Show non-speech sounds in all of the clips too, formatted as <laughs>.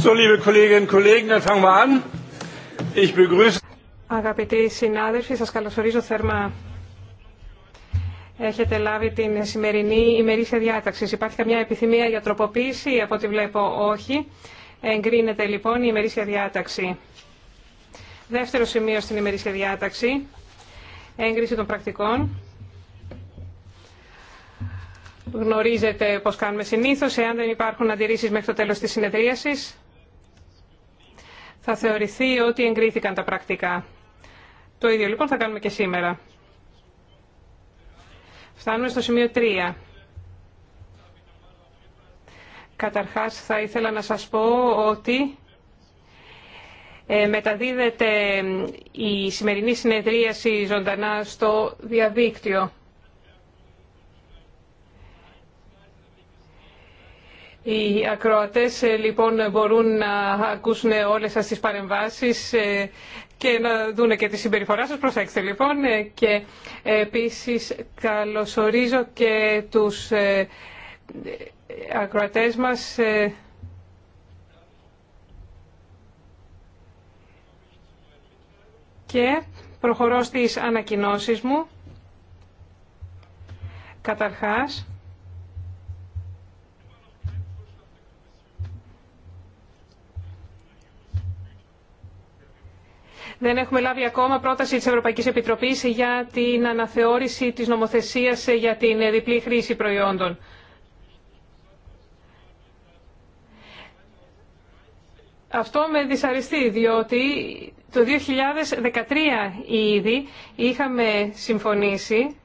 So, liebe Kolleginnen und Kollegen, dann fangen wir an. Ich begrüße... Αγαπητοί συνάδελφοι, σας καλωσορίζω θερμά. Έχετε λάβει την σημερινή ημερήσια διάταξη. Υπάρχει καμιά επιθυμία για τροποποίηση, από ό,τι βλέπω όχι. Εγκρίνεται λοιπόν η ημερήσια διάταξη. Δεύτερο σημείο στην ημερήσια διάταξη, έγκριση των πρακτικών. Γνωρίζετε πώς κάνουμε συνήθως, εάν δεν υπάρχουν αντιρρήσεις μέχρι το τέλος της συνεδρίασης, θα θεωρηθεί ότι εγκρίθηκαν τα πρακτικά. Το ίδιο λοιπόν θα κάνουμε και σήμερα. Φτάνουμε στο σημείο 3. Καταρχάς θα ήθελα να σας πω ότι ε, μεταδίδεται η σημερινή συνεδρίαση ζωντανά στο διαδίκτυο. Οι ακροατές ε, λοιπόν μπορούν να ακούσουν όλες σας τις παρεμβάσεις ε, και να δούνε και τη συμπεριφορά σας. Προσέξτε λοιπόν ε, και επίσης καλωσορίζω και τους ακροατές μας και προχωρώ στις ανακοινώσεις μου. Καταρχάς, Δεν έχουμε λάβει ακόμα πρόταση της Ευρωπαϊκής Επιτροπής για την αναθεώρηση της νομοθεσίας για την διπλή χρήση προϊόντων. Αυτό με δυσαρεστεί, διότι το 2013 ήδη είχαμε συμφωνήσει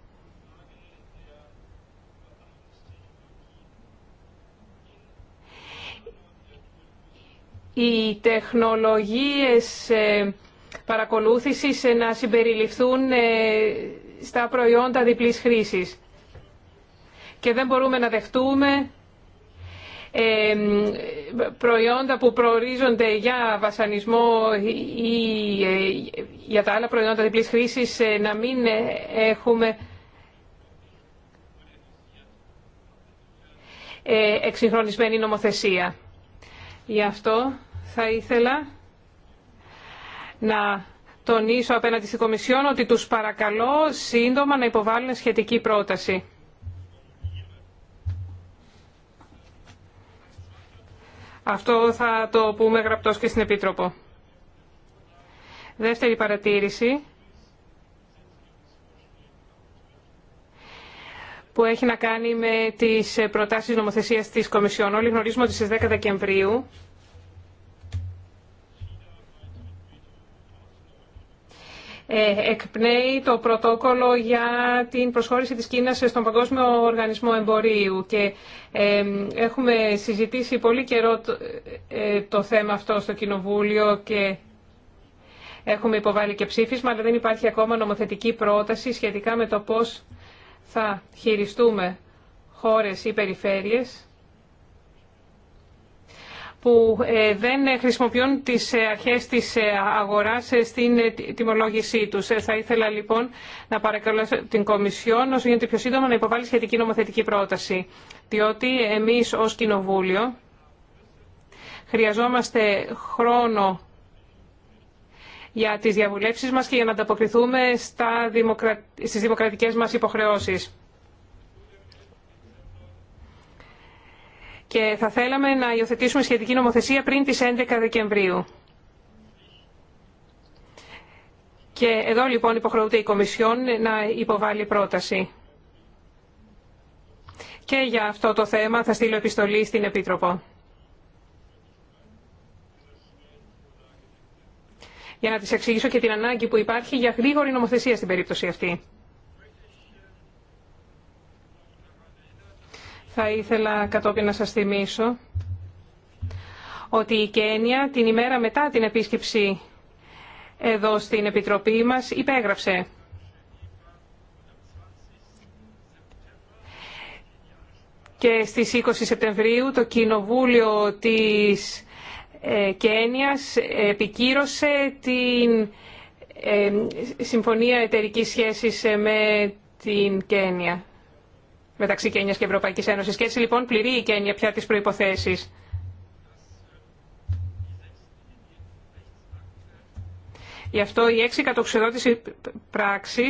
οι τεχνολογίες ε, παρακολούθησης ε, να συμπεριληφθούν ε, στα προϊόντα διπλής χρήσης. Και δεν μπορούμε να δεχτούμε ε, προϊόντα που προορίζονται για βασανισμό ή για τα άλλα προϊόντα διπλής χρήσης να μην έχουμε εξυγχρονισμένη νομοθεσία. Γι' αυτό θα ήθελα να τονίσω απέναντι στην Κομισιόν ότι τους παρακαλώ σύντομα να υποβάλουν σχετική πρόταση. Αυτό θα το πούμε γραπτός και στην Επίτροπο. Δεύτερη παρατήρηση που έχει να κάνει με τις προτάσεις νομοθεσίας της Κομισιόν. Όλοι γνωρίζουμε ότι στις 10 Δεκεμβρίου Ε, εκπνέει το πρωτόκολλο για την προσχώρηση της Κίνας στον Παγκόσμιο Οργανισμό Εμπορίου και ε, έχουμε συζητήσει πολύ καιρό ε, το θέμα αυτό στο Κοινοβούλιο και έχουμε υποβάλει και ψήφισμα, αλλά δεν υπάρχει ακόμα νομοθετική πρόταση σχετικά με το πώς θα χειριστούμε χώρες ή περιφέρειες που ε, δεν χρησιμοποιούν τις ε, αρχές της ε, αγοράς στην τιμολόγησή τους. Θα ήθελα λοιπόν να παρακαλώ την Κομισιόν όσο γίνεται πιο σύντομα να υποβάλει σχετική νομοθετική πρόταση. Διότι εμείς ως Κοινοβούλιο χρειαζόμαστε χρόνο για τις διαβουλεύσεις μας και για να ανταποκριθούμε στα δημοκρα... στις δημοκρατικές μας υποχρεώσεις. και θα θέλαμε να υιοθετήσουμε σχετική νομοθεσία πριν τις 11 Δεκεμβρίου. Και εδώ λοιπόν υποχρεούται η Κομισιόν να υποβάλει πρόταση. Και για αυτό το θέμα θα στείλω επιστολή στην Επίτροπο. Για να της εξηγήσω και την ανάγκη που υπάρχει για γρήγορη νομοθεσία στην περίπτωση αυτή. Θα ήθελα κατόπιν να σας θυμίσω ότι η Κένια την ημέρα μετά την επίσκεψη εδώ στην Επιτροπή μας υπέγραψε και στις 20 Σεπτεμβρίου το Κοινοβούλιο της ε, Κένιας επικύρωσε την ε, Συμφωνία Εταιρικής Σχέσης ε, με την Κένια μεταξύ Κένια και Ευρωπαϊκής Ένωσης. Και έτσι λοιπόν πληρεί η Κένια πια τι προϋποθέσεις. Γι' αυτό η έξι κατοξιδότηση πράξη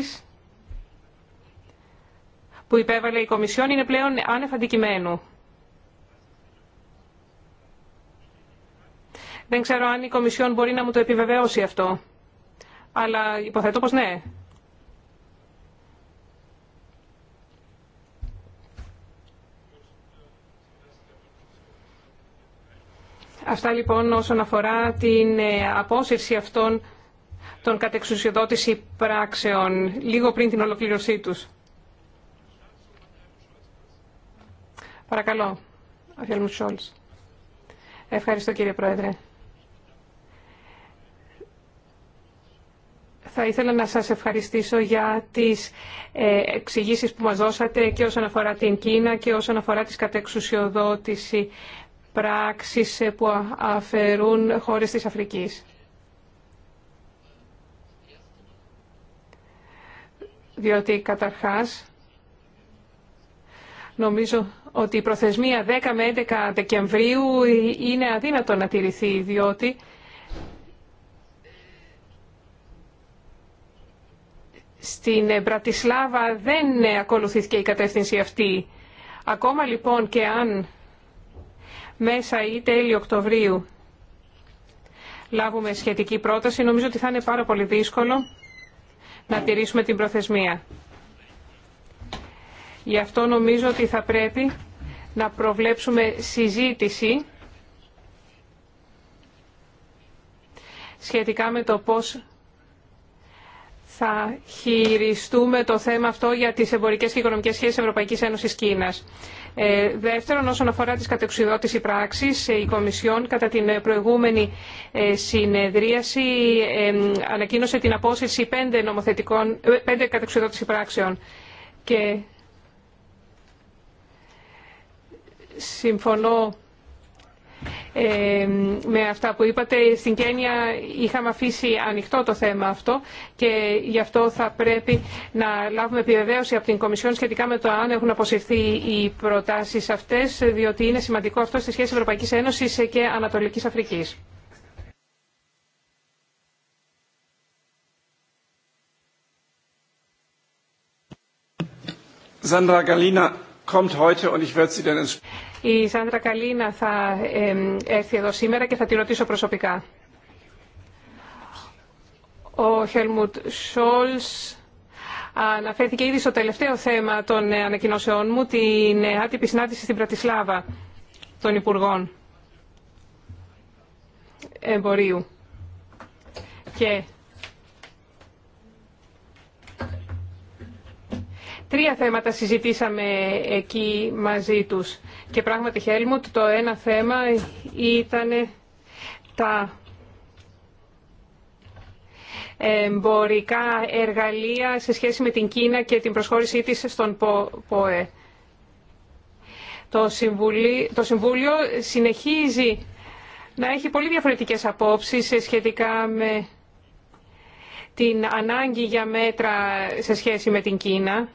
που υπέβαλε η Κομισιόν είναι πλέον άνευ αντικειμένου. Δεν ξέρω αν η Κομισιόν μπορεί να μου το επιβεβαιώσει αυτό. Αλλά υποθέτω πως ναι. Αυτά λοιπόν όσον αφορά την ε, απόσυρση αυτών των κατεξουσιοδότηση πράξεων, λίγο πριν την ολοκλήρωσή τους. Παρακαλώ, ο Σόλτς. Ευχαριστώ κύριε Πρόεδρε. Θα ήθελα να σας ευχαριστήσω για τις ε, εξηγήσεις που μας δώσατε και όσον αφορά την Κίνα και όσον αφορά τις κατεξουσιοδότηση πράξεις που αφαιρούν χώρες της Αφρικής. Διότι καταρχάς νομίζω ότι η προθεσμία 10 με 11 Δεκεμβρίου είναι αδύνατο να τηρηθεί διότι στην Μπρατισλάβα δεν ακολουθήθηκε η κατεύθυνση αυτή. Ακόμα λοιπόν και αν μέσα ή τέλη Οκτωβρίου λάβουμε σχετική πρόταση, νομίζω ότι θα είναι πάρα πολύ δύσκολο να τηρήσουμε την προθεσμία. Γι' αυτό νομίζω ότι θα πρέπει να προβλέψουμε συζήτηση σχετικά με το πώς θα χειριστούμε το θέμα αυτό για τις εμπορικές και οικονομικές σχέσεις Ευρωπαϊκής Ένωσης Κίνας. Ε, δεύτερον, όσον αφορά τις κατεξουδότηση πράξης, ε, η Κομισιόν κατά την προηγούμενη ε, συνεδρίαση ανακοίνωσε την απόσυρση πέντε, νομοθετικών, πέντε πράξεων. Και συμφωνώ ε, με αυτά που είπατε. Στην Κένια είχαμε αφήσει ανοιχτό το θέμα αυτό και γι' αυτό θα πρέπει να λάβουμε επιβεβαίωση από την Κομισιόν σχετικά με το αν έχουν αποσυρθεί οι προτάσεις αυτές, διότι είναι σημαντικό αυτό στη σχέση Ευρωπαϊκής Ένωσης και Ανατολικής Αφρικής. Sandra Galina kommt heute und ich werde sie dann Η Σάντρα Καλίνα θα έρθει εδώ σήμερα και θα τη ρωτήσω προσωπικά. Ο Χέλμουτ Σόλς αναφέρθηκε ήδη στο τελευταίο θέμα των ε, ανακοινώσεών μου, την ε, άτυπη συνάντηση στην Πρατισλάβα των Υπουργών Εμπορίου. Και Τρία θέματα συζητήσαμε εκεί μαζί τους. Και πράγματι, Χέλμουτ, το ένα θέμα ήταν τα εμπορικά εργαλεία σε σχέση με την Κίνα και την προσχώρησή της στον ΠΟΕ. Το, το Συμβούλιο συνεχίζει να έχει πολύ διαφορετικές απόψεις σχετικά με την ανάγκη για μέτρα σε σχέση με την Κίνα.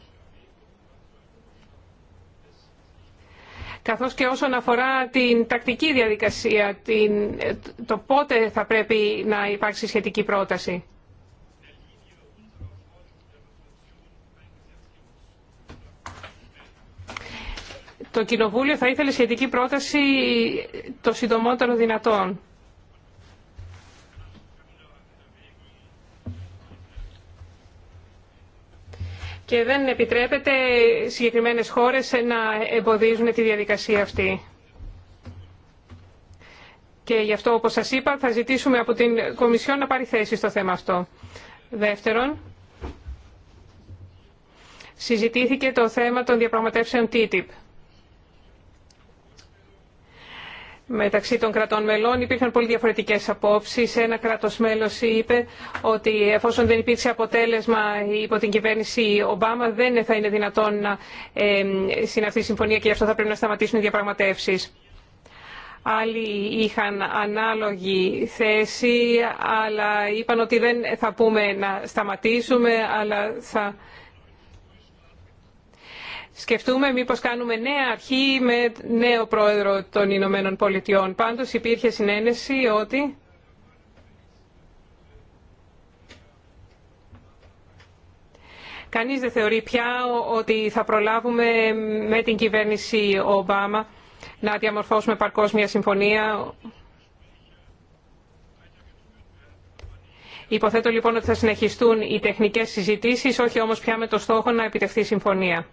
καθώς και όσον αφορά την τακτική διαδικασία, την, το πότε θα πρέπει να υπάρξει σχετική πρόταση. Το Κοινοβούλιο θα ήθελε σχετική πρόταση το συντομότερο δυνατόν. και δεν επιτρέπεται συγκεκριμένες χώρες να εμποδίζουν τη διαδικασία αυτή. Και γι' αυτό, όπως σας είπα, θα ζητήσουμε από την Κομισιό να πάρει θέση στο θέμα αυτό. Δεύτερον, συζητήθηκε το θέμα των διαπραγματεύσεων TTIP. μεταξύ των κρατών μελών υπήρχαν πολύ διαφορετικές απόψεις. Ένα κράτο μέλο είπε ότι εφόσον δεν υπήρξε αποτέλεσμα υπό την κυβέρνηση Ομπάμα δεν θα είναι δυνατόν να συναυτεί η συμφωνία και γι' αυτό θα πρέπει να σταματήσουν οι διαπραγματεύσεις. Άλλοι είχαν ανάλογη θέση, αλλά είπαν ότι δεν θα πούμε να σταματήσουμε, αλλά θα σκεφτούμε μήπως κάνουμε νέα αρχή με νέο πρόεδρο των Ηνωμένων Πολιτειών. Πάντως υπήρχε συνένεση ότι... Κανείς δεν θεωρεί πια ότι θα προλάβουμε με την κυβέρνηση Ομπάμα να διαμορφώσουμε παρκώς μια συμφωνία. Υποθέτω λοιπόν ότι θα συνεχιστούν οι τεχνικές συζητήσεις, όχι όμως πια με το στόχο να επιτευχθεί συμφωνία.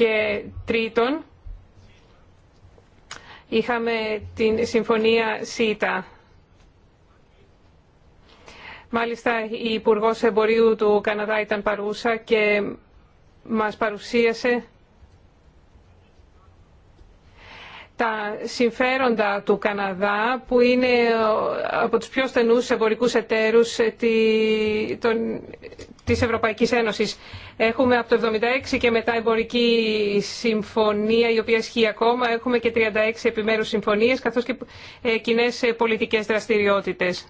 Και τρίτον, είχαμε την συμφωνία ΣΥΤΑ. Μάλιστα, η Υπουργό Εμπορίου του Καναδά ήταν παρούσα και μας παρουσίασε τα συμφέροντα του Καναδά, που είναι από τους πιο στενούς εμπορικούς εταίρους ε, της Ευρωπαϊκής Ένωσης. Έχουμε από το 76 και μετά εμπορική συμφωνία η οποία ισχύει ακόμα. Έχουμε και 36 επιμέρους συμφωνίες καθώς και ε, κοινέ ε, πολιτικές δραστηριότητες.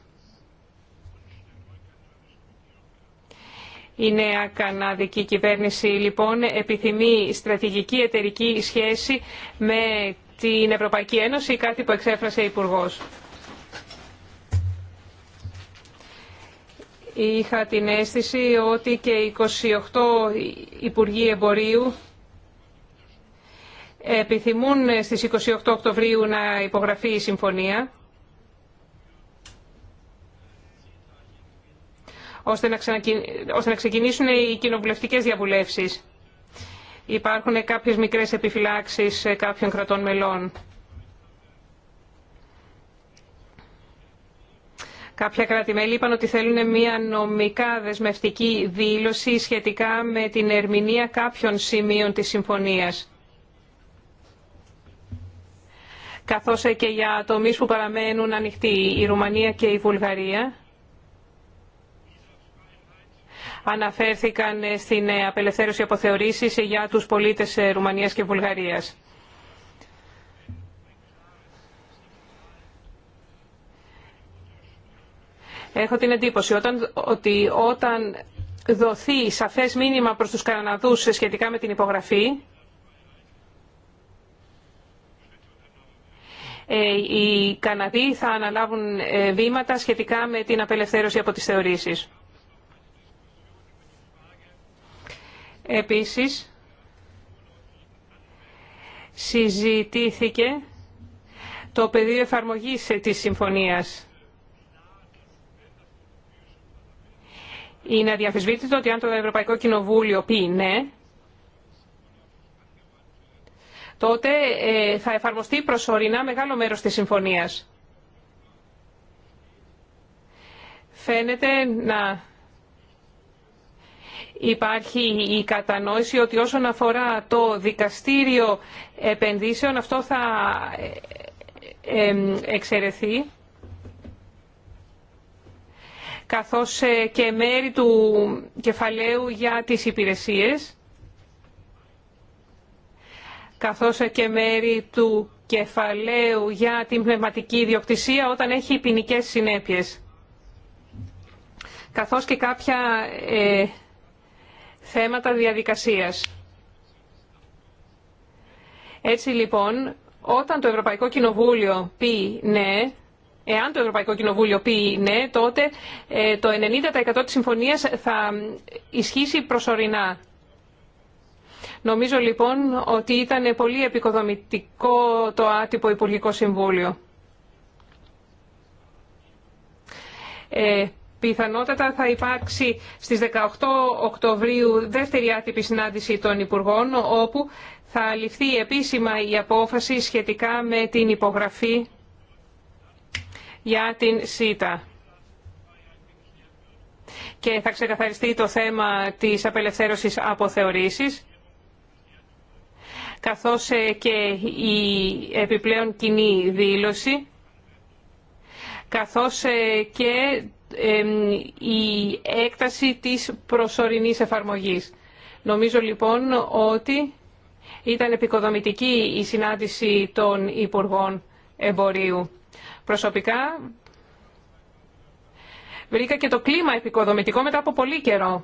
Η νέα καναδική κυβέρνηση λοιπόν επιθυμεί στρατηγική εταιρική σχέση με την Ευρωπαϊκή Ένωση, κάτι που εξέφρασε ο Υπουργός. είχα την αίσθηση ότι και 28 Υπουργοί Εμπορίου επιθυμούν στις 28 Οκτωβρίου να υπογραφεί η συμφωνία ώστε να, ξεκινήσουν οι κοινοβουλευτικές διαβουλεύσεις. Υπάρχουν κάποιες μικρές επιφυλάξεις κάποιων κρατών μελών. Κάποια κράτη-μέλη είπαν ότι θέλουν μια νομικά δεσμευτική δήλωση σχετικά με την ερμηνεία κάποιων σημείων της συμφωνίας. Καθώς και για τομείς που παραμένουν ανοιχτοί η Ρουμανία και η Βουλγαρία αναφέρθηκαν στην απελευθέρωση αποθεωρήσεις για τους πολίτες Ρουμανίας και Βουλγαρίας. Έχω την εντύπωση όταν, ότι όταν δοθεί σαφές μήνυμα προς τους Καναδούς σχετικά με την υπογραφή, ε, οι Καναδοί θα αναλάβουν ε, βήματα σχετικά με την απελευθέρωση από τις θεωρήσεις. Επίσης, συζητήθηκε το πεδίο εφαρμογής ε, της συμφωνίας. Είναι αδιαφεσβήτητο ότι αν το Ευρωπαϊκό Κοινοβούλιο πει ναι, τότε ε, θα εφαρμοστεί προσωρινά μεγάλο μέρος της συμφωνίας. Φαίνεται να υπάρχει η κατανόηση ότι όσον αφορά το δικαστήριο επενδύσεων αυτό θα ε, ε, εξαιρεθεί καθώς ε, και μέρη του κεφαλαίου για τις υπηρεσίες, καθώς ε, και μέρη του κεφαλαίου για την πνευματική ιδιοκτησία όταν έχει ποινικέ συνέπειες, καθώς και κάποια ε, θέματα διαδικασίας. Έτσι λοιπόν, όταν το Ευρωπαϊκό Κοινοβούλιο πει ναι, Εάν το Ευρωπαϊκό Κοινοβούλιο πει ναι, τότε ε, το 90% της συμφωνίας θα ισχύσει προσωρινά. Νομίζω λοιπόν ότι ήταν πολύ επικοδομητικό το άτυπο Υπουργικό Συμβούλιο. Ε, πιθανότατα θα υπάρξει στις 18 Οκτωβρίου δεύτερη άτυπη συνάντηση των Υπουργών, όπου θα ληφθεί επίσημα η απόφαση σχετικά με την υπογραφή για την ΣΥΤΑ. Και θα ξεκαθαριστεί το θέμα της απελευθέρωσης από θεωρήσεις, καθώς ε, και η επιπλέον κοινή δήλωση, καθώς ε, και η έκταση της προσωρινής εφαρμογής. Νομίζω λοιπόν ότι ήταν επικοδομητική η συνάντηση των Υπουργών Εμπορίου. Προσωπικά βρήκα και το κλίμα επικοδομητικό μετά από πολύ καιρό.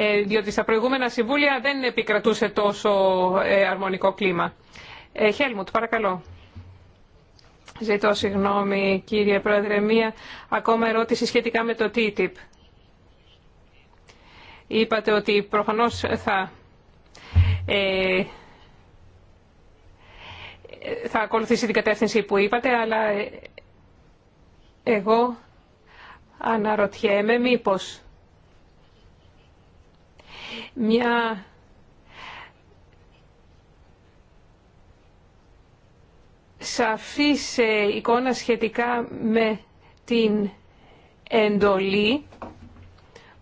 Ε, διότι στα προηγούμενα συμβούλια δεν επικρατούσε τόσο ε, αρμονικό κλίμα. Ε, Χέλμουτ, παρακαλώ. Ζητώ συγγνώμη, κύριε Πρόεδρε. Μία ακόμα ερώτηση σχετικά με το TTIP. Είπατε ότι προφανώς θα, ε, θα ακολουθήσει την κατεύθυνση που είπατε, αλλά εγώ αναρωτιέμαι μήπως μια σαφής ε, εικόνα σχετικά με την εντολή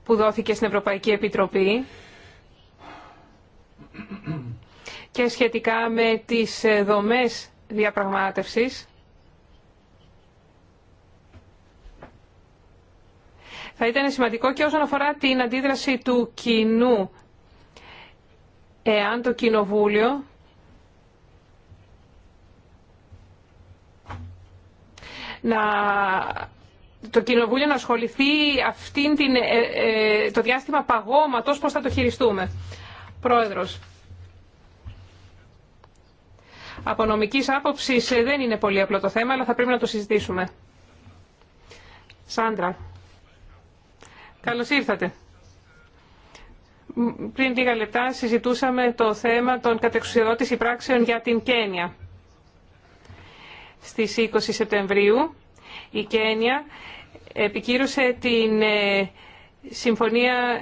που δόθηκε στην Ευρωπαϊκή Επιτροπή και σχετικά με τις ε, δομές διαπραγμάτευσης. Θα ήταν σημαντικό και όσον αφορά την αντίδραση του κοινού. Εάν το Κοινοβούλιο να το Κοινοβούλιο να ασχοληθεί αυτήν την, ε, ε, το διάστημα παγώματος, πώς θα το χειριστούμε. Πρόεδρος. Από άποψη ε, δεν είναι πολύ απλό το θέμα, αλλά θα πρέπει να το συζητήσουμε. Σάντρα. Καλώς ήρθατε. Πριν λίγα λεπτά συζητούσαμε το θέμα των κατεξουσιοδότηση πράξεων για την Κένια. Στις 20 Σεπτεμβρίου η Κένια επικύρωσε την ε, Συμφωνία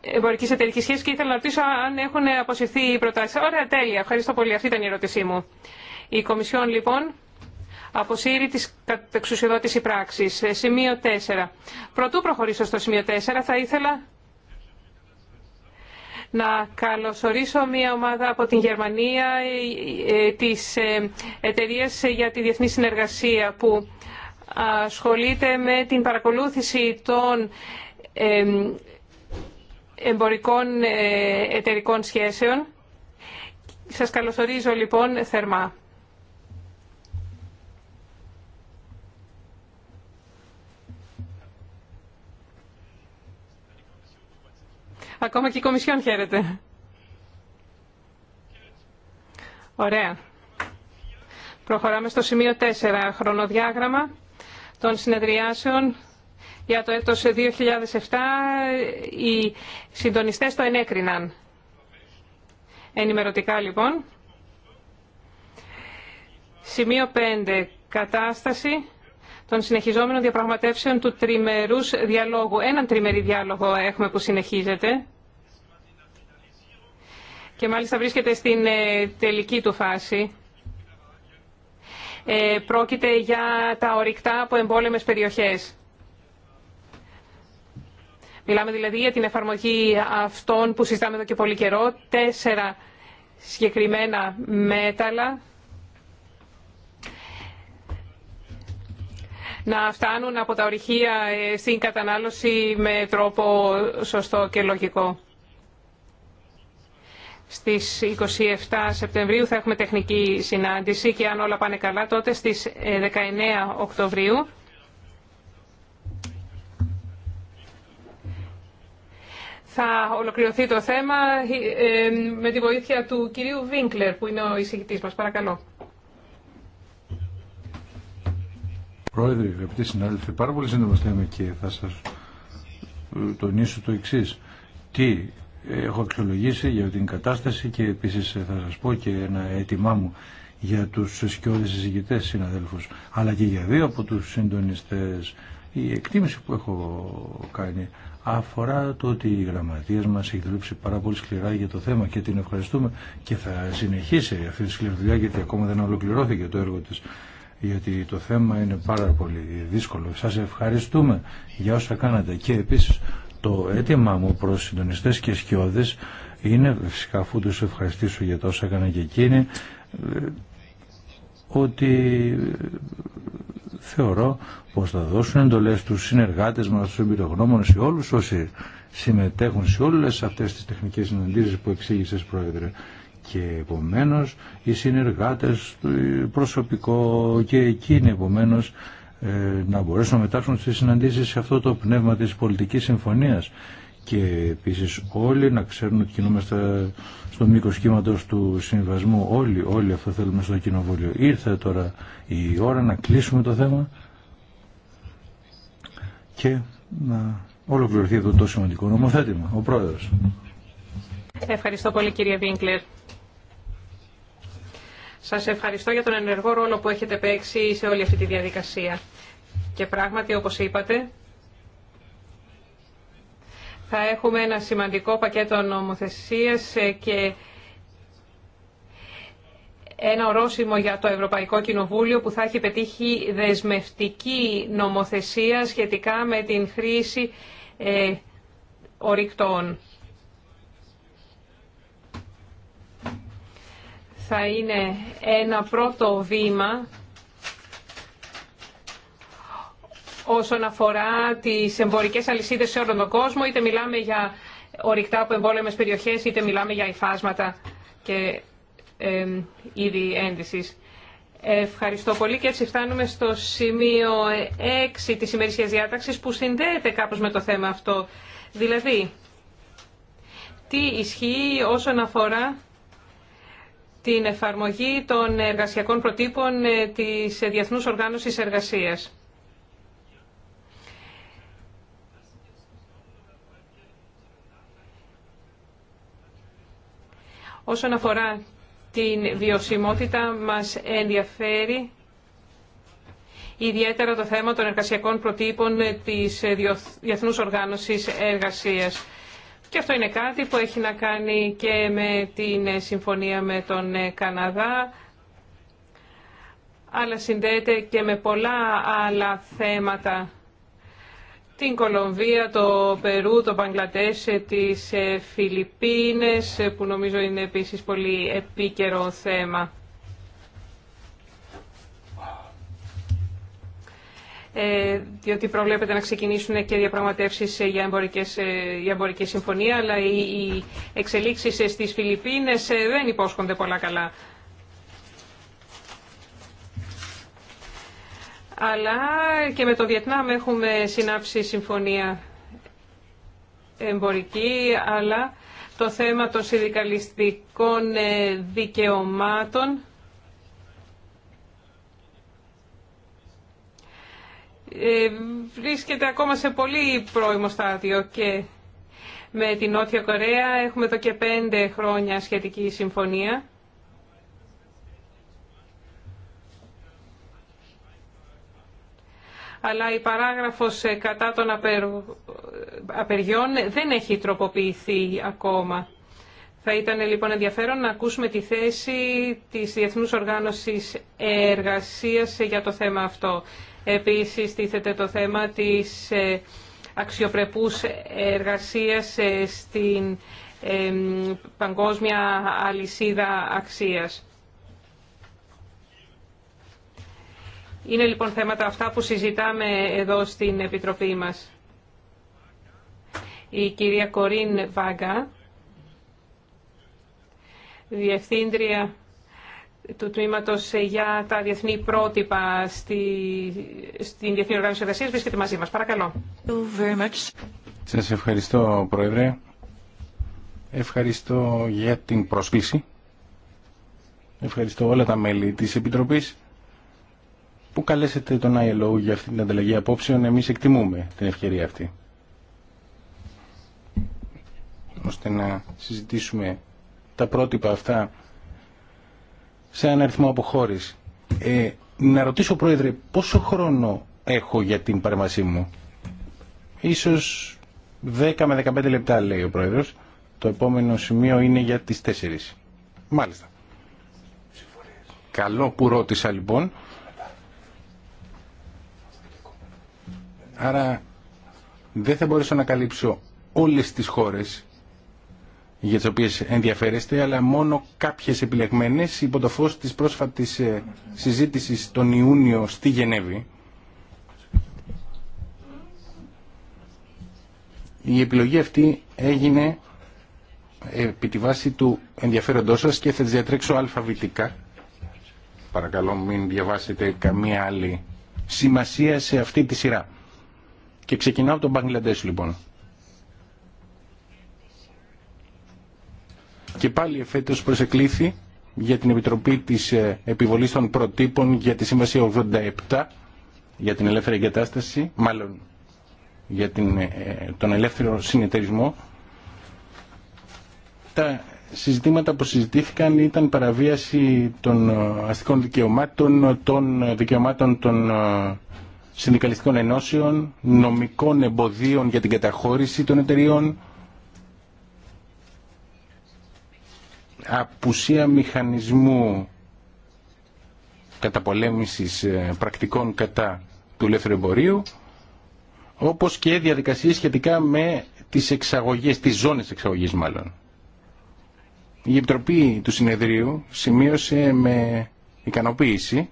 Εμπορικής Εταιρικής Σχέση και ήθελα να ρωτήσω αν έχουν αποσυρθεί οι προτάσεις. Ωραία, τέλεια. Ευχαριστώ πολύ. Αυτή ήταν η ερώτησή μου. Η Κομισιόν, λοιπόν, αποσύρει τις εξουσιοδότηση πράξη. Ε, σημείο 4. Πρωτού προχωρήσω στο σημείο 4, θα ήθελα να καλωσορίσω μια ομάδα από την Γερμανία ε, της εταιρεία για τη διεθνή συνεργασία που ασχολείται με την παρακολούθηση των εμπορικών ε, εταιρικών σχέσεων. Σας καλωσορίζω λοιπόν θερμά. Ακόμα και η Κομισιόν χαίρεται. Ωραία. Προχωράμε στο σημείο 4. Χρονοδιάγραμμα των συνεδριάσεων για το έτος 2007 οι συντονιστές το ενέκριναν. Ενημερωτικά λοιπόν. Σημείο 5. Κατάσταση των συνεχιζόμενων διαπραγματεύσεων του τριμερούς διαλόγου. Έναν τριμερή διάλογο έχουμε που συνεχίζεται και μάλιστα βρίσκεται στην ε, τελική του φάση. Ε, πρόκειται για τα ορυκτά από εμπόλεμες περιοχές. Μιλάμε δηλαδή για την εφαρμογή αυτών που συζητάμε εδώ και πολύ καιρό, τέσσερα συγκεκριμένα μέταλλα να φτάνουν από τα ορυχεία ε, στην κατανάλωση με τρόπο σωστό και λογικό στις 27 Σεπτεμβρίου θα έχουμε τεχνική συνάντηση και αν όλα πάνε καλά τότε στις 19 ε, Οκτωβρίου θα ολοκληρωθεί το θέμα ε, με τη βοήθεια του κυρίου Βίνκλερ που είναι ο εισηγητής μας. Παρακαλώ. Πρόεδρε, αγαπητοί συνάδελφοι, πάρα πολύ σύντομα και θα σας ε, τονίσω το εξής. Τι έχω αξιολογήσει για την κατάσταση και επίσης θα σας πω και ένα αίτημά μου για τους σκιώδεις συζητητές συναδέλφους αλλά και για δύο από τους συντονιστές η εκτίμηση που έχω κάνει αφορά το ότι η γραμματεία μα έχει δουλέψει πάρα πολύ σκληρά για το θέμα και την ευχαριστούμε και θα συνεχίσει αυτή τη σκληρή δουλειά γιατί ακόμα δεν ολοκληρώθηκε το έργο τη γιατί το θέμα είναι πάρα πολύ δύσκολο. Σα ευχαριστούμε για όσα κάνατε και επίση. Το αίτημά μου προς συντονιστές και σκιώδες είναι, φυσικά αφού τους ευχαριστήσω για τα όσα έκανα και εκείνη, ότι θεωρώ πως θα δώσουν εντολές στους συνεργάτες μας, στους εμπειρογνώμονες, σε όλους όσοι συμμετέχουν σε όλες αυτές τις τεχνικές συναντήσεις που εξήγησε Πρόεδρε και επομένως οι συνεργάτες, προσωπικό και εκείνοι επομένως ε, να μπορέσουν να μετάξουν στις συναντήσεις σε αυτό το πνεύμα της πολιτικής συμφωνίας και επίσης όλοι να ξέρουν ότι κινούμαστε στο μήκο κύματο του συμβασμού όλοι, όλοι αυτό θέλουμε στο κοινοβούλιο ήρθε τώρα η ώρα να κλείσουμε το θέμα και να ολοκληρωθεί αυτό το σημαντικό νομοθέτημα ο πρόεδρος Ευχαριστώ πολύ κύριε Βίνκλερ Σας ευχαριστώ για τον ενεργό ρόλο που έχετε παίξει σε όλη αυτή τη διαδικασία και πράγματι, όπως είπατε, θα έχουμε ένα σημαντικό πακέτο νομοθεσίας ε, και ένα ορόσημο για το Ευρωπαϊκό Κοινοβούλιο που θα έχει πετύχει δεσμευτική νομοθεσία σχετικά με την χρήση ε, ορυκτών. Θα είναι ένα πρώτο βήμα όσον αφορά τις εμπορικές αλυσίδες σε όλο τον κόσμο, είτε μιλάμε για ορυκτά από εμπόλεμες περιοχές, είτε μιλάμε για υφάσματα και ε, είδη ένδυσης. Ευχαριστώ πολύ και έτσι φτάνουμε στο σημείο 6 της ημερησίας διάταξης που συνδέεται κάπως με το θέμα αυτό. Δηλαδή, τι ισχύει όσον αφορά την εφαρμογή των εργασιακών προτύπων ε, της Διεθνούς Οργάνωσης Εργασίας. Όσον αφορά την βιωσιμότητα, μας ενδιαφέρει ιδιαίτερα το θέμα των εργασιακών προτύπων της Διεθνούς Οργάνωσης Εργασίας. Και αυτό είναι κάτι που έχει να κάνει και με την συμφωνία με τον Καναδά, αλλά συνδέεται και με πολλά άλλα θέματα την Κολομβία, το Περού, το Μπαγκλατές, ε, τις ε, Φιλιππίνες, ε, που νομίζω είναι επίσης πολύ επίκαιρο θέμα. διότι προβλέπεται να ξεκινήσουν και διαπραγματεύσεις για, εμπορικές, για εμπορική συμφωνία, αλλά οι, οι εξελίξεις στις Φιλιππίνες δεν υπόσχονται πολλά καλά. αλλά και με το Βιετνάμ έχουμε συνάψει συμφωνία εμπορική, αλλά το θέμα των συνδικαλιστικών ε, δικαιωμάτων ε, βρίσκεται ακόμα σε πολύ πρώιμο στάδιο και με την Νότια Κορέα έχουμε το και πέντε χρόνια σχετική συμφωνία. αλλά η παράγραφος ε, κατά των απεργιών δεν έχει τροποποιηθεί ακόμα. Θα ήταν λοιπόν ενδιαφέρον να ακούσουμε τη θέση της Διεθνούς Οργάνωσης Εργασίας για το θέμα αυτό. Επίσης, τίθεται το θέμα της ε, αξιοπρεπούς εργασίας ε, στην παγκόσμια αλυσίδα αξίας. Είναι λοιπόν θέματα αυτά που συζητάμε εδώ στην Επιτροπή μας. Η κυρία Κορίν Βάγκα, Διευθύντρια του Τμήματος για τα Διεθνή Πρότυπα στη, στην Διεθνή Οργάνωση Εργασίας, βρίσκεται μαζί μας. Παρακαλώ. Σας ευχαριστώ, Πρόεδρε. Ευχαριστώ για την πρόσκληση. Ευχαριστώ όλα τα μέλη της Επιτροπής που καλέσετε τον ILO για αυτή την ανταλλαγή απόψεων. Εμείς εκτιμούμε την ευκαιρία αυτή. Ώστε να συζητήσουμε τα πρότυπα αυτά σε έναν αριθμό από χώρες. Ε, να ρωτήσω, Πρόεδρε, πόσο χρόνο έχω για την παρέμβασή μου. Ίσως 10 με 15 λεπτά, λέει ο Πρόεδρος. Το επόμενο σημείο είναι για τις 4. Μάλιστα. Καλό που ρώτησα, λοιπόν. Άρα δεν θα μπορέσω να καλύψω όλες τις χώρες για τις οποίες ενδιαφέρεστε, αλλά μόνο κάποιες επιλεγμένες υπό το φως της πρόσφατης ε, συζήτησης τον Ιούνιο στη Γενέβη. Η επιλογή αυτή έγινε ε, επί τη βάση του ενδιαφέροντός σας και θα τις διατρέξω αλφαβητικά. Παρακαλώ μην διαβάσετε καμία άλλη σημασία σε αυτή τη σειρά. Και ξεκινάω από τον Μπαγκλαντές λοιπόν. Και πάλι εφέτος προσεκλήθη για την Επιτροπή της ε, Επιβολής των Προτύπων για τη Σύμβαση 87 για την ελεύθερη εγκατάσταση, μάλλον για την, ε, τον ελεύθερο συνεταιρισμό. Τα συζητήματα που συζητήθηκαν ήταν παραβίαση των ε, αστικών δικαιωμάτων, των δικαιωμάτων των συνδικαλιστικών ενώσεων, νομικών εμποδίων για την καταχώρηση των εταιριών, απουσία μηχανισμού καταπολέμησης ε, πρακτικών κατά του ελεύθερου εμπορίου, όπως και διαδικασίες σχετικά με τις εξαγωγές, τις ζώνες εξαγωγής μάλλον. Η Επιτροπή του Συνεδρίου σημείωσε με ικανοποίηση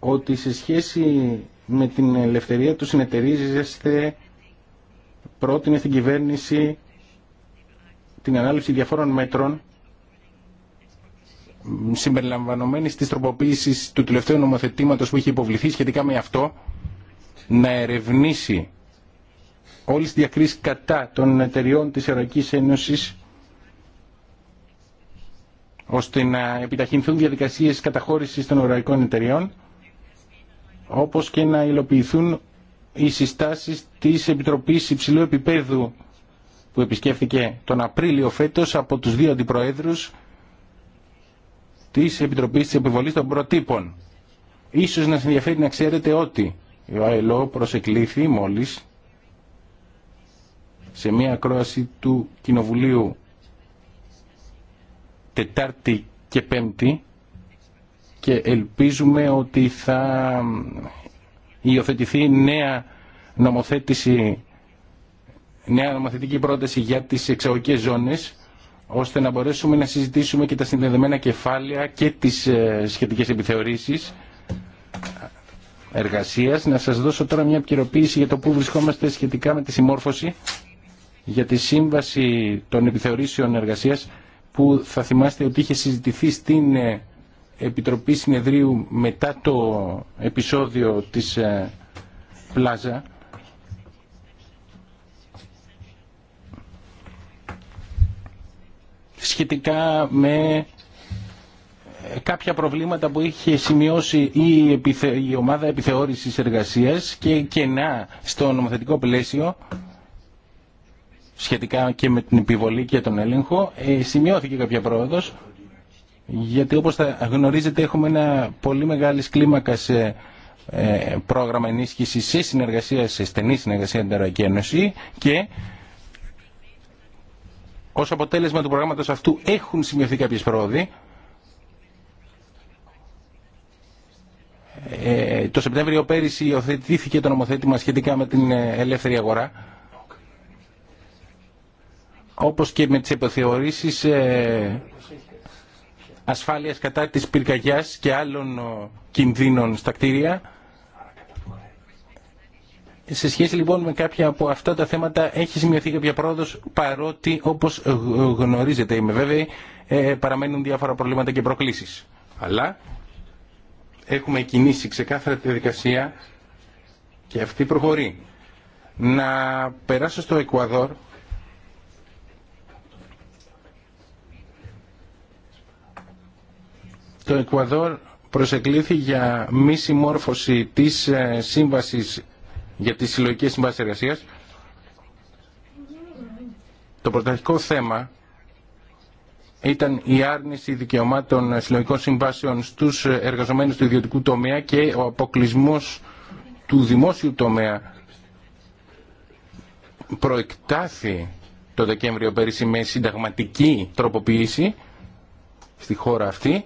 ότι σε σχέση με την ελευθερία του συνεταιρίζεστε πρότεινε στην κυβέρνηση την ανάλυση διαφόρων μέτρων συμπεριλαμβανομένης της τροποποίησης του τελευταίου νομοθετήματος που είχε υποβληθεί σχετικά με αυτό να ερευνήσει όλες τις διακρίσεις κατά των εταιριών της Ευρωπαϊκής Ένωσης ώστε να επιταχυνθούν διαδικασίες καταχώρησης των ευρωπαϊκών εταιριών όπως και να υλοποιηθούν οι συστάσεις της Επιτροπής Υψηλού Επιπέδου που επισκέφθηκε τον Απρίλιο φέτος από τους δύο αντιπροέδρους της Επιτροπής της Επιβολής των Προτύπων. Ίσως να σας να ξέρετε ότι ο ΑΕΛΟ προσεκλήθη μόλις σε μια ακρόαση του Κοινοβουλίου Τετάρτη και Πέμπτη και ελπίζουμε ότι θα υιοθετηθεί νέα νομοθέτηση νέα νομοθετική πρόταση για τις εξαγωγικές ζώνες ώστε να μπορέσουμε να συζητήσουμε και τα συνδεδεμένα κεφάλαια και τις ε, σχετικές επιθεωρήσεις εργασίας. Να σας δώσω τώρα μια επικαιροποίηση για το που βρισκόμαστε σχετικά με τη συμμόρφωση για τη σύμβαση των επιθεωρήσεων εργασίας που θα θυμάστε ότι είχε συζητηθεί στην ε, Επιτροπή Συνεδρίου μετά το επεισόδιο της ε, Πλάζα σχετικά με ε, κάποια προβλήματα που είχε σημειώσει η, ομάδα επιθεώρησης εργασίας και κενά στο νομοθετικό πλαίσιο σχετικά και με την επιβολή και τον έλεγχο, ε, σημειώθηκε κάποια πρόοδος γιατί όπως θα γνωρίζετε έχουμε ένα πολύ μεγάλη κλίμακα σε ε, πρόγραμμα ενίσχυσης, σε συνεργασία, σε στενή συνεργασία με την Ευρωπαϊκή Ένωση και ως αποτέλεσμα του προγράμματος αυτού έχουν σημειωθεί κάποιες πρόοδοι. Ε, το Σεπτέμβριο πέρυσι υιοθετήθηκε το νομοθέτημα σχετικά με την ε, ελεύθερη αγορά όπως και με τις επιθεωρήσεις ασφάλειας κατά της πυρκαγιάς και άλλων κινδύνων στα κτίρια. Σε σχέση λοιπόν με κάποια από αυτά τα θέματα έχει σημειωθεί κάποια πρόοδο παρότι όπως γνωρίζετε είμαι βέβαιη ε, παραμένουν διάφορα προβλήματα και προκλήσεις. Αλλά έχουμε κινήσει ξεκάθαρα τη διαδικασία και αυτή προχωρεί. Να περάσω στο Εκουαδόρ Το Εκουαδόρ προσεκλήθη για μη συμμόρφωση της ε, σύμβασης για τις συλλογικέ συμβάσεις εργασία. Το πρωταρχικό θέμα ήταν η άρνηση δικαιωμάτων συλλογικών συμβάσεων στους εργαζομένους του ιδιωτικού τομέα και ο αποκλεισμό του δημόσιου τομέα προεκτάθη το Δεκέμβριο πέρυσι με συνταγματική τροποποίηση στη χώρα αυτή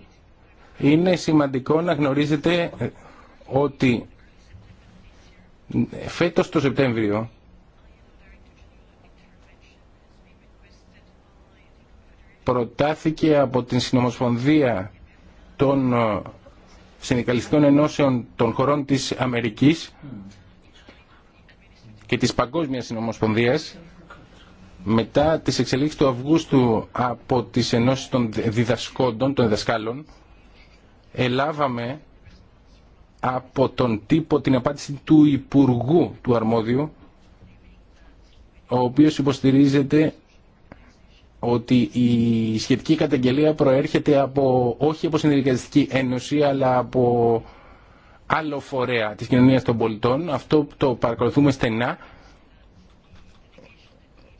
είναι σημαντικό να γνωρίζετε ε, ότι φέτος το Σεπτέμβριο προτάθηκε από την Συνομοσπονδία των ε, Συνδικαλιστικών Ενώσεων των χωρών της Αμερικής και της Παγκόσμιας Συνομοσπονδίας μετά τις εξελίξεις του Αυγούστου από τις ενώσεις των διδασκόντων, των διδασκάλων ελάβαμε από τον τύπο την απάντηση του Υπουργού του Αρμόδιου, ο οποίος υποστηρίζεται ότι η σχετική καταγγελία προέρχεται από, όχι από συνεργαστική ένωση, αλλά από άλλο φορέα της κοινωνίας των πολιτών. Αυτό το παρακολουθούμε στενά.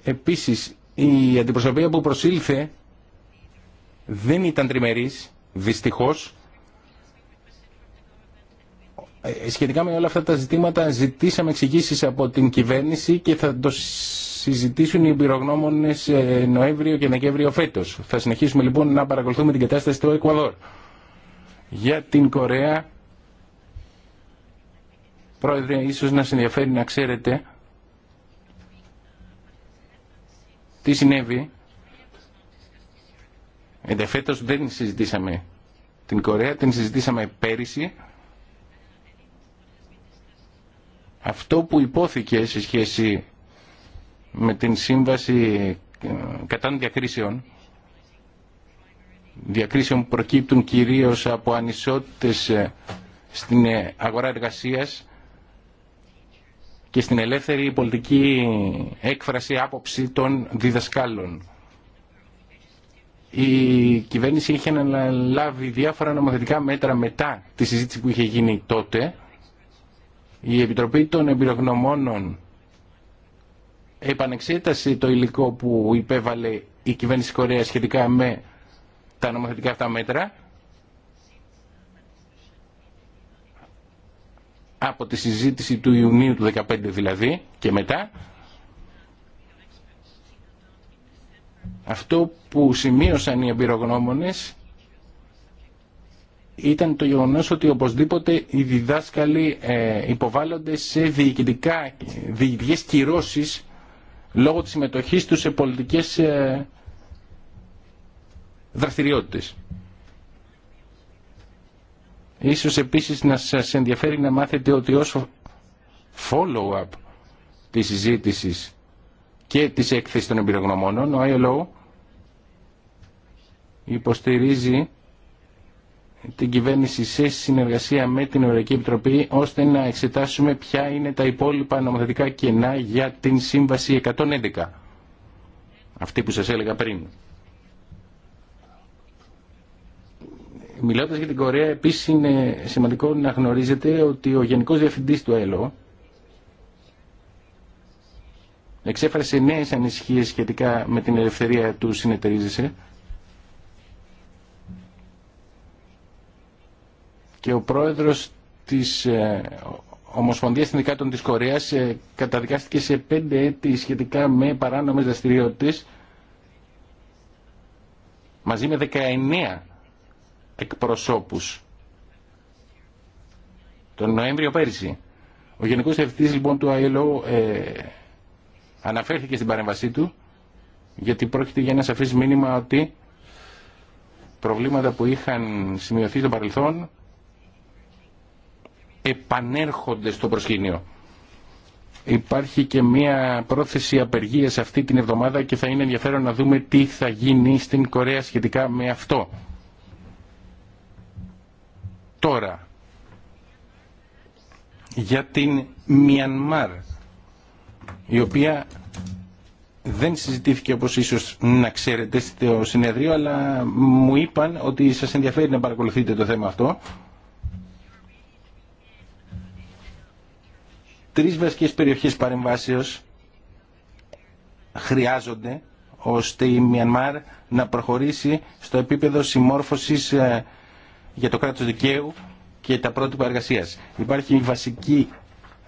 Επίσης, η αντιπροσωπεία που προσήλθε δεν ήταν τριμερής, δυστυχώς. Ε, σχετικά με όλα αυτά τα ζητήματα ζητήσαμε εξηγήσει από την κυβέρνηση και θα το συζητήσουν οι εμπειρογνώμονες ε, Νοέμβριο και Δεκέμβριο φέτος. Θα συνεχίσουμε λοιπόν να παρακολουθούμε την κατάσταση στο Εκουαδόρ. Για την Κορέα, πρόεδρε, ίσως να σας ενδιαφέρει να ξέρετε τι συνέβη. Εντεφέτος δεν συζητήσαμε την Κορέα, την συζητήσαμε πέρυσι αυτό που υπόθηκε σε σχέση με την σύμβαση ε, κατά των διακρίσεων, διακρίσεων που προκύπτουν κυρίως από ανισότητες ε, στην ε, αγορά εργασίας και στην ελεύθερη πολιτική έκφραση άποψη των διδασκάλων. Η κυβέρνηση είχε αναλάβει διάφορα νομοθετικά μέτρα μετά τη συζήτηση που είχε γίνει τότε η Επιτροπή των Εμπειρογνωμόνων επανεξέτασε το υλικό που υπέβαλε η κυβέρνηση της Κορέας σχετικά με τα νομοθετικά αυτά μέτρα από τη συζήτηση του Ιουνίου του 2015 δηλαδή και μετά αυτό που σημείωσαν οι εμπειρογνώμονες ήταν το γεγονός ότι οπωσδήποτε οι διδάσκαλοι ε, υποβάλλονται σε διοικητικά, διοικητικές κυρώσεις λόγω της συμμετοχής τους σε πολιτικές ε, δραστηριότητες. Ίσως επίσης να σας ενδιαφέρει να μάθετε ότι ότι follow-up της συζήτησης και της έκθεσης των εμπειρογνωμόνων, ο ILO υποστηρίζει την κυβέρνηση σε συνεργασία με την Ευρωπαϊκή Επιτροπή ώστε να εξετάσουμε ποια είναι τα υπόλοιπα νομοθετικά κενά για την Σύμβαση 111. Αυτή που σας έλεγα πριν. Μιλώντας για την Κορέα επίσης είναι σημαντικό να γνωρίζετε ότι ο Γενικός Διευθυντής του ΕΛΟ εξέφρασε νέες ανησυχίες σχετικά με την ελευθερία του συνεταιρίζεσαι και ο πρόεδρος της ε, Ομοσπονδίας Συνδικάτων της Κορέας ε, καταδικάστηκε σε πέντε έτη σχετικά με παράνομες δραστηριότητες μαζί με 19 εκπροσώπους τον Νοέμβριο πέρσι. Ο Γενικός Διευθυντής λοιπόν του ΑΕΛΟ αναφέρθηκε στην παρέμβασή του γιατί πρόκειται για ένα σαφές μήνυμα ότι προβλήματα που είχαν σημειωθεί στο παρελθόν επανέρχονται στο προσκήνιο. Υπάρχει και μια πρόθεση απεργίας αυτή την εβδομάδα και θα είναι ενδιαφέρον να δούμε τι θα γίνει στην Κορέα σχετικά με αυτό. Τώρα, για την Μιανμάρ, η οποία δεν συζητήθηκε όπως ίσως να ξέρετε στο συνεδρίο, αλλά μου είπαν ότι σας ενδιαφέρει να παρακολουθείτε το θέμα αυτό. Τρεις βασικές περιοχές παρεμβάσεως χρειάζονται ώστε η Μιανμάρ να προχωρήσει στο επίπεδο συμμόρφωσης ε, για το κράτος δικαίου και τα πρότυπα εργασίας. Υπάρχει βασική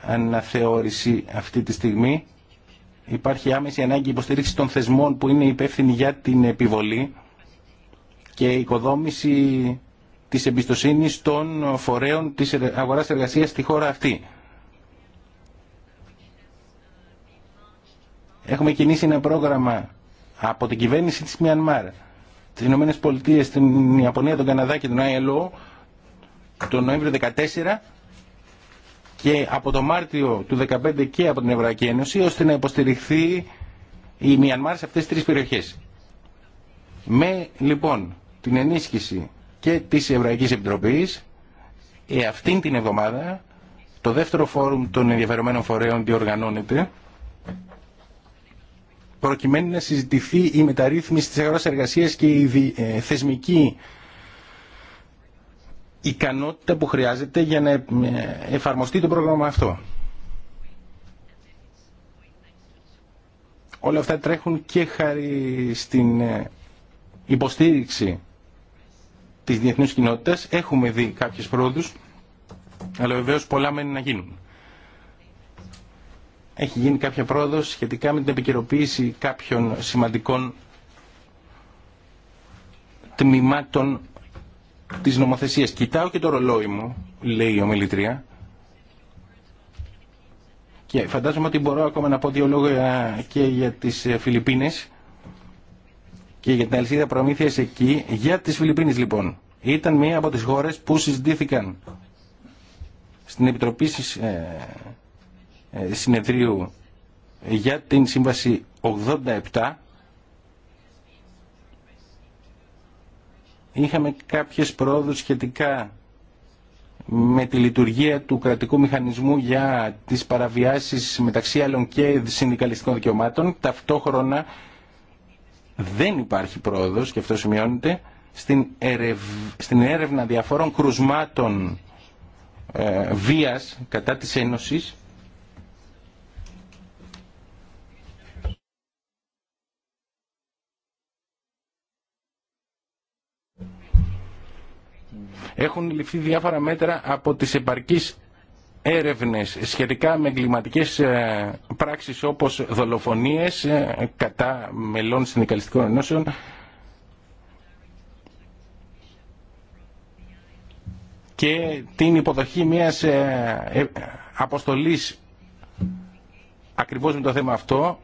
αναθεώρηση αυτή τη στιγμή. Υπάρχει άμεση ανάγκη υποστήριξη των θεσμών που είναι υπεύθυνοι για την επιβολή και η οικοδόμηση της εμπιστοσύνης των φορέων της αγοράς εργασίας στη χώρα αυτή. Έχουμε κινήσει ένα πρόγραμμα από την κυβέρνηση της Μιανμάρ, τις Ηνωμένες Πολιτείες, την Ιαπωνία, τον Καναδά και τον ΑΕΛΟ τον Νοέμβριο 14 και από το Μάρτιο του 2015 και από την Ευρωπαϊκή Ένωση ώστε να υποστηριχθεί η Μιανμάρ σε αυτές τις τρεις περιοχές. Με λοιπόν την ενίσχυση και της Ευρωπαϊκής Επιτροπής ε, αυτήν την εβδομάδα το δεύτερο φόρουμ των ενδιαφερομένων φορέων διοργανώνεται προκειμένου να συζητηθεί η μεταρρύθμιση της αγοράς εργασίας και η ε, θεσμική ικανότητα που χρειάζεται για να ε, εφαρμοστεί το πρόγραμμα αυτό. Όλα αυτά τρέχουν και χάρη στην ε, υποστήριξη της διεθνούς κοινότητας. Έχουμε δει κάποιες πρόοδους, αλλά βεβαίως πολλά μένει να γίνουν έχει γίνει κάποια πρόοδος σχετικά με την επικαιροποίηση κάποιων σημαντικών τμήματων της νομοθεσίας. Κοιτάω και το ρολόι μου, λέει η ομιλητρία. Και φαντάζομαι ότι μπορώ ακόμα να πω δύο λόγια και για τις ε, Φιλιππίνες και για την αλυσίδα προμήθειας εκεί. Για τις Φιλιππίνες λοιπόν. Ήταν μία από τις χώρες που συζητήθηκαν στην Επιτροπή ε, ε, συνεδρίου για την Σύμβαση 87 είχαμε κάποιες πρόοδους σχετικά με τη λειτουργία του κρατικού μηχανισμού για τις παραβιάσεις μεταξύ άλλων και συνδικαλιστικών δικαιωμάτων. Ταυτόχρονα δεν υπάρχει πρόοδος, και αυτό σημειώνεται, στην, έρευνα διαφόρων κρουσμάτων ε, βίας κατά της Ένωσης Έχουν ληφθεί διάφορα μέτρα από τις επαρκείς έρευνες σχετικά με εγκληματικές ε, πράξεις όπως δολοφονίες ε, κατά μελών συνδικαλιστικών ενώσεων και την υποδοχή μιας ε, αποστολής ακριβώς με το θέμα αυτό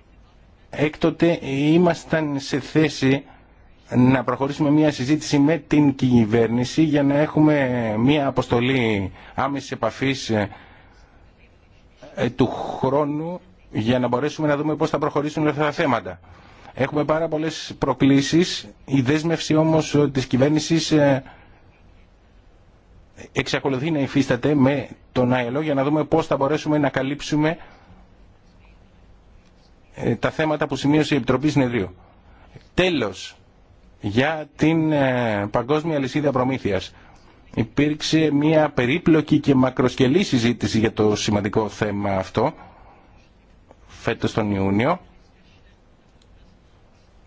έκτοτε ήμασταν σε θέση να προχωρήσουμε μια συζήτηση με την κυβέρνηση για να έχουμε μια αποστολή άμεση επαφής ε, ε, του χρόνου για να μπορέσουμε να δούμε πώς θα προχωρήσουν αυτά τα θέματα. Έχουμε πάρα πολλές προκλήσεις, η δέσμευση όμως της κυβέρνησης ε, εξακολουθεί να υφίσταται με τον ΑΕΛΟ για να δούμε πώς θα μπορέσουμε να καλύψουμε τα θέματα που σημείωσε η Επιτροπή Συνεδρίου. Τέλος, για την ε, παγκόσμια λυσίδα προμήθειας. Υπήρξε μια περίπλοκη και μακροσκελή συζήτηση για το σημαντικό θέμα αυτό φέτος τον Ιούνιο.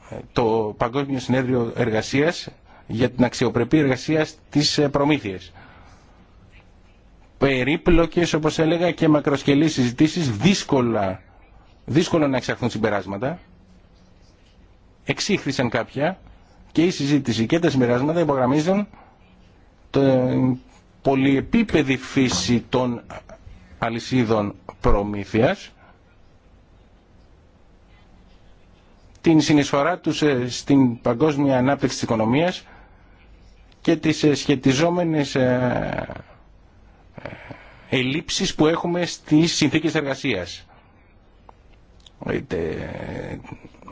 Ε, το Παγκόσμιο Συνέδριο Εργασίας για την αξιοπρεπή εργασία της ε, προμήθειας. Περίπλοκες, όπως έλεγα, και μακροσκελή συζητήσει. δύσκολα, δύσκολο να εξαχθούν συμπεράσματα. Εξήχθησαν κάποια, και η συζήτηση και τα συμπεράσματα υπογραμμίζουν την πολυεπίπεδη φύση των αλυσίδων προμήθειας, την συνεισφορά τους ε, στην παγκόσμια ανάπτυξη της οικονομίας και τις ε, σχετιζόμενες ε, ελλείψεις που έχουμε στις συνθήκες εργασίας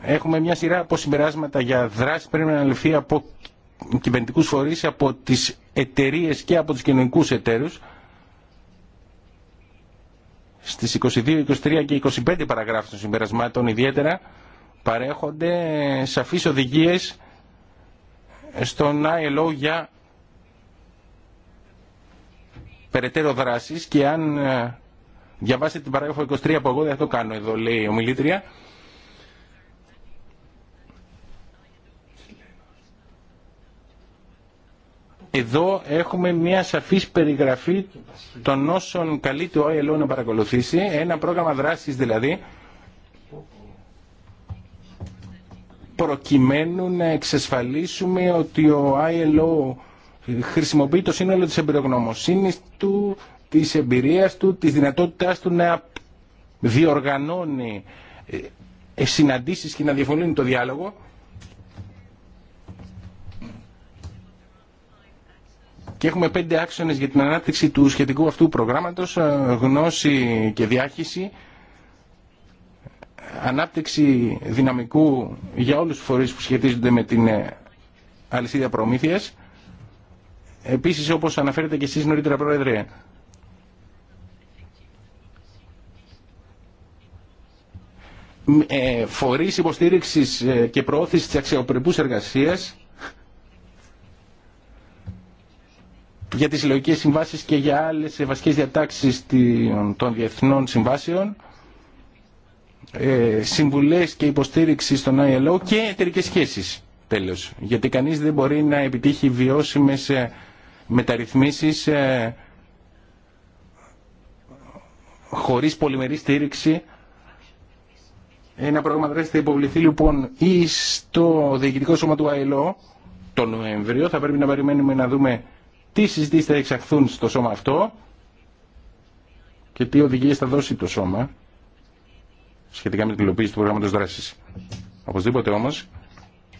έχουμε μια σειρά από συμπεράσματα για δράση πρέπει να αναλυθεί από κυβερνητικού φορείς, από τις εταιρείε και από τους κοινωνικούς εταίρους. Στις 22, 23 και 25 παραγράφου των συμπερασμάτων ιδιαίτερα παρέχονται σαφεί οδηγίες στον ΆΕΛΟ για περαιτέρω δράσεις και αν ε, διαβάσετε την παράγραφο 23 που εγώ δεν το κάνω εδώ λέει ομιλήτρια Εδώ έχουμε μια σαφής περιγραφή των όσων καλεί το Α.Ε.Λ.Ο να παρακολουθήσει, ένα πρόγραμμα δράσης δηλαδή, προκειμένου να εξασφαλίσουμε ότι ο ILO χρησιμοποιεί το σύνολο της εμπειρογνωμοσύνης του, της εμπειρίας του, της δυνατότητάς του να διοργανώνει ε, συναντήσεις και να διαφωνούν το διάλογο Και έχουμε πέντε άξονες για την ανάπτυξη του σχετικού αυτού προγράμματος, ε, γνώση και διάχυση, ανάπτυξη δυναμικού για όλους τους φορείς που σχετίζονται με την ε, αλυσίδα προμήθειας. Επίσης, όπως αναφέρετε και εσείς νωρίτερα, Πρόεδρε, ε, φορείς υποστήριξης και προώθησης της αξιοπρεπούς εργασίας για τις συλλογικές συμβάσεις και για άλλες βασικές διατάξεις των διεθνών συμβάσεων, ε, συμβουλές και υποστήριξη στον ILO και εταιρικέ σχέσεις, τέλος. Γιατί κανείς δεν μπορεί να επιτύχει βιώσιμες ε, μεταρρυθμίσεις ε, χωρίς πολυμερή στήριξη. Ένα πρόγραμμα δράσης θα υποβληθεί λοιπόν ή στο Διοικητικό Σώμα του ΑΕΛΟ τον Νοέμβριο. Θα πρέπει να περιμένουμε να δούμε τι συζητήσει θα εξαχθούν στο σώμα αυτό και τι οδηγίε θα δώσει το σώμα σχετικά με την υλοποίηση του προγράμματο δράση. Οπωσδήποτε όμω,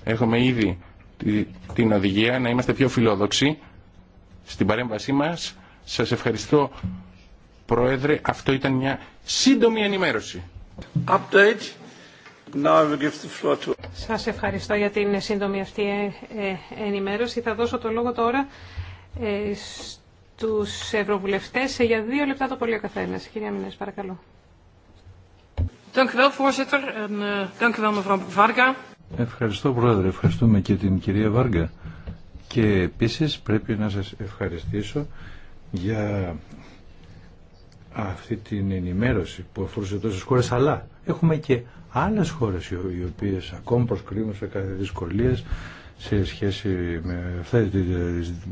έχουμε ήδη την οδηγία να είμαστε πιο φιλόδοξοι στην παρέμβασή μα. Σα ευχαριστώ Πρόεδρε. Αυτό ήταν μια σύντομη ενημέρωση. Update. Σας ευχαριστώ για την σύντομη αυτή ε, ε, ενημέρωση. Θα δώσω το λόγο τώρα ε, στους ευρωβουλευτές ε, για δύο λεπτά το πολύ ο καθένας. Κυρία Μινές, παρακαλώ. Eh, Ευχαριστώ, Πρόεδρε. Ευχαριστούμε και την κυρία Βάργα. Και επίσης πρέπει να σας ευχαριστήσω για αυτή την ενημέρωση που αφορούσε τόσες χώρες, αλλά έχουμε και άλλες χώρες οι οποίες ακόμα προσκρίνουν σε κάθε δυσκολίες σε σχέση με αυτές τις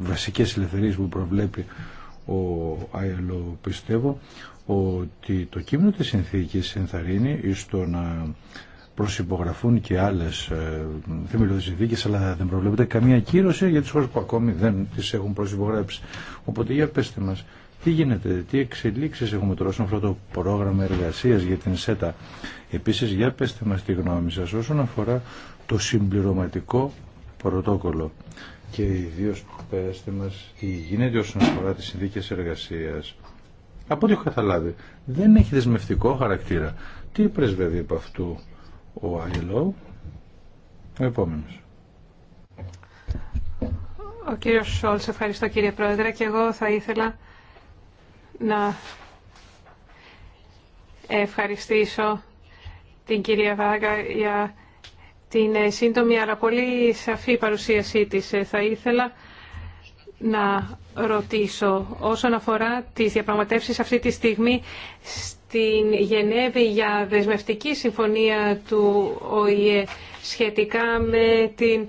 βασικές ελευθερίες που προβλέπει ο ΆΕΛΟ πιστεύω ότι το κείμενο της συνθήκης ενθαρρύνει στο να προσυπογραφούν και άλλες ε, θεμελιώδεις συνθήκες αλλά δεν προβλέπεται καμία κύρωση για τις χώρες που ακόμη δεν τις έχουν προσυπογράψει. Οπότε για πέστε μας τι γίνεται, τι εξελίξεις έχουμε τώρα όσον αυτό το πρόγραμμα εργασίας για την ΣΕΤΑ. Επίσης για πέστε μας τη γνώμη σας όσον αφορά το συμπληρωματικό πρωτόκολλο και ιδίω πέραστε μα, η γίνεται όσον αφορά τι συνθήκες εργασίας. Από ό,τι έχω καταλάβει, δεν έχει δεσμευτικό χαρακτήρα. Τι πρεσβεύει από αυτού ο Άγγελο, ο επόμενος. Ο κύριος Σόλτ, ευχαριστώ κύριε Πρόεδρε και εγώ θα ήθελα να ευχαριστήσω την κυρία Βάγκα για την ε, σύντομη αλλά πολύ σαφή παρουσίασή της. Ε, θα ήθελα να ρωτήσω όσον αφορά τις διαπραγματεύσεις αυτή τη στιγμή στην Γενέβη για δεσμευτική συμφωνία του ΟΗΕ σχετικά με την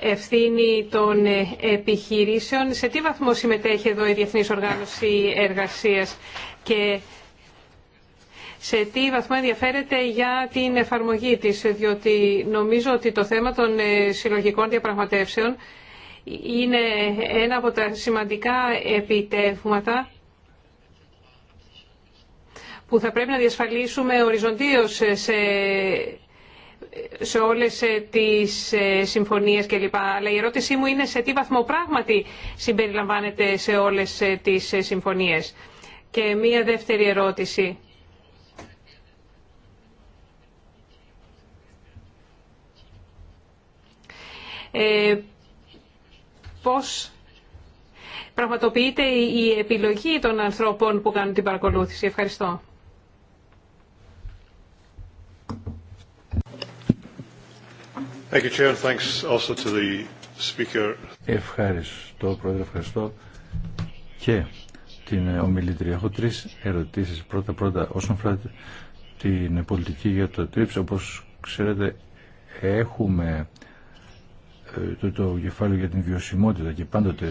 ευθύνη των ε, επιχειρήσεων. Σε τι βαθμό συμμετέχει εδώ η Διεθνής Οργάνωση Εργασίας και σε τι βαθμό ενδιαφέρεται για την εφαρμογή της, διότι νομίζω ότι το θέμα των ε, συλλογικών διαπραγματεύσεων είναι ένα από τα σημαντικά επιτεύγματα που θα πρέπει να διασφαλίσουμε οριζοντίως σε σε όλες ε, τις ε, συμφωνίες κλπ. Αλλά η ερώτησή μου είναι σε τι βαθμό πράγματι συμπεριλαμβάνεται σε όλες τις συμφωνίες. Και μία δεύτερη ερώτηση. Ε, πώς πραγματοποιείται η επιλογή των ανθρώπων που κάνουν την παρακολούθηση. Ευχαριστώ. Ευχαριστώ, Πρόεδρε, ευχαριστώ και την ομιλήτρια. Έχω τρεις ερωτήσεις. Πρώτα-πρώτα, όσον αφορά την πολιτική για το TRIPS, όπως ξέρετε, έχουμε το, το κεφάλαιο για την βιωσιμότητα και πάντοτε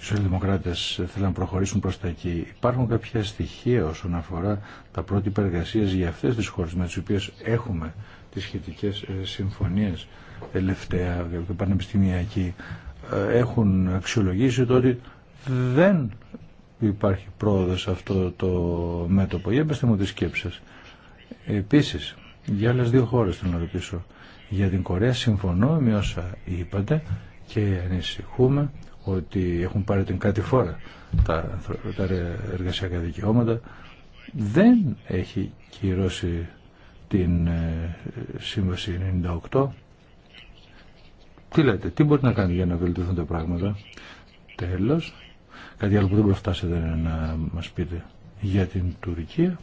οι σοσιαλδημοκράτες θέλουν να προχωρήσουν προς τα εκεί. Υπάρχουν κάποια στοιχεία όσον αφορά τα πρότυπα εργασία για αυτές τις χώρες με τις οποίες έχουμε τις σχετικές ε, συμφωνίες τελευταία, δηλαδή πανεπιστημιακή, ε, έχουν αξιολογήσει το ότι δεν υπάρχει πρόοδο σε αυτό το μέτωπο. Για πετε μου τις σκέψεις. Επίσης, για άλλες δύο χώρες θέλω να ρωτήσω για την Κορέα συμφωνώ με όσα είπατε και ανησυχούμε ότι έχουν πάρει την κάτι τα, τα εργασιακά δικαιώματα δεν έχει κυρώσει την ε, Σύμβαση 98 τι λέτε, τι μπορεί να κάνει για να βελτιωθούν τα πράγματα τέλος κάτι άλλο που δεν προφτάσετε να μας πείτε για την Τουρκία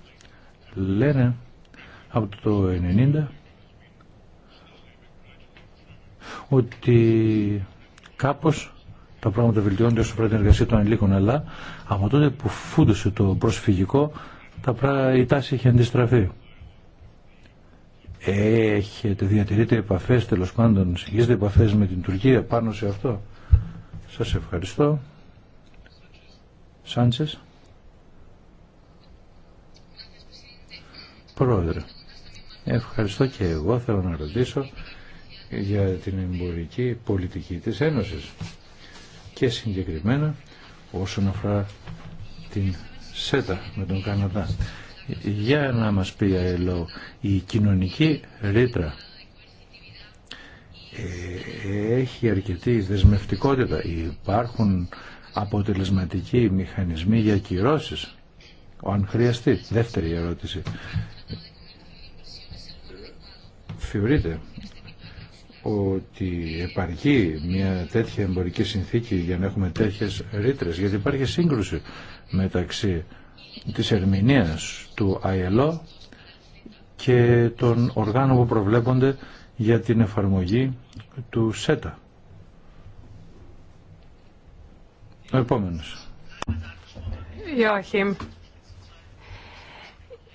λένε από το 90 ότι κάπως τα πράγματα βελτιώνονται όσο πρέπει την εργασία των ανηλίκων, αλλά από τότε που φούντωσε το προσφυγικό, τα πρά... η τάση είχε αντιστραφεί. Έχετε, διατηρείτε επαφές τέλο πάντων, συγχύσετε επαφές με την Τουρκία πάνω σε αυτό. Σας ευχαριστώ. Σάντσες. Πρόεδρε, ευχαριστώ και εγώ θέλω να ρωτήσω για την εμπορική πολιτική της Ένωσης και συγκεκριμένα όσον αφορά την ΣΕΤΑ με τον Καναδά. Για να μας πει ΑΕΛΟ η κοινωνική ρήτρα ε, έχει αρκετή δεσμευτικότητα. Υπάρχουν αποτελεσματικοί μηχανισμοί για κυρώσεις. Αν χρειαστεί. Δεύτερη ερώτηση. Θεωρείται ότι επαρκεί μια τέτοια εμπορική συνθήκη για να έχουμε τέτοιες ρήτρες, γιατί υπάρχει σύγκρουση μεταξύ της ερμηνείας του ΑΕΛΟ και των οργάνων που προβλέπονται για την εφαρμογή του ΣΕΤΑ. Ο επόμενος.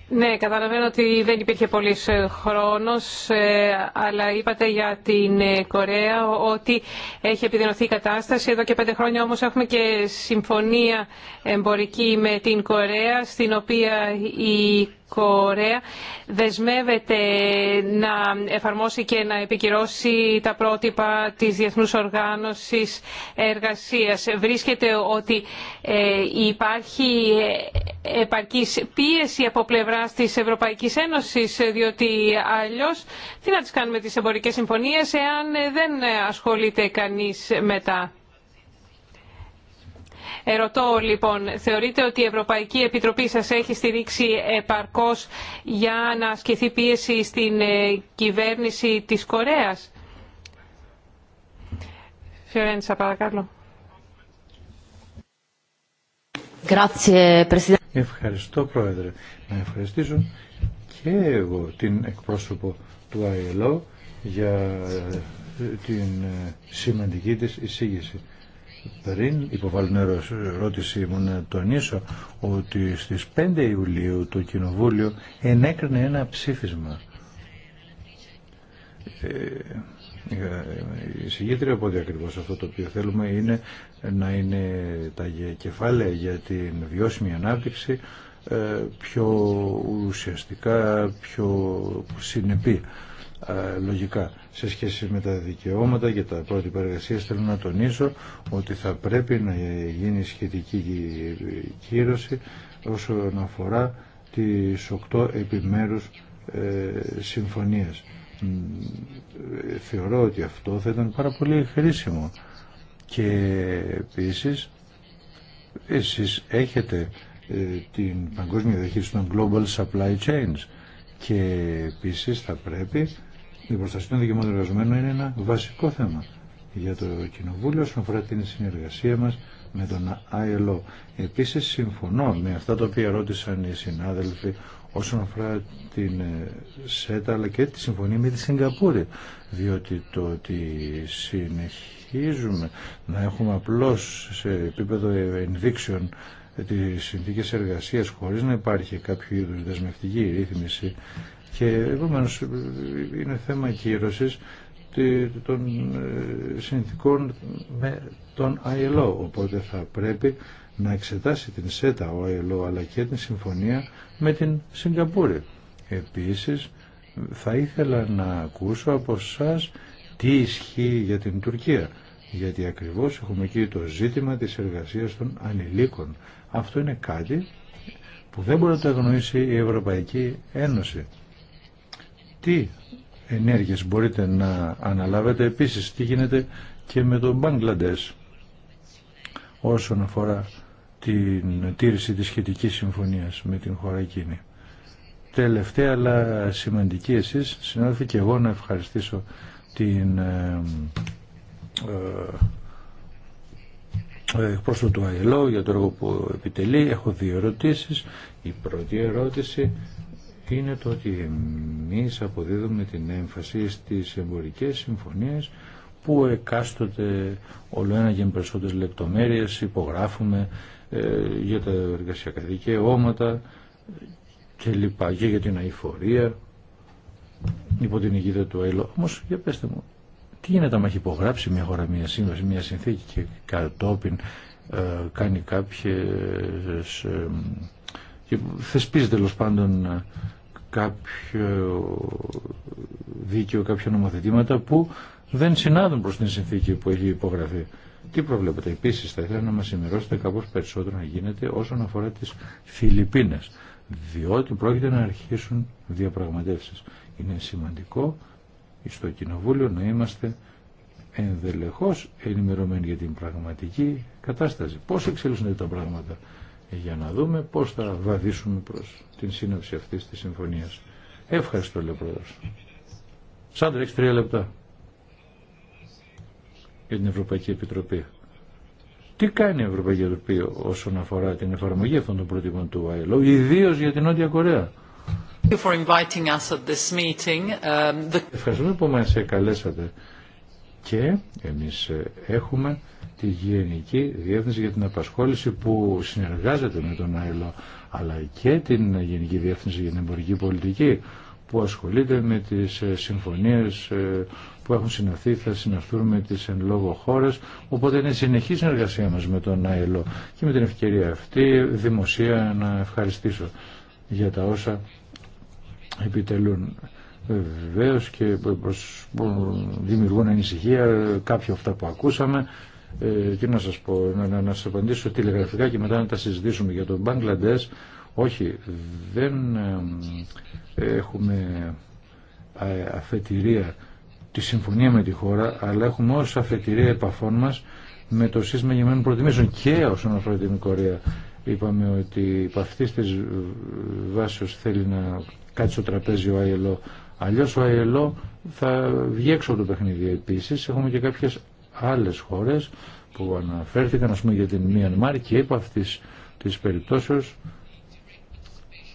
Ναι, καταλαβαίνω ότι δεν υπήρχε πολύ ε, χρόνος, ε, αλλά είπατε για την ε, Κορέα ότι έχει επιδεινωθεί η κατάσταση. Εδώ και πέντε χρόνια όμως έχουμε και συμφωνία εμπορική με την Κορέα, στην οποία η Κορέα δεσμεύεται να εφαρμόσει και να επικυρώσει τα πρότυπα της Διεθνούς Οργάνωσης Εργασίας. Βρίσκεται ότι ε, υπάρχει ε, επαρκής πίεση από πλευράς της Ευρωπαϊκής Ένωσης, διότι αλλιώς τι να τις κάνουμε τις εμπορικές συμφωνίες εάν δεν ασχολείται κανείς μετά. Ερωτώ λοιπόν, θεωρείτε ότι η Ευρωπαϊκή Επιτροπή σας έχει στηρίξει επαρκώς για να ασκηθεί πίεση στην ε, κυβέρνηση της Κορέας. Ευχαριστώ, Πρόεδρε. Να ευχαριστήσω και εγώ την εκπρόσωπο του ΑΕΛΟ για ε, την ε, σημαντική της εισήγηση πριν υποβάλουν ερώτηση μου να τονίσω ότι στις 5 Ιουλίου το Κοινοβούλιο ενέκρινε ένα ψήφισμα. Ε, ε, η συγκήτρια από ότι ακριβώς αυτό το οποίο θέλουμε είναι να είναι τα κεφάλαια για την βιώσιμη ανάπτυξη ε, πιο ουσιαστικά, πιο συνεπή. Ε, λογικά σε σχέση με τα δικαιώματα και τα πρώτη εργασία θέλω να τονίσω ότι θα πρέπει να γίνει σχετική κύρωση όσον αφορά τις 8 επιμέρους ε, συμφωνίες. Ε, θεωρώ ότι αυτό θα ήταν πάρα πολύ χρήσιμο και επίσης εσείς έχετε την παγκόσμια διαχείριση των Global Supply Chains και επίσης θα πρέπει η προστασία των δικαιωμάτων εργαζομένων είναι ένα βασικό θέμα για το Κοινοβούλιο όσον αφορά την συνεργασία μας με τον ΑΕΛΟ. Επίσης συμφωνώ με αυτά τα οποία ρώτησαν οι συνάδελφοι όσον αφορά την ε, ΣΕΤΑ αλλά και τη συμφωνία με τη Σιγκαπούρη διότι το ότι συνεχίζουμε να έχουμε απλώς σε επίπεδο ενδείξεων ε, τις συνθήκες εργασίας χωρίς να υπάρχει κάποιο δεσμευτική ρύθμιση και επομένω είναι θέμα κύρωση των ε, συνθηκών με τον ILO. Οπότε θα πρέπει να εξετάσει την ΣΕΤΑ ο ILO αλλά και την συμφωνία με την Σιγκαπούρη. Επίσης θα ήθελα να ακούσω από εσά τι ισχύει για την Τουρκία γιατί ακριβώς έχουμε εκεί το ζήτημα της εργασίας των ανηλίκων. Αυτό είναι κάτι που δεν μπορεί να το αγνοήσει η Ευρωπαϊκή Ένωση. Τι ενέργειες μπορείτε να αναλάβετε επίσης, τι γίνεται και με τον Μπαγκλαντές όσον αφορά την τήρηση της σχετικής συμφωνίας με την χώρα εκείνη. Τελευταία αλλά σημαντική εσείς, συνάδελφοι, και εγώ να ευχαριστήσω την ε, ε, ε του ΑΕΛΟ για το έργο που επιτελεί. Έχω δύο ερωτήσεις. Η πρώτη ερώτηση είναι το ότι εμείς αποδίδουμε την έμφαση στις εμπορικές συμφωνίες που εκάστοτε όλο ένα και με περισσότερες λεπτομέρειες υπογράφουμε ε, για τα εργασιακά δικαιώματα και λοιπά και για την αηφορία υπό την ηγίδα του ΑΕΛΟ. Όμως για πέστε μου, τι γίνεται άμα έχει υπογράψει μια χώρα, μια σύμβαση, μια συνθήκη και κατόπιν ε, κάνει κάποιες... Ε, τέλο πάντων κάποιο δίκαιο, κάποια νομοθετήματα που δεν συνάδουν προς την συνθήκη που έχει υπογραφεί. Τι προβλέπετε επίσης, θα ήθελα να μας ενημερώσετε κάπως περισσότερο να γίνεται όσον αφορά τις Φιλιππίνες, διότι πρόκειται να αρχίσουν διαπραγματεύσεις. Είναι σημαντικό στο Κοινοβούλιο να είμαστε ενδελεχώς ενημερωμένοι για την πραγματική κατάσταση. Πώς εξελίσσονται τα πράγματα για να δούμε πώς θα βαδίσουμε προς την σύνοψη αυτής της συμφωνίας. Ευχαριστώ, λέει Πρόεδρος. Σάντρα, έχεις τρία λεπτά για την Ευρωπαϊκή Επιτροπή. Τι κάνει η Ευρωπαϊκή Επιτροπή όσον αφορά την εφαρμογή αυτών των προτύπων του ΆΕΛΟ, ιδίω για την Νότια Κορέα. Um, Ευχαριστούμε που μας καλέσατε και εμείς ε, έχουμε τη Γενική Διεύθυνση για την Απασχόληση που συνεργάζεται με τον ΑΕΛΟ αλλά και την Γενική Διεύθυνση για την Εμπορική Πολιτική που ασχολείται με τις ε, συμφωνίες ε, που έχουν συναυθεί, θα συναυτούν με τις εν λόγω χώρες, οπότε είναι συνεχή συνεργασία μας με τον ΑΕΛΟ και με την ευκαιρία αυτή δημοσία να ευχαριστήσω για τα όσα επιτελούν. Βεβαίω και δημιουργούν ανησυχία ε, κάποια αυτά που ακούσαμε ε, τι να σας πω, να, να, να σας απαντήσω τηλεγραφικά και μετά να τα συζητήσουμε για τον Μπαγκλαντές. Όχι, δεν έχουμε ε, αφετηρία τη συμφωνία με τη χώρα, αλλά έχουμε ως αφετηρία επαφών μας με το σύστημα γεμμένων προτιμήσεων και όσον αφορά την Κορέα. Είπαμε ότι υπ' αυτής της βάσεως θέλει να κάτσει στο τραπέζι ο ΑΕΛΟ. Αλλιώς ο ΑΕΛΟ θα βγει έξω από το παιχνίδι. Επίσης έχουμε και κάποιες άλλες χώρες που αναφέρθηκαν ας πούμε για την Μιανμάρ και είπα αυτής της περιπτώσεως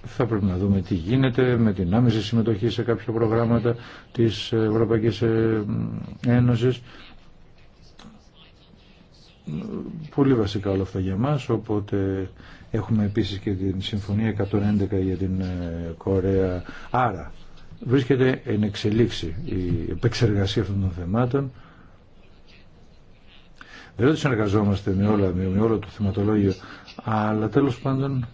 θα πρέπει να δούμε τι γίνεται με την άμεση συμμετοχή σε κάποια προγράμματα της Ευρωπαϊκής ε, Ένωσης. Πολύ βασικά όλα αυτά για μας, οπότε έχουμε επίσης και την Συμφωνία 111 για την ε, Κορέα. Άρα βρίσκεται εν εξελίξη η επεξεργασία αυτών των θεμάτων. Δεν συνεργαζόμαστε με όλα, με όλο το θεματολόγιο, αλλά τέλος πάντων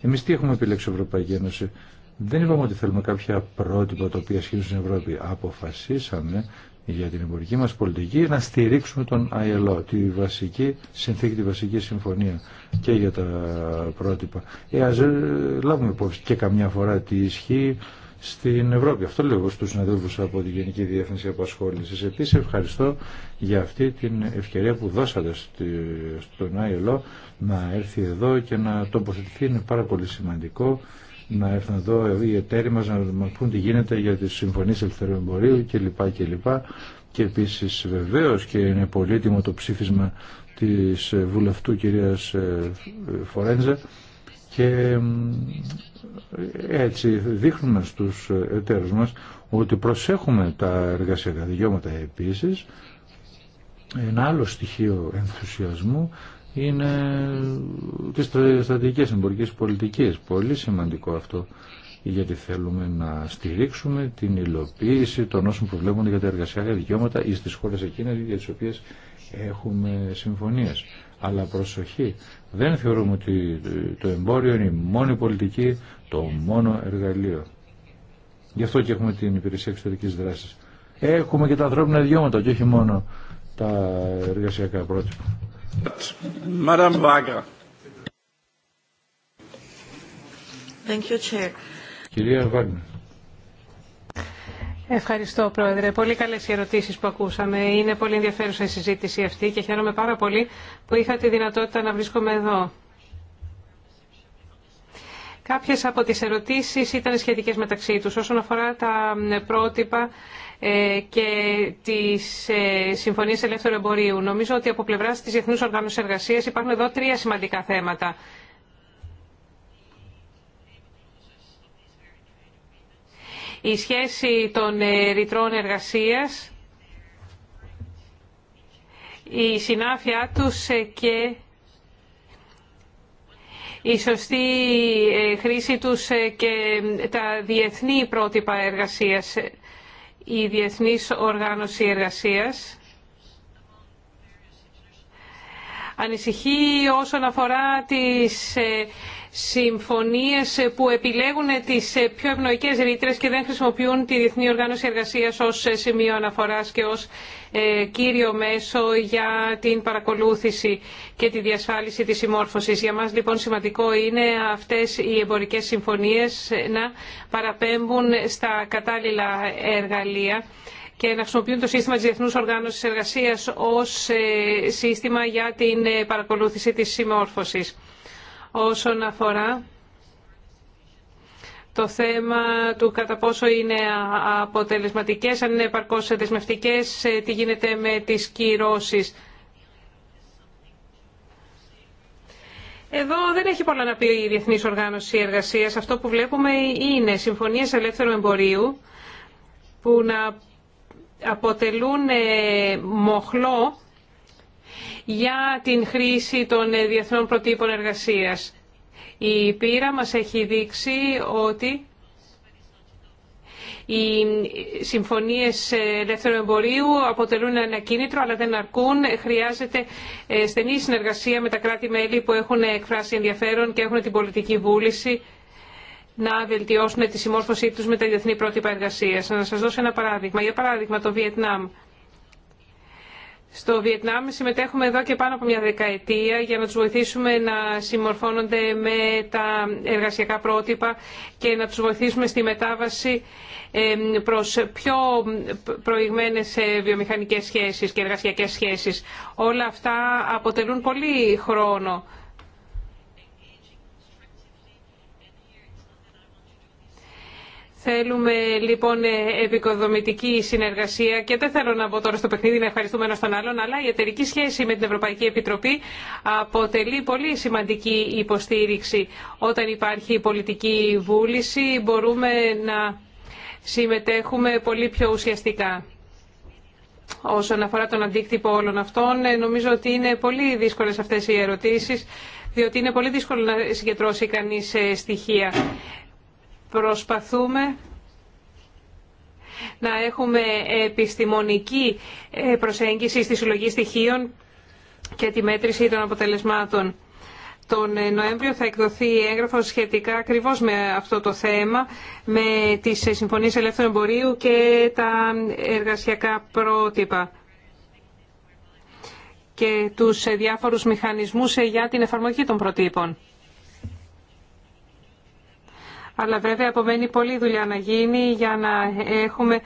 εμείς τι έχουμε επιλέξει η Ευρωπαϊκή Ένωση. Δεν είπαμε ότι θέλουμε κάποια πρότυπα τα οποία στην Ευρώπη. Αποφασίσαμε για την εμπορική μας πολιτική να στηρίξουμε τον ΑΕΛΟ, τη βασική συνθήκη, τη βασική συμφωνία και για τα πρότυπα. Ε, ας ε, λάβουμε υπόψη και καμιά φορά τι ισχύει στην Ευρώπη. Αυτό λέω εγώ στους συναδέλφους από τη Γενική Διεύθυνση Απασχόλησης. Επίσης ευχαριστώ για αυτή την ευκαιρία που δώσατε στον ΑΕΛΟ να έρθει εδώ και να τοποθετηθεί. Είναι πάρα πολύ σημαντικό να έρθουν εδώ οι εταίροι μας να μας πούν τι γίνεται για τις συμφωνίες ελευθερών εμπορίου κλπ. Και επίσης βεβαίως και είναι πολύτιμο το ψήφισμα της βουλευτού κυρίας ε, Φορέντζα και έτσι δείχνουμε στους εταίρους μας ότι προσέχουμε τα εργασιακά δικαιώματα επίσης. Ένα άλλο στοιχείο ενθουσιασμού είναι τις στρατηγικές εμπορικές πολιτικές. Πολύ σημαντικό αυτό γιατί θέλουμε να στηρίξουμε την υλοποίηση των όσων προβλέπονται για τα εργασιακά δικαιώματα ή στις χώρες εκείνες για τις οποίες έχουμε συμφωνίες. Αλλά προσοχή, δεν θεωρούμε ότι το εμπόριο είναι η μόνη πολιτική, το μόνο εργαλείο. Γι' αυτό και έχουμε την υπηρεσία εξωτερική δράση. Έχουμε και τα ανθρώπινα δικαιώματα και όχι μόνο τα εργασιακά πρότυπα. Κυρία Ευχαριστώ, Πρόεδρε. Πολύ καλές οι ερωτήσεις που ακούσαμε. Είναι πολύ ενδιαφέρουσα η συζήτηση αυτή και χαίρομαι πάρα πολύ που είχα τη δυνατότητα να βρίσκομαι εδώ. Κάποιες από τις ερωτήσεις ήταν σχετικές μεταξύ τους όσον αφορά τα πρότυπα ε, και τι ε, συμφωνίε ελεύθερου εμπορίου. Νομίζω ότι από πλευρά της Διεθνού υπάρχουν εδώ τρία σημαντικά θέματα. η σχέση των ε, ρητρών εργασίας, η συνάφειά τους ε, και η σωστή ε, χρήση τους και τα διεθνή πρότυπα εργασίας, η Διεθνής Οργάνωση Εργασίας. Ανησυχεί όσον αφορά τις συμφωνίες που επιλέγουν τις πιο ευνοϊκές ρήτρε και δεν χρησιμοποιούν τη Διεθνή Οργάνωση Εργασίας ως σημείο αναφοράς και ως ε, κύριο μέσο για την παρακολούθηση και τη διασφάλιση της συμμόρφωσης. Για μας λοιπόν σημαντικό είναι αυτές οι εμπορικές συμφωνίες να παραπέμπουν στα κατάλληλα εργαλεία και να χρησιμοποιούν το σύστημα της Διεθνούς Οργάνωσης Εργασίας ως ε, σύστημα για την ε, παρακολούθηση της συμμόρφωσης όσον αφορά το θέμα του κατά πόσο είναι αποτελεσματικές, αν είναι επαρκώς δεσμευτικές, ε, τι γίνεται με τις κυρώσεις. Εδώ δεν έχει πολλά να πει η Διεθνής Οργάνωση Εργασίας. Αυτό που βλέπουμε είναι συμφωνίες ελεύθερου εμπορίου που να αποτελούν ε, μοχλό για την χρήση των ε, διεθνών προτύπων εργασίας. Η πείρα μας έχει δείξει ότι οι συμφωνίες ε, ελεύθερου εμπορίου αποτελούν ένα κίνητρο αλλά δεν αρκούν. Χρειάζεται ε, στενή συνεργασία με τα κράτη-μέλη που έχουν εκφράσει ενδιαφέρον και έχουν την πολιτική βούληση να βελτιώσουν τη συμμόρφωσή τους με τα διεθνή πρότυπα εργασίας. Να σας δώσω ένα παράδειγμα. Για παράδειγμα το Βιετνάμ. Στο Βιετνάμ συμμετέχουμε εδώ και πάνω από μια δεκαετία για να τους βοηθήσουμε να συμμορφώνονται με τα εργασιακά πρότυπα και να τους βοηθήσουμε στη μετάβαση προς πιο προηγμένες ε, βιομηχανικές σχέσεις και εργασιακές σχέσεις. Όλα αυτά αποτελούν πολύ χρόνο. Θέλουμε λοιπόν επικοδομητική συνεργασία και δεν θέλω να μπω τώρα στο παιχνίδι να ευχαριστούμε ένα τον άλλον, αλλά η εταιρική σχέση με την Ευρωπαϊκή Επιτροπή αποτελεί πολύ σημαντική υποστήριξη. Όταν υπάρχει πολιτική βούληση μπορούμε να συμμετέχουμε πολύ πιο ουσιαστικά. Όσον αφορά τον αντίκτυπο όλων αυτών, νομίζω ότι είναι πολύ δύσκολες αυτές οι ερωτήσεις, διότι είναι πολύ δύσκολο να συγκεντρώσει κανείς ε, στοιχεία. Προσπαθούμε να έχουμε επιστημονική ε, προσέγγιση στη συλλογή στοιχείων και τη μέτρηση των αποτελεσμάτων. Τον ε, Νοέμβριο θα εκδοθεί έγγραφο σχετικά ακριβώς με αυτό το θέμα, με τις ε, συμφωνίες ελεύθερου εμπορίου και τα εργασιακά πρότυπα και τους διάφορους μηχανισμούς για την εφαρμογή των προτύπων αλλά βέβαια απομένει πολλή δουλειά να γίνει για να έχουμε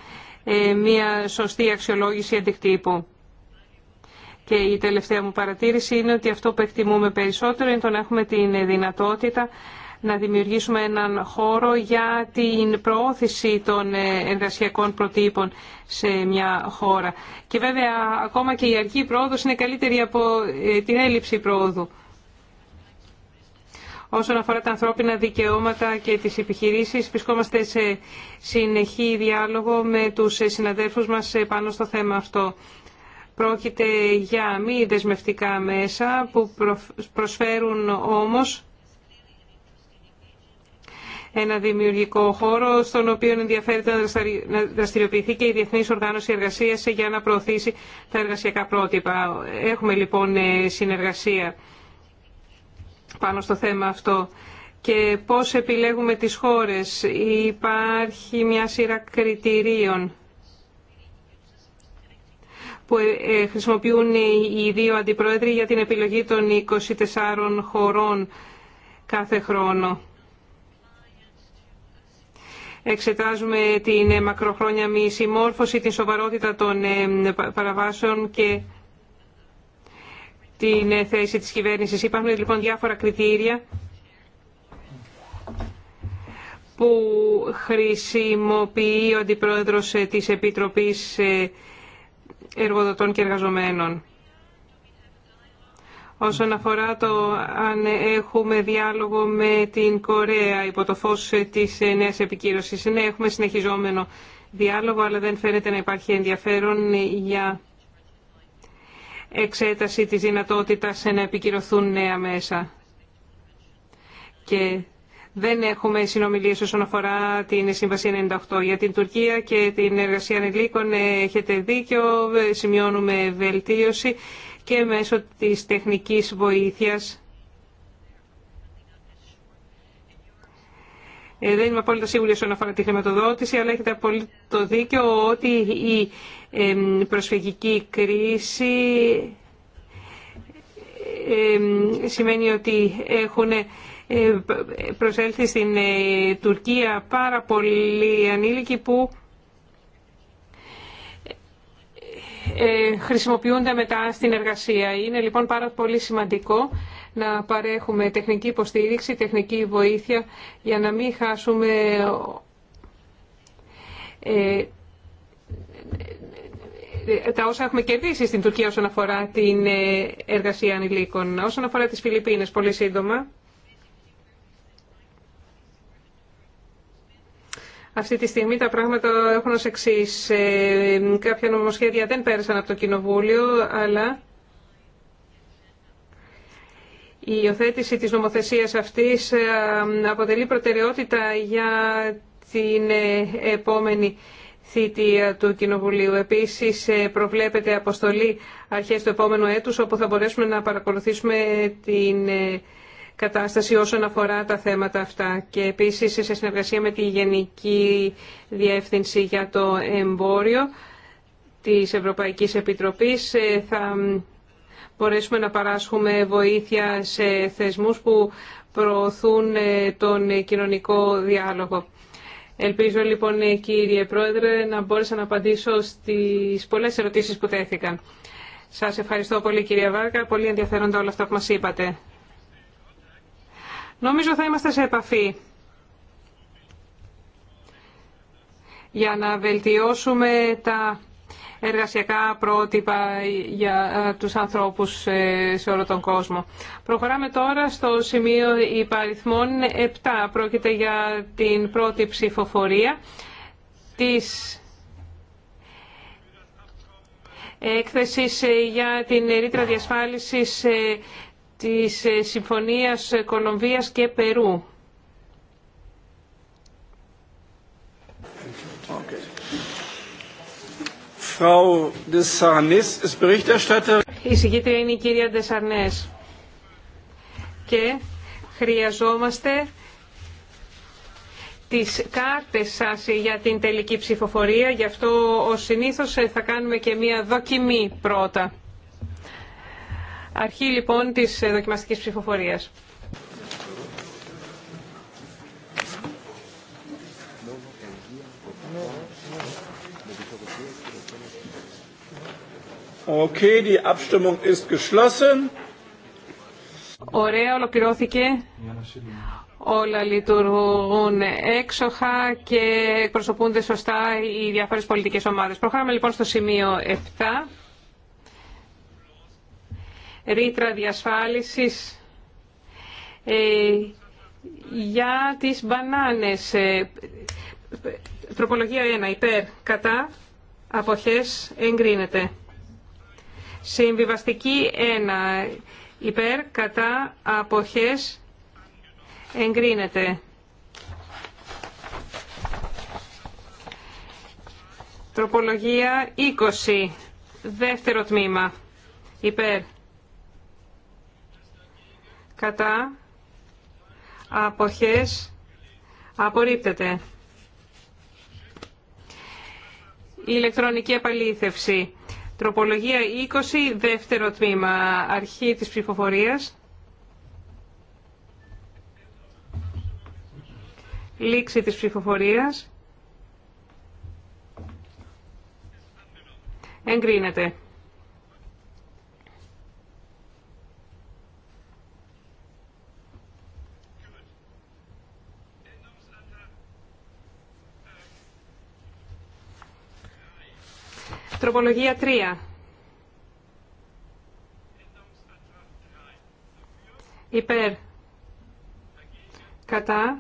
ε, μια σωστή αξιολόγηση αντικτύπου. Και η τελευταία μου παρατήρηση είναι ότι αυτό που εκτιμούμε περισσότερο είναι το να έχουμε την δυνατότητα να δημιουργήσουμε έναν χώρο για την προώθηση των εργασιακών προτύπων σε μια χώρα. Και βέβαια ακόμα και η αρχή πρόοδος είναι καλύτερη από ε, την έλλειψη πρόοδου. Όσον αφορά τα ανθρώπινα δικαιώματα και τις επιχειρήσεις, βρισκόμαστε σε συνεχή διάλογο με τους συναδέλφους μας πάνω στο θέμα αυτό. Πρόκειται για μη δεσμευτικά μέσα που προσφέρουν όμως ένα δημιουργικό χώρο στον οποίο ενδιαφέρεται να δραστηριοποιηθεί και η Διεθνής Οργάνωση Εργασίας για να προωθήσει τα εργασιακά πρότυπα. Έχουμε λοιπόν συνεργασία πάνω στο θέμα αυτό και πώς επιλέγουμε τις χώρες. Υπάρχει μια σειρά κριτηρίων που ε, ε, χρησιμοποιούν οι δύο αντιπρόεδροι για την επιλογή των 24 χωρών κάθε χρόνο. Εξετάζουμε την μακροχρόνια μη συμμόρφωση, την σοβαρότητα των ε, παραβάσεων και την θέση της κυβέρνησης. Υπάρχουν λοιπόν διάφορα κριτήρια που χρησιμοποιεί ο Αντιπρόεδρος της Επιτροπής Εργοδοτών και Εργαζομένων. Όσον αφορά το αν έχουμε διάλογο με την Κορέα υπό το φως της νέας επικύρωσης, ναι, έχουμε συνεχιζόμενο διάλογο, αλλά δεν φαίνεται να υπάρχει ενδιαφέρον για εξέταση της δυνατότητας να επικυρωθούν νέα μέσα. Και δεν έχουμε συνομιλίες όσον αφορά την Σύμβαση 98. Για την Τουρκία και την εργασία ανηλίκων ε, έχετε δίκιο, ε, σημειώνουμε βελτίωση και μέσω της τεχνικής βοήθειας Ε, δεν είμαι απόλυτα σίγουρη όσον αφορά τη χρηματοδότηση, αλλά έχετε απόλυτο δίκιο ότι η προσφυγική κρίση σημαίνει ότι έχουν ε, προσέλθει στην ε, Τουρκία πάρα πολλοί ανήλικοι που χρησιμοποιούνται μετά στην εργασία. Είναι λοιπόν πάρα πολύ σημαντικό να παρέχουμε τεχνική υποστήριξη, τεχνική βοήθεια για να μην χάσουμε ε, τα όσα έχουμε κερδίσει στην Τουρκία όσον αφορά την ε, εργασία ανηλίκων. Όσον αφορά τις Φιλιππίνες, πολύ σύντομα. Αυτή τη στιγμή τα πράγματα έχουν ως εξής. Ε, κάποια νομοσχέδια δεν πέρασαν από το Κοινοβούλιο, αλλά η υιοθέτηση της νομοθεσίας αυτής ε, αποτελεί προτεραιότητα για την ε, επόμενη θητεία του Κοινοβουλίου. Επίσης ε, προβλέπεται αποστολή αρχές του επόμενου έτους όπου θα μπορέσουμε να παρακολουθήσουμε την κατάσταση όσον αφορά τα θέματα αυτά και επίσης σε συνεργασία με τη Γενική Διεύθυνση για το Εμπόριο της Ευρωπαϊκής Επιτροπής μπορέσουμε να παράσχουμε βοήθεια σε θεσμούς που προωθούν ε, τον κοινωνικό διάλογο. Ελπίζω λοιπόν ε, κύριε Πρόεδρε να μπόρεσα να απαντήσω στις πολλές ερωτήσεις που τέθηκαν. Σας ευχαριστώ πολύ κύριε Βάρκα, πολύ ενδιαφέροντα όλα αυτά που μας είπατε. Νομίζω θα είμαστε σε επαφή για να βελτιώσουμε τα εργασιακά πρότυπα για ε, τους ανθρώπους ε, σε όλο τον κόσμο. Προχωράμε τώρα στο σημείο υπαριθμών 7. Πρόκειται για την πρώτη ψηφοφορία της έκθεσης ε, για την ρήτρα διασφάλισης της Συμφωνίας Κολομβίας και Περού. Η συγκίτρια είναι η κυρία Desarnes. Και χρειαζόμαστε τις κάρτες σας για την τελική ψηφοφορία. Γι' αυτό ο συνήθως ε, θα κάνουμε και μία δοκιμή πρώτα. Αρχή λοιπόν της ε, δοκιμαστικής ψηφοφορίας. Ωραία, ολοκληρώθηκε. Όλα λειτουργούν έξοχα και εκπροσωπούνται σωστά οι διάφορες πολιτικές ομάδες. Προχάμε λοιπόν στο σημείο 7. Ρήτρα διασφάλισης ε, για τις μπανάνες. Ε, τροπολογία 1. Υπέρ. Κατά. Αποχές. Εγκρίνεται. Συμβιβαστική 1. Υπέρ, κατά, αποχές, εγκρίνεται. Τροπολογία 20. Δεύτερο τμήμα. Υπέρ. Κατά. Αποχές. Απορρίπτεται. Η ηλεκτρονική επαλήθευση. Τροπολογία 20, δεύτερο τμήμα, αρχή της ψηφοφορίας. Λήξη της ψηφοφορίας. Εγκρίνεται. Ανθρωπολογία 3. Υπέρ. Κατά.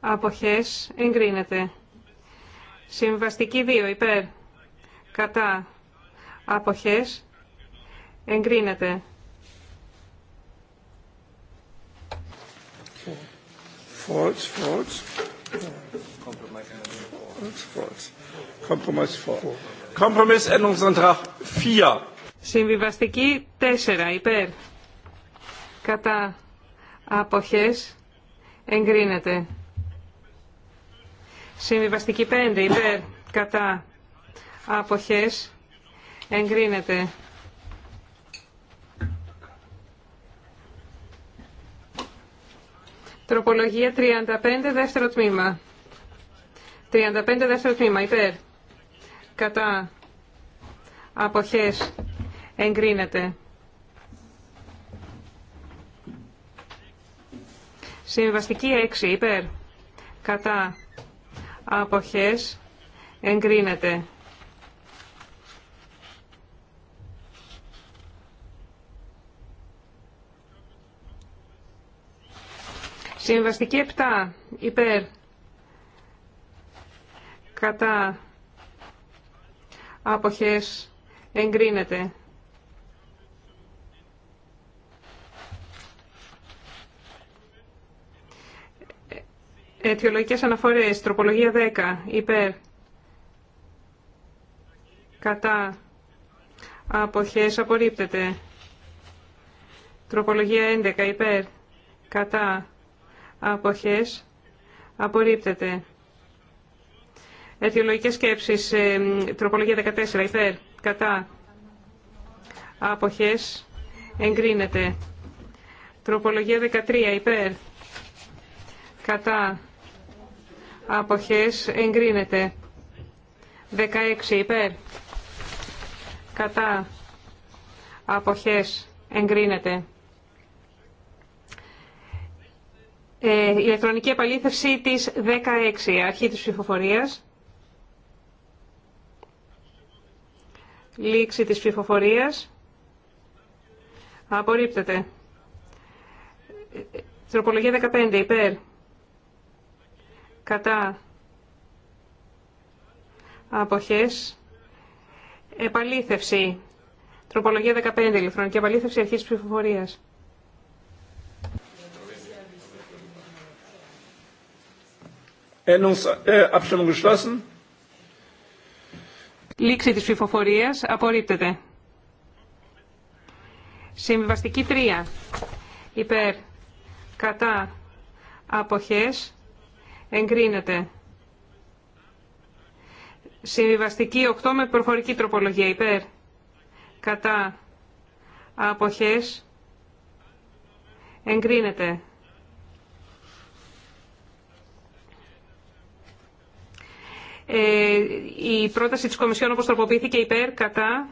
Αποχές. Εγκρίνεται. Συμβαστική 2. Υπέρ. Κατά. Αποχές. Εγκρίνεται. 4. Compromise 4. 4. Συμβιβαστική 4 υπέρ. Κατά αποχές εγκρίνεται. Συμβιβαστική 5 υπέρ. Κατά αποχές εγκρίνεται. Τροπολογία 35 δεύτερο τμήμα. 35 δεύτερο τμήμα υπέρ κατά αποχές εγκρίνεται. Συμβαστική 6 υπέρ κατά αποχές εγκρίνεται. Συμβαστική 7 υπέρ κατά αποχές εγκρίνεται. Αιτιολογικές αναφορές, τροπολογία 10, υπέρ, κατά, αποχές απορρίπτεται. Τροπολογία 11, υπέρ, κατά, αποχές απορρίπτεται. Αιτιολογικές σκέψεις, ε, τροπολογία 14, υπέρ, κατά, Άποχέ. εγκρίνεται. Τροπολογία 13, υπέρ, κατά, αποχές, εγκρίνεται. 16, υπέρ, κατά, αποχές, εγκρίνεται. Ε, ηλεκτρονική επαλήθευση της 16, αρχή της ψηφοφορίας. Λήξη της ψηφοφορίας. Απορρίπτεται. Τροπολογία 15. Υπέρ. Κατά. Αποχές. Επαλήθευση. Τροπολογία 15. Ηλεκτρονική επαλήθευση αρχής ψηφοφορίας. Äh, Abstimmung geschlossen. Λήξη της ψηφοφορίας. Απορρίπτεται. Συμβιβαστική 3. Υπέρ. Κατά. Αποχές. Εγκρίνεται. Συμβιβαστική 8 με προφορική τροπολογία. Υπέρ. Κατά. Αποχές. Εγκρίνεται. Ε, η πρόταση της Κομισιόν όπως τροποποιήθηκε υπέρ, κατά,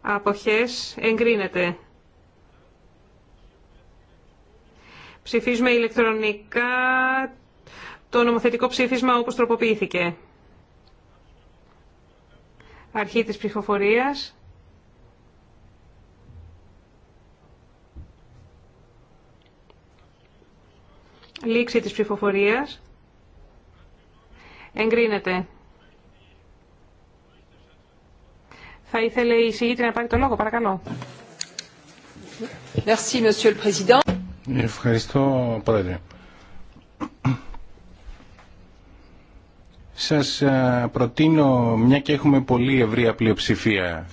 αποχές, εγκρίνεται. Ψηφίζουμε ηλεκτρονικά το νομοθετικό ψήφισμα όπως τροποποιήθηκε. Αρχή της ψηφοφορίας. Λήξη της ψηφοφορίας. Εγκρίνεται. Θα ήθελε η συγγήτρια να πάρει το λόγο, παρακαλώ. Ευχαριστώ, Πρόεδρε. Σας ε, προτείνω, μια και έχουμε πολύ ευρία πλειοψηφία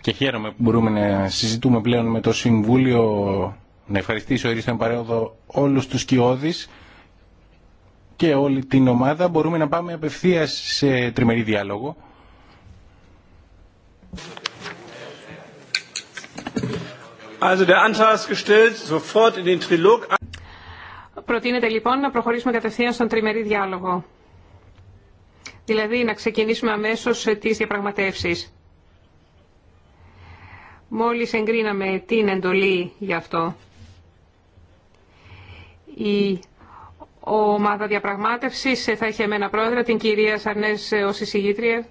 και χαίρομαι που μπορούμε να συζητούμε πλέον με το Συμβούλιο, να ευχαριστήσω ήρθαμε παρέοδο όλους τους κοιόδης, και όλη την ομάδα μπορούμε να πάμε απευθείας σε τριμερή διάλογο. Also Προτείνεται λοιπόν να προχωρήσουμε κατευθείαν στον τριμερή διάλογο. Δηλαδή να ξεκινήσουμε αμέσως τις διαπραγματεύσεις. Μόλις εγκρίναμε την εντολή για αυτό. Η ομάδα διαπραγμάτευση. Ε, θα έχει εμένα πρόεδρα, την κυρία Σαρνέ ε, ω εισηγήτρια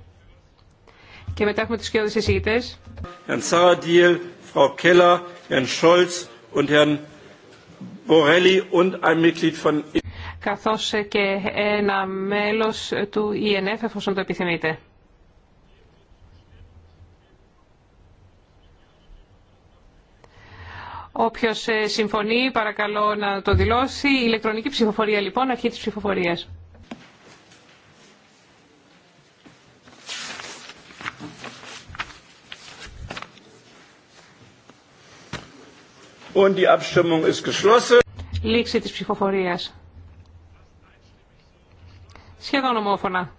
και μετά έχουμε του κοιόδους εισηγητέ. Herrn Saradiel, Frau Keller, Herrn Scholz und Herrn Borelli und ein Mitglied von καθώς ε, και ένα μέλος του ΙΕΝΕΦ e εφόσον το επιθυμείτε. Όποιος ε, συμφωνεί παρακαλώ να το δηλώσει. Η ηλεκτρονική ψηφοφορία λοιπόν, αρχή της ψηφοφορίας. Und die Abstimmung ist geschlossen. Λήξη της ψηφοφορίας. Σχεδόν ομόφωνα.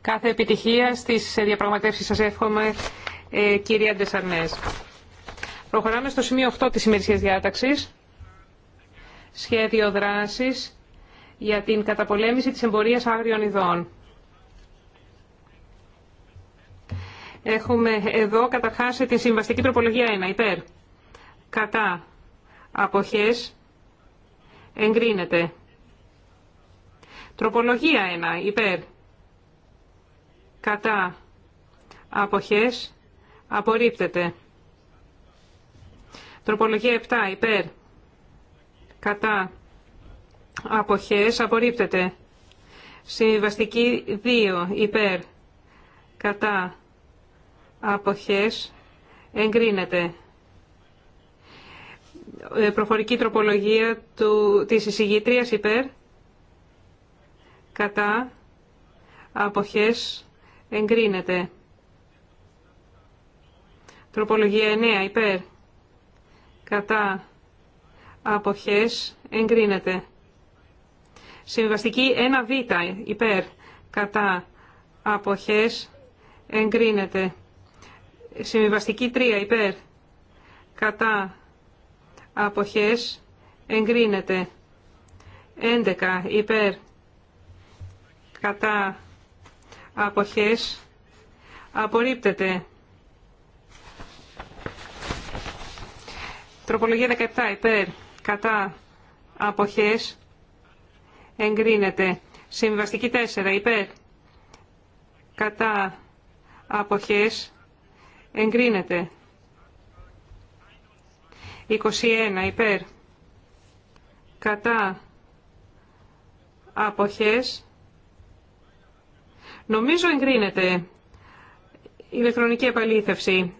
Κάθε επιτυχία στις ε, διαπραγματεύσεις σας εύχομαι, ε, κυρία Ντεσαρνές. Προχωράμε στο σημείο 8 της σημερινής διάταξης. Σχέδιο δράσης για την καταπολέμηση της εμπορίας άγριων ειδών. Έχουμε εδώ καταρχάς την συμβαστική προπολογία 1, υπέρ. Κατά αποχές εγκρίνεται. Τροπολογία 1, υπέρ. Κατά αποχές απορρίπτεται. Τροπολογία 7 υπέρ. Κατά. Αποχές απορρίπτεται. Συμβαστική 2 υπέρ. Κατά. Αποχές εγκρίνεται. Ε, προφορική τροπολογία του, της εισηγήτριας υπέρ. Κατά. Αποχές εγκρίνεται. Τροπολογία 9 υπέρ κατά αποχές εγκρίνεται. Συμβαστική 1β υπέρ κατά αποχές εγκρίνεται. Συμβαστική 3 υπέρ κατά αποχές εγκρίνεται. 11 υπέρ κατά αποχές απορρίπτεται. Τροπολογία 17 υπέρ κατά αποχές εγκρίνεται. Συμβαστική 4 υπέρ κατά αποχές εγκρίνεται. 21 υπέρ κατά αποχές νομίζω εγκρίνεται ηλεκτρονική επαλήθευση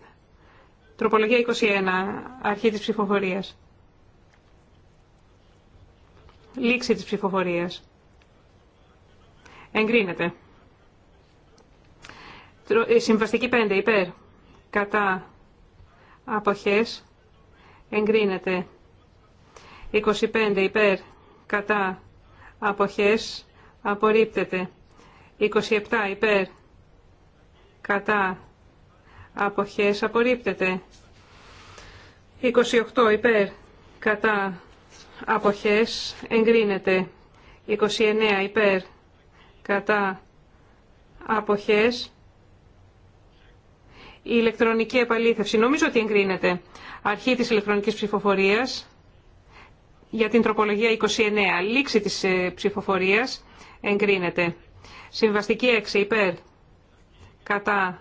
Τροπολογία 21, αρχή της ψηφοφορίας. Λήξη της ψηφοφορίας. Εγκρίνεται. Ε, συμβαστική 5, υπέρ. Κατά. Αποχές. Εγκρίνεται. 25, υπέρ. Κατά. Αποχές. Απορρίπτεται. 27, υπέρ. Κατά αποχές απορρίπτεται. 28 υπέρ κατά αποχές εγκρίνεται. 29 υπέρ κατά αποχές η ηλεκτρονική επαλήθευση. Νομίζω ότι εγκρίνεται. Αρχή της ηλεκτρονικής ψηφοφορίας για την τροπολογία 29. Λήξη της ε, ψηφοφορίας εγκρίνεται. Συμβαστική 6 υπέρ κατά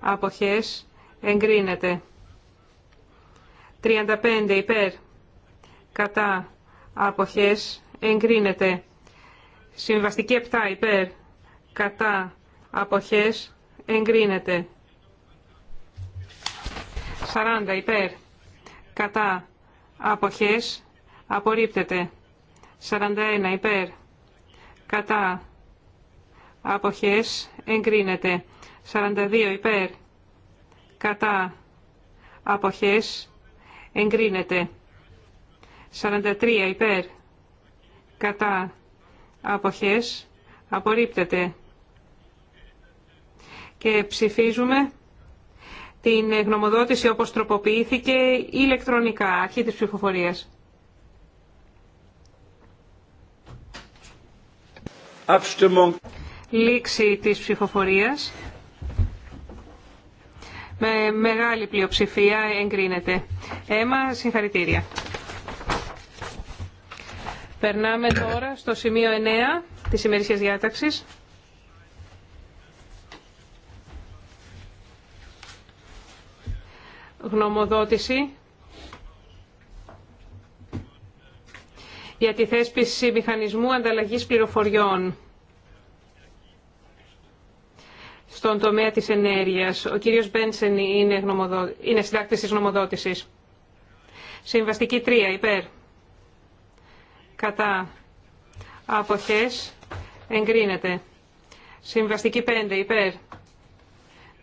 αποχές εγκρίνεται. 35 υπέρ κατά αποχές εγκρίνεται. Συμβαστική 7 υπέρ κατά αποχές εγκρίνεται. 40 υπέρ κατά αποχές απορρίπτεται. 41 υπέρ κατά αποχές εγκρίνεται. 42 υπέρ κατά αποχές εγκρίνεται. 43 υπέρ κατά αποχές απορρίπτεται. Και ψηφίζουμε την γνωμοδότηση όπως τροποποιήθηκε ηλεκτρονικά, αρχή της ψηφοφορίας. Λήξη της ψηφοφορίας. Με μεγάλη πλειοψηφία εγκρίνεται. Έμα, συγχαρητήρια. Περνάμε τώρα στο σημείο 9 της ημερήσιας διάταξης. Γνωμοδότηση για τη θέσπιση μηχανισμού ανταλλαγής πληροφοριών. στον τομέα της ενέργειας. Ο κύριος Μπένσεν είναι, γνωμοδο... είναι συντάκτης της Συμβαστική 3. Υπέρ. Κατά. Αποχές. Εγκρίνεται. Συμβαστική 5. Υπέρ.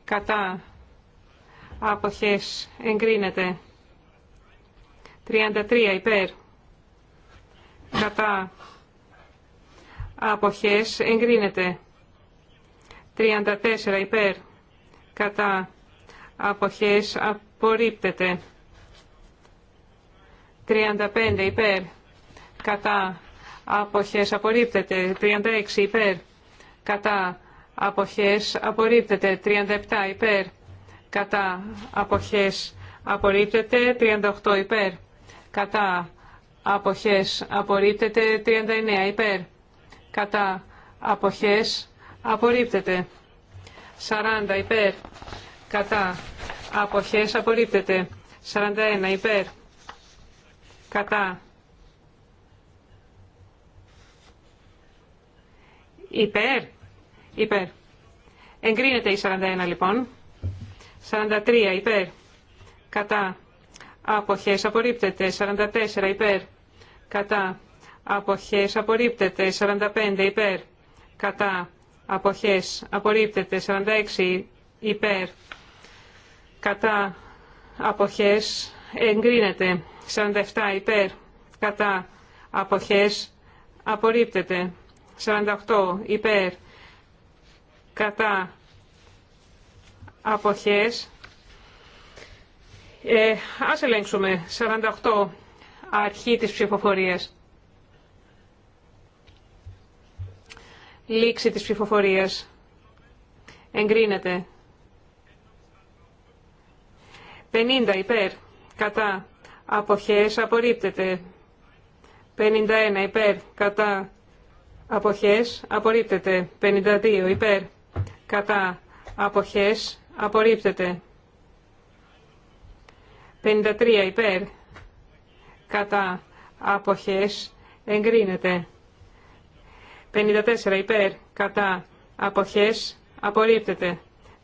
Κατά. Αποχές. Εγκρίνεται. 33. Υπέρ. Κατά. Αποχές. Εγκρίνεται. 34 υπέρ κατά αποχές απορρίπτεται. 35 υπέρ κατά αποχές απορρίπτεται. 36 υπέρ κατά αποχές απορρίπτεται. 37 υπέρ κατά αποχές απορρίπτεται. 38 υπέρ κατά αποχές απορρίπτεται. 39 υπέρ κατά αποχές απορρίπτεται. 40 υπέρ κατά αποχές απορρίπτεται. 41 υπέρ κατά υπέρ υπέρ. Εγκρίνεται η 41 λοιπόν. 43 υπέρ κατά αποχές απορρίπτεται. 44 υπέρ κατά αποχές απορρίπτεται. 45 υπέρ κατά αποχές απορρίπτεται 46 υπέρ κατά αποχές εγκρίνεται 47 υπέρ κατά αποχές απορρίπτεται 48 υπέρ κατά αποχές ε, ας ελέγξουμε 48 αρχή της ψηφοφορίας Λήξη της ψηφοφορίας. Εγκρίνεται. 50 υπέρ. Κατά. Αποχές απορρίπτεται. 51 υπέρ. Κατά. Αποχές απορρίπτεται. 52 υπέρ. Κατά. Αποχές απορρίπτεται. 53 υπέρ. Κατά. Αποχές εγκρίνεται. 54 υπέρ κατά αποχές απορρίπτεται.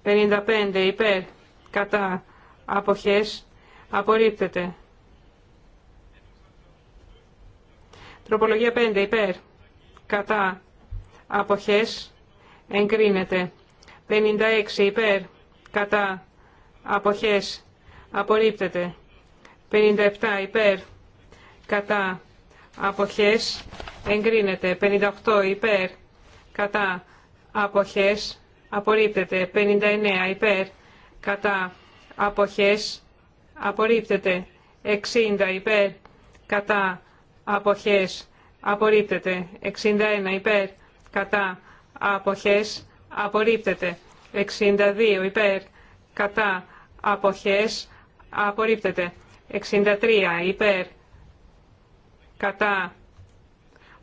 55 υπέρ κατά αποχές απορρίπτεται. Τροπολογία 5 υπέρ κατά αποχές εγκρίνεται. 56 υπέρ κατά αποχές απορρίπτεται. 57 υπέρ κατά αποχές εγκρίνεται. 58 υπέρ κατά αποχές απορρίπτεται. 59 υπέρ κατά αποχές απορρίπτεται. 60 υπέρ κατά αποχές απορρίπτεται. 61 υπέρ κατά αποχές απορρίπτεται. 62 υπέρ κατά αποχές απορρίπτεται. 63 υπέρ κατά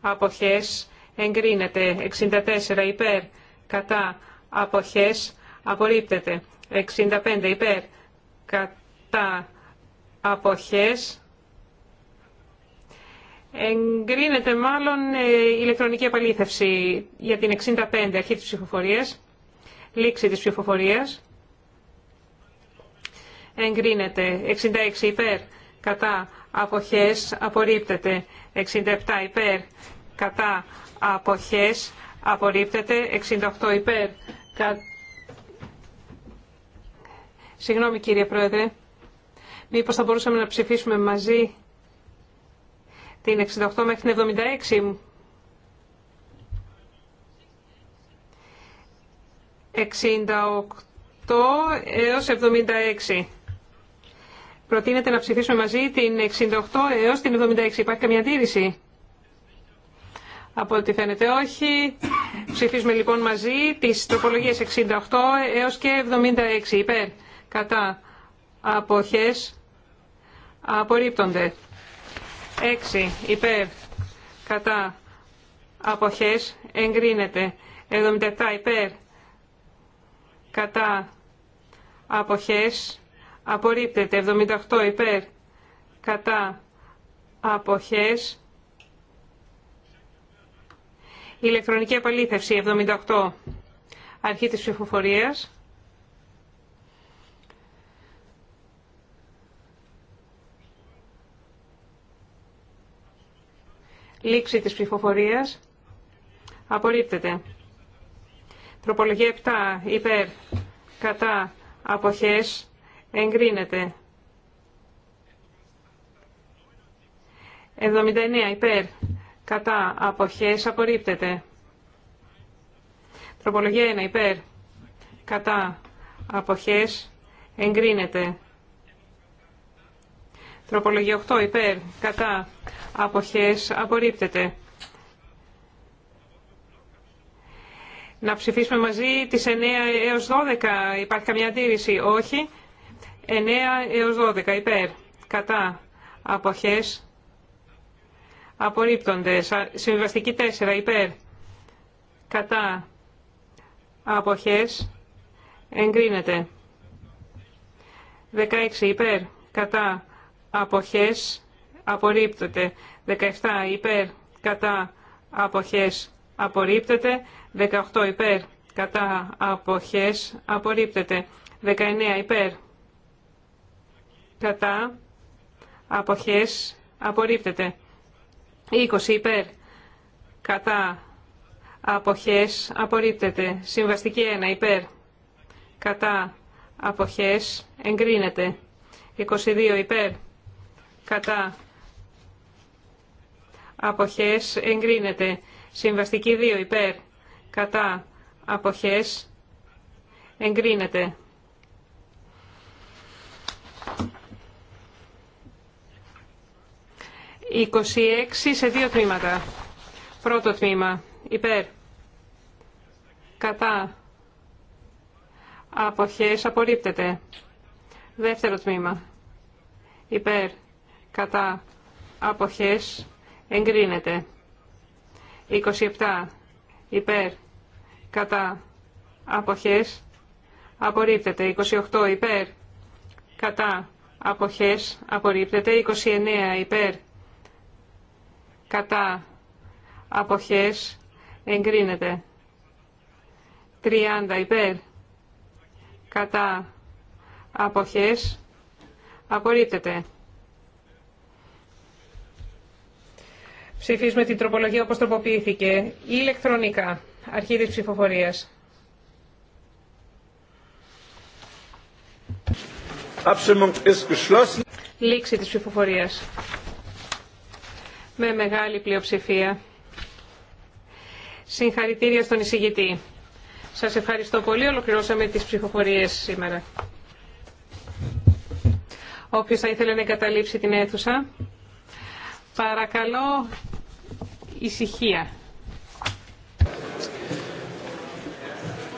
αποχές εγκρίνεται 64 υπέρ κατά αποχές απορρίπτεται 65 υπέρ κατά αποχές εγκρίνεται μάλλον ε, ηλεκτρονική επαλήθευση για την 65 αρχή της ψηφοφορίας λήξη της ψηφοφορίας εγκρίνεται 66 υπέρ κατά αποχές απορρίπτεται. 67 υπέρ κατά αποχές απορρίπτεται. 68 υπέρ κα... Συγγνώμη κύριε Πρόεδρε, μήπως θα μπορούσαμε να ψηφίσουμε μαζί την 68 μέχρι την 76 68 έως 76. Προτείνεται να ψηφίσουμε μαζί την 68 έως την 76. Υπάρχει καμία αντίρρηση. Από ό,τι φαίνεται όχι. Ψηφίζουμε λοιπόν μαζί τις τροπολογίες 68 έως και 76. Υπέρ. Κατά. Αποχές. Απορρίπτονται. 6. Υπέρ. Κατά. Αποχές. Εγκρίνεται. 77. Υπέρ. Κατά. Αποχές απορρίπτεται 78 υπέρ κατά αποχές ηλεκτρονική απαλήθευση. 78 αρχή της ψηφοφορίας λήξη της ψηφοφορίας απορρίπτεται τροπολογία 7 υπέρ κατά αποχές Εγκρίνεται. 79 υπέρ. Κατά αποχές απορρίπτεται. Τροπολογία 1 υπέρ. Κατά αποχές εγκρίνεται. Τροπολογία 8 υπέρ. Κατά αποχές απορρίπτεται. Να ψηφίσουμε μαζί τις 9 έως 12. Υπάρχει καμία αντίρρηση. Όχι. 9 έως 12 υπέρ. Κατά. Αποχές. Απορρίπτονται. Συμβαστική 4 υπέρ. Κατά. Αποχές. Εγκρίνεται. 16 υπέρ. Κατά. Αποχές. απορρίπτονται. 17 υπέρ. Κατά. Αποχές. Απορρίπτεται. 18 υπέρ. Κατά. Αποχές. Απορρίπτεται. 19 υπέρ κατά, αποχές, απορρίπτεται. 20 υπέρ, κατά, αποχές, απορρίπτεται. Συμβαστική 1 υπέρ, κατά, αποχές, εγκρίνεται. 22 υπέρ, κατά, αποχές, εγκρίνεται. Συμβαστική 2 υπέρ, κατά, αποχές, εγκρίνεται. 26 σε δύο τμήματα. Πρώτο τμήμα. Υπέρ. Κατά. Αποχές απορρίπτεται. Δεύτερο τμήμα. Υπέρ. Κατά. Αποχές εγκρίνεται. 27. Υπέρ. Κατά. Αποχές απορρίπτεται. 28. Υπέρ. Κατά. Αποχές απορρίπτεται. 29. Υπέρ κατά αποχές εγκρίνεται 30 υπέρ κατά αποχές απορρίπτεται Ψηφίζουμε την τροπολογία όπως τροποποιήθηκε ηλεκτρονικά αρχή της ψηφοφορίας ist geschlossen. Λήξη της ψηφοφορίας με μεγάλη πλειοψηφία. Συγχαρητήρια στον εισηγητή. Σας ευχαριστώ πολύ. Ολοκληρώσαμε τις ψηφοφορίες σήμερα. Όποιος θα ήθελε να εγκαταλείψει την αίθουσα, παρακαλώ ησυχία.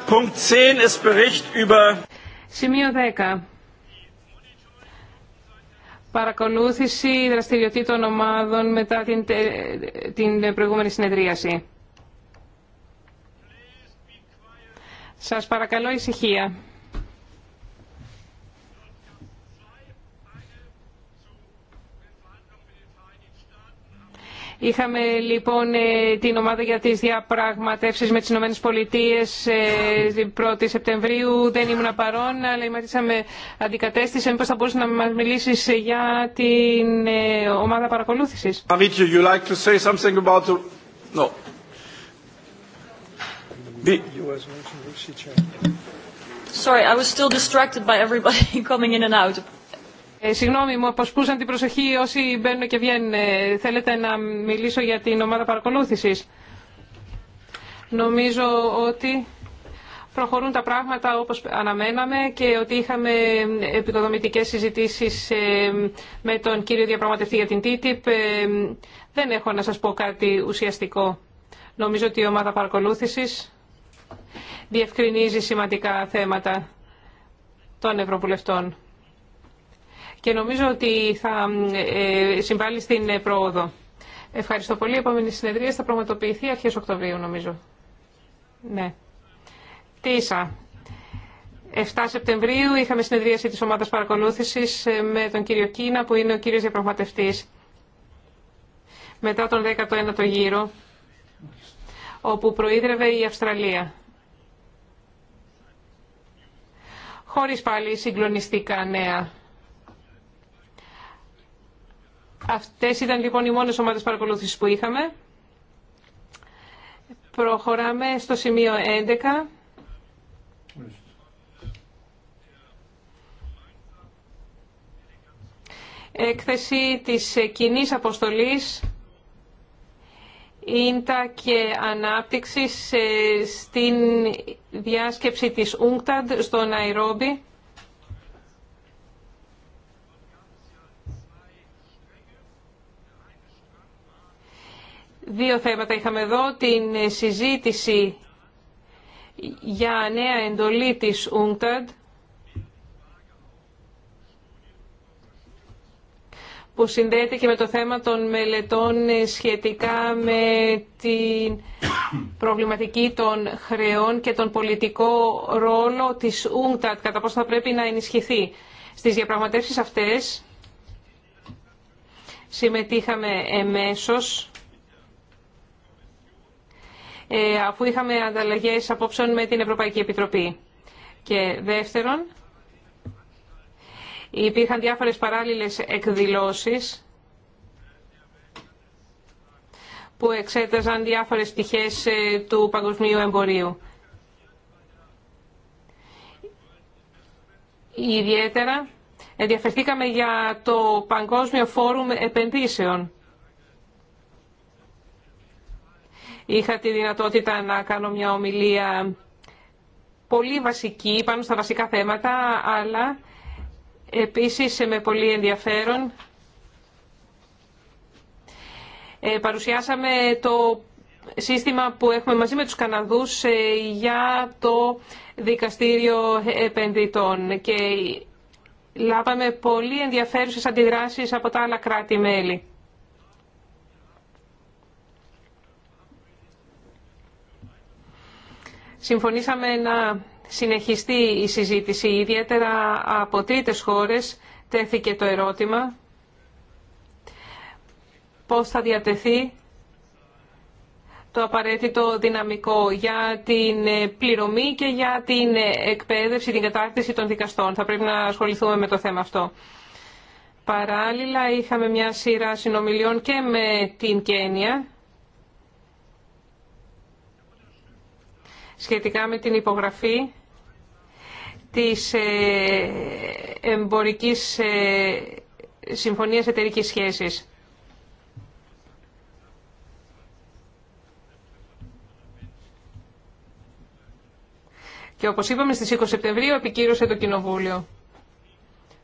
Punkt 10 Σημείο 10 παρακολούθηση δραστηριοτήτων ομάδων μετά την, την προηγούμενη συνεδρίαση. Σας παρακαλώ ησυχία. Είχαμε λοιπόν ε, την ομάδα για τις διαπραγματεύσεις με τις Ηνωμένες Πολιτείες 1η ε, Σεπτεμβρίου. Δεν ήμουν παρόν, αλλά η Μαρίσα με αντικατέστησε. Μήπως θα μπορούσε να μας μιλήσεις για την ε, ομάδα παρακολούθησης. you like to say something about the... No. Sorry, I was still distracted by everybody <laughs> coming in and out. Ε, συγγνώμη, μου αποσπούσαν την προσοχή όσοι μπαίνουν και βγαίνουν. Ε, θέλετε να μιλήσω για την ομάδα παρακολούθησης. Νομίζω ότι προχωρούν τα πράγματα όπως αναμέναμε και ότι είχαμε επικοδομητικές συζητήσεις ε, με τον κύριο διαπραγματευτή για την TTIP. Ε, δεν έχω να σας πω κάτι ουσιαστικό. Νομίζω ότι η ομάδα παρακολούθησης διευκρινίζει σημαντικά θέματα των Ευρωβουλευτών και νομίζω ότι θα ε, συμβάλλει στην ε, πρόοδο. Ευχαριστώ πολύ. Η επόμενη συνεδρία θα πραγματοποιηθεί αρχές Οκτωβρίου, νομίζω. Ναι. Τίσα. 7 Σεπτεμβρίου είχαμε συνεδρίαση της ομάδας παρακολούθησης ε, με τον κύριο Κίνα, που είναι ο κύριος διαπραγματευτής. Μετά τον 19ο γύρο, όπου προείδρευε η Αυστραλία. Χωρίς πάλι συγκλονιστικά νέα. Αυτές ήταν λοιπόν οι μόνες ομάδες παρακολούθησης που είχαμε. Προχωράμε στο σημείο 11. Έκθεση της κοινή αποστολής ίντα και ανάπτυξης ε, στην διάσκεψη της UNCTAD στο Ναϊρόμπι Δύο θέματα είχαμε εδώ, την συζήτηση για νέα εντολή της UNCTAD που συνδέεται και με το θέμα των μελετών σχετικά με την προβληματική των χρεών και τον πολιτικό ρόλο της UNCTAD, κατά πώς θα πρέπει να ενισχυθεί. Στις διαπραγματεύσεις αυτές συμμετείχαμε εμέσως ε, αφού είχαμε ανταλλαγές απόψεων με την Ευρωπαϊκή Επιτροπή. Και δεύτερον, υπήρχαν διάφορες παράλληλες εκδηλώσεις που εξέταζαν διάφορες πτυχές ε, του παγκοσμίου εμπορίου. Ιδιαίτερα ενδιαφερθήκαμε για το Παγκόσμιο Φόρουμ Επενδύσεων Είχα τη δυνατότητα να κάνω μια ομιλία πολύ βασική πάνω στα βασικά θέματα, αλλά επίσης με πολύ ενδιαφέρον ε, παρουσιάσαμε το σύστημα που έχουμε μαζί με τους Καναδούς ε, για το δικαστήριο επενδυτών και λάβαμε πολύ ενδιαφέρουσες αντιδράσεις από τα άλλα κράτη-μέλη. συμφωνήσαμε να συνεχιστεί η συζήτηση. Ιδιαίτερα από τρίτες χώρες τέθηκε το ερώτημα πώς θα διατεθεί το απαραίτητο δυναμικό για την πληρωμή και για την εκπαίδευση, την κατάρτιση των δικαστών. Θα πρέπει να ασχοληθούμε με το θέμα αυτό. Παράλληλα είχαμε μια σειρά συνομιλιών και με την Κένια σχετικά με την υπογραφή της ε, εμπορικής ε, συμφωνίας εταιρικής σχέσης. Και όπως είπαμε στις 20 Σεπτεμβρίου επικύρωσε το Κοινοβούλιο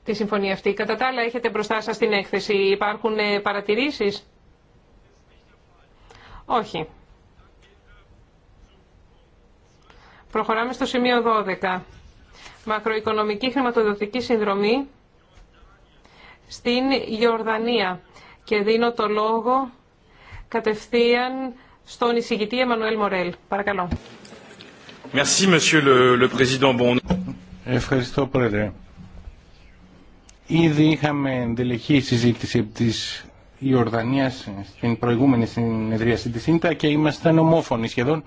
τη συμφωνία αυτή. Κατά τα άλλα έχετε μπροστά σας την έκθεση. Υπάρχουν ε, παρατηρήσεις. Όχι. Προχωράμε στο σημείο 12. Μακροοικονομική χρηματοδοτική συνδρομή στην Ιορδανία. Και δίνω το λόγο κατευθείαν στον εισηγητή Εμμανουέλ Μορέλ. Παρακαλώ. Ευχαριστώ, Πρόεδρε. Ήδη είχαμε εντελεχή συζήτηση τη Ιορδανίας στην προηγούμενη συνεδρία της ΣΥΝΤΑ και ήμασταν ομόφωνοι σχεδόν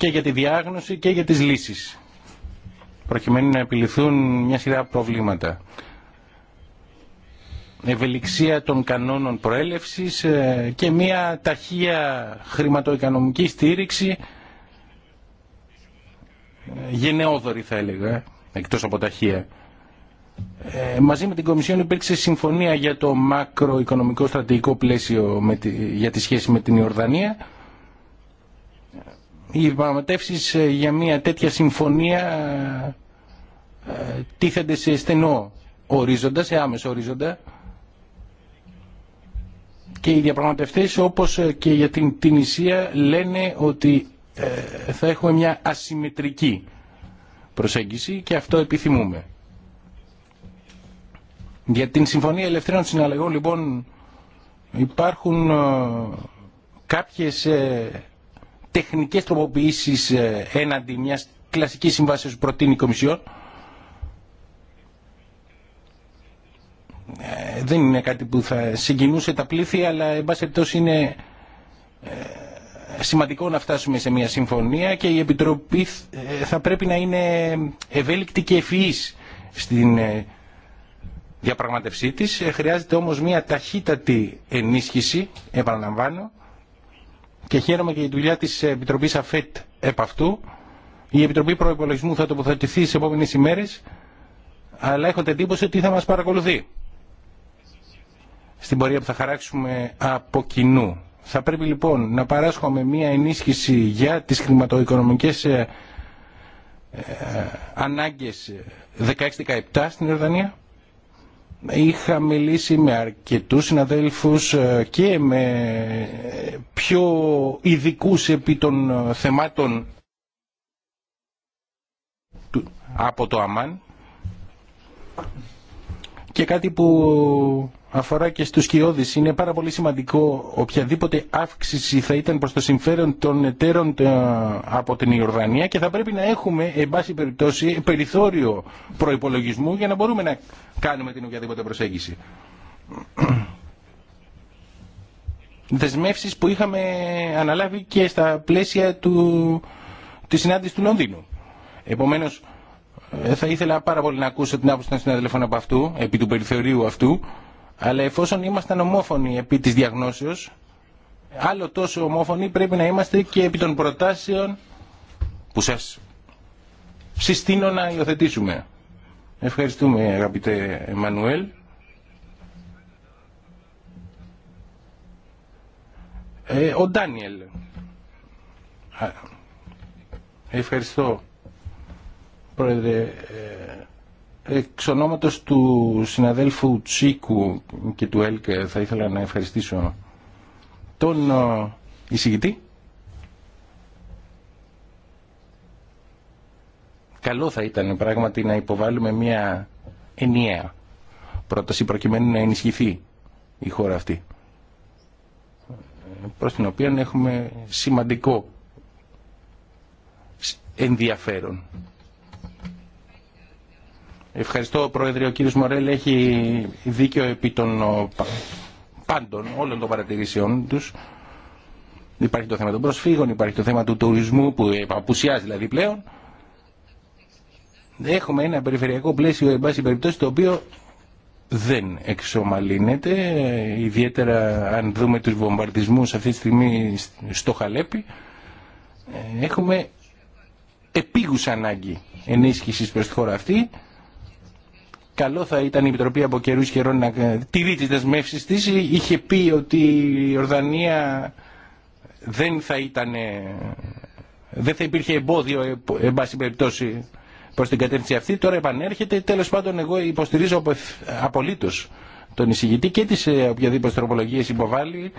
και για τη διάγνωση και για τις λύσεις προκειμένου να επιληθούν μια σειρά προβλήματα. Ευελιξία των κανόνων προέλευσης ε, και μια ταχεία χρηματοοικονομική στήριξη ε, γενναιόδορη θα έλεγα, εκτός από ταχεία. Ε, μαζί με την Κομισιόν υπήρξε συμφωνία για το μακροοικονομικό στρατηγικό πλαίσιο για τη σχέση με την Ιορδανία οι διαπραγματεύσει ε, για μια τέτοια συμφωνία ε, ε, τίθενται σε στενό ορίζοντα, σε άμεσο ορίζοντα και οι διαπραγματευτές όπως και για την Τινησία λένε ότι θα έχουμε μια ασυμμετρική προσέγγιση και αυτό επιθυμούμε. Για την Συμφωνία Ελευθερών Συναλλαγών λοιπόν υπάρχουν κάποιες τεχνικές τροποποιήσεις ε, έναντι μιας κλασικής συμβάσεως που προτείνει η Κομισιόν. Ε, δεν είναι κάτι που θα συγκινούσε τα πλήθη, αλλά εν πάση είναι ε, σημαντικό να φτάσουμε σε μια συμφωνία και η Επιτροπή θα πρέπει να είναι ευέλικτη και ευφυής στην διαπραγματευσή της. Χρειάζεται όμως μια ταχύτατη ενίσχυση, επαναλαμβάνω, και χαίρομαι και η δουλειά της Επιτροπής ΑΦΕΤ επ' αυτού. Η Επιτροπή Προϋπολογισμού θα τοποθετηθεί στις επόμενες ημέρες, αλλά έχω την εντύπωση ότι θα μας παρακολουθεί στην πορεία που θα χαράξουμε από κοινού. Θα πρέπει λοιπόν να παράσχουμε μία ενίσχυση για τις χρηματοοικονομικές ε, ε, ανάγκες 16-17 στην Ιορδανία είχα μιλήσει με αρκετούς συναδέλφους ε, και με πιο ειδικού επί των ε, θεμάτων από το ΑΜΑΝ και κάτι που αφορά και στους κοιόδης. Είναι πάρα πολύ σημαντικό οποιαδήποτε αύξηση θα ήταν προς το συμφέρον των εταίρων ε, από την Ιορδανία και θα πρέπει να έχουμε, εν περιπτώσει, περιθώριο προϋπολογισμού για να μπορούμε να κάνουμε την οποιαδήποτε προσέγγιση. Δεσμεύσεις που είχαμε αναλάβει και στα πλαίσια του, της συνάντησης του Λονδίνου. Επομένως, ε, θα ήθελα πάρα πολύ να ακούσω την άποψη των συναδελφών από αυτού, επί του περιθωρίου αυτού. Αλλά εφόσον ήμασταν ομόφωνοι επί της διαγνώσεως, άλλο τόσο ομόφωνοι πρέπει να είμαστε και επί των προτάσεων που σας συστήνω να υιοθετήσουμε. Ευχαριστούμε αγαπητέ Εμμανουέλ. Ε, ο Ντάνιελ. Ευχαριστώ, Πρόεδρε. Ε, Εξ ονόματος του συναδέλφου Τσίκου και του Έλκε θα ήθελα να ευχαριστήσω τον ε, εισηγητή. Καλό θα ήταν πράγματι να υποβάλουμε μια ενιαία πρόταση προκειμένου να ενισχυθεί η χώρα αυτή προς την οποία έχουμε σημαντικό ενδιαφέρον. Ευχαριστώ Πρόεδρε. Ο κύριος Μορέλ έχει δίκιο επί των πάντων όλων των παρατηρήσεών τους. Υπάρχει το θέμα των προσφύγων, υπάρχει το θέμα του τουρισμού που απουσιάζει δηλαδή πλέον. Έχουμε ένα περιφερειακό πλαίσιο, εν πάση περιπτώσει, το οποίο δεν εξομαλύνεται, ιδιαίτερα αν δούμε τους βομβαρδισμούς αυτή τη στιγμή στο Χαλέπι. Ε, έχουμε επίγουσα ανάγκη ενίσχυσης προς τη χώρα αυτή καλό θα ήταν η Επιτροπή από καιρού καιρών να ε, τηρεί τι δεσμεύσει τη. Ε, είχε πει ότι η Ορδανία δεν θα ήταν, δεν θα υπήρχε εμπόδιο, ε, εν πάση περιπτώσει, προς την κατεύθυνση αυτή. Τώρα επανέρχεται, τέλο πάντων εγώ υποστηρίζω απολύτω τον εισηγητή και τι οποιαδήποτε τροπολογίε υποβάλλει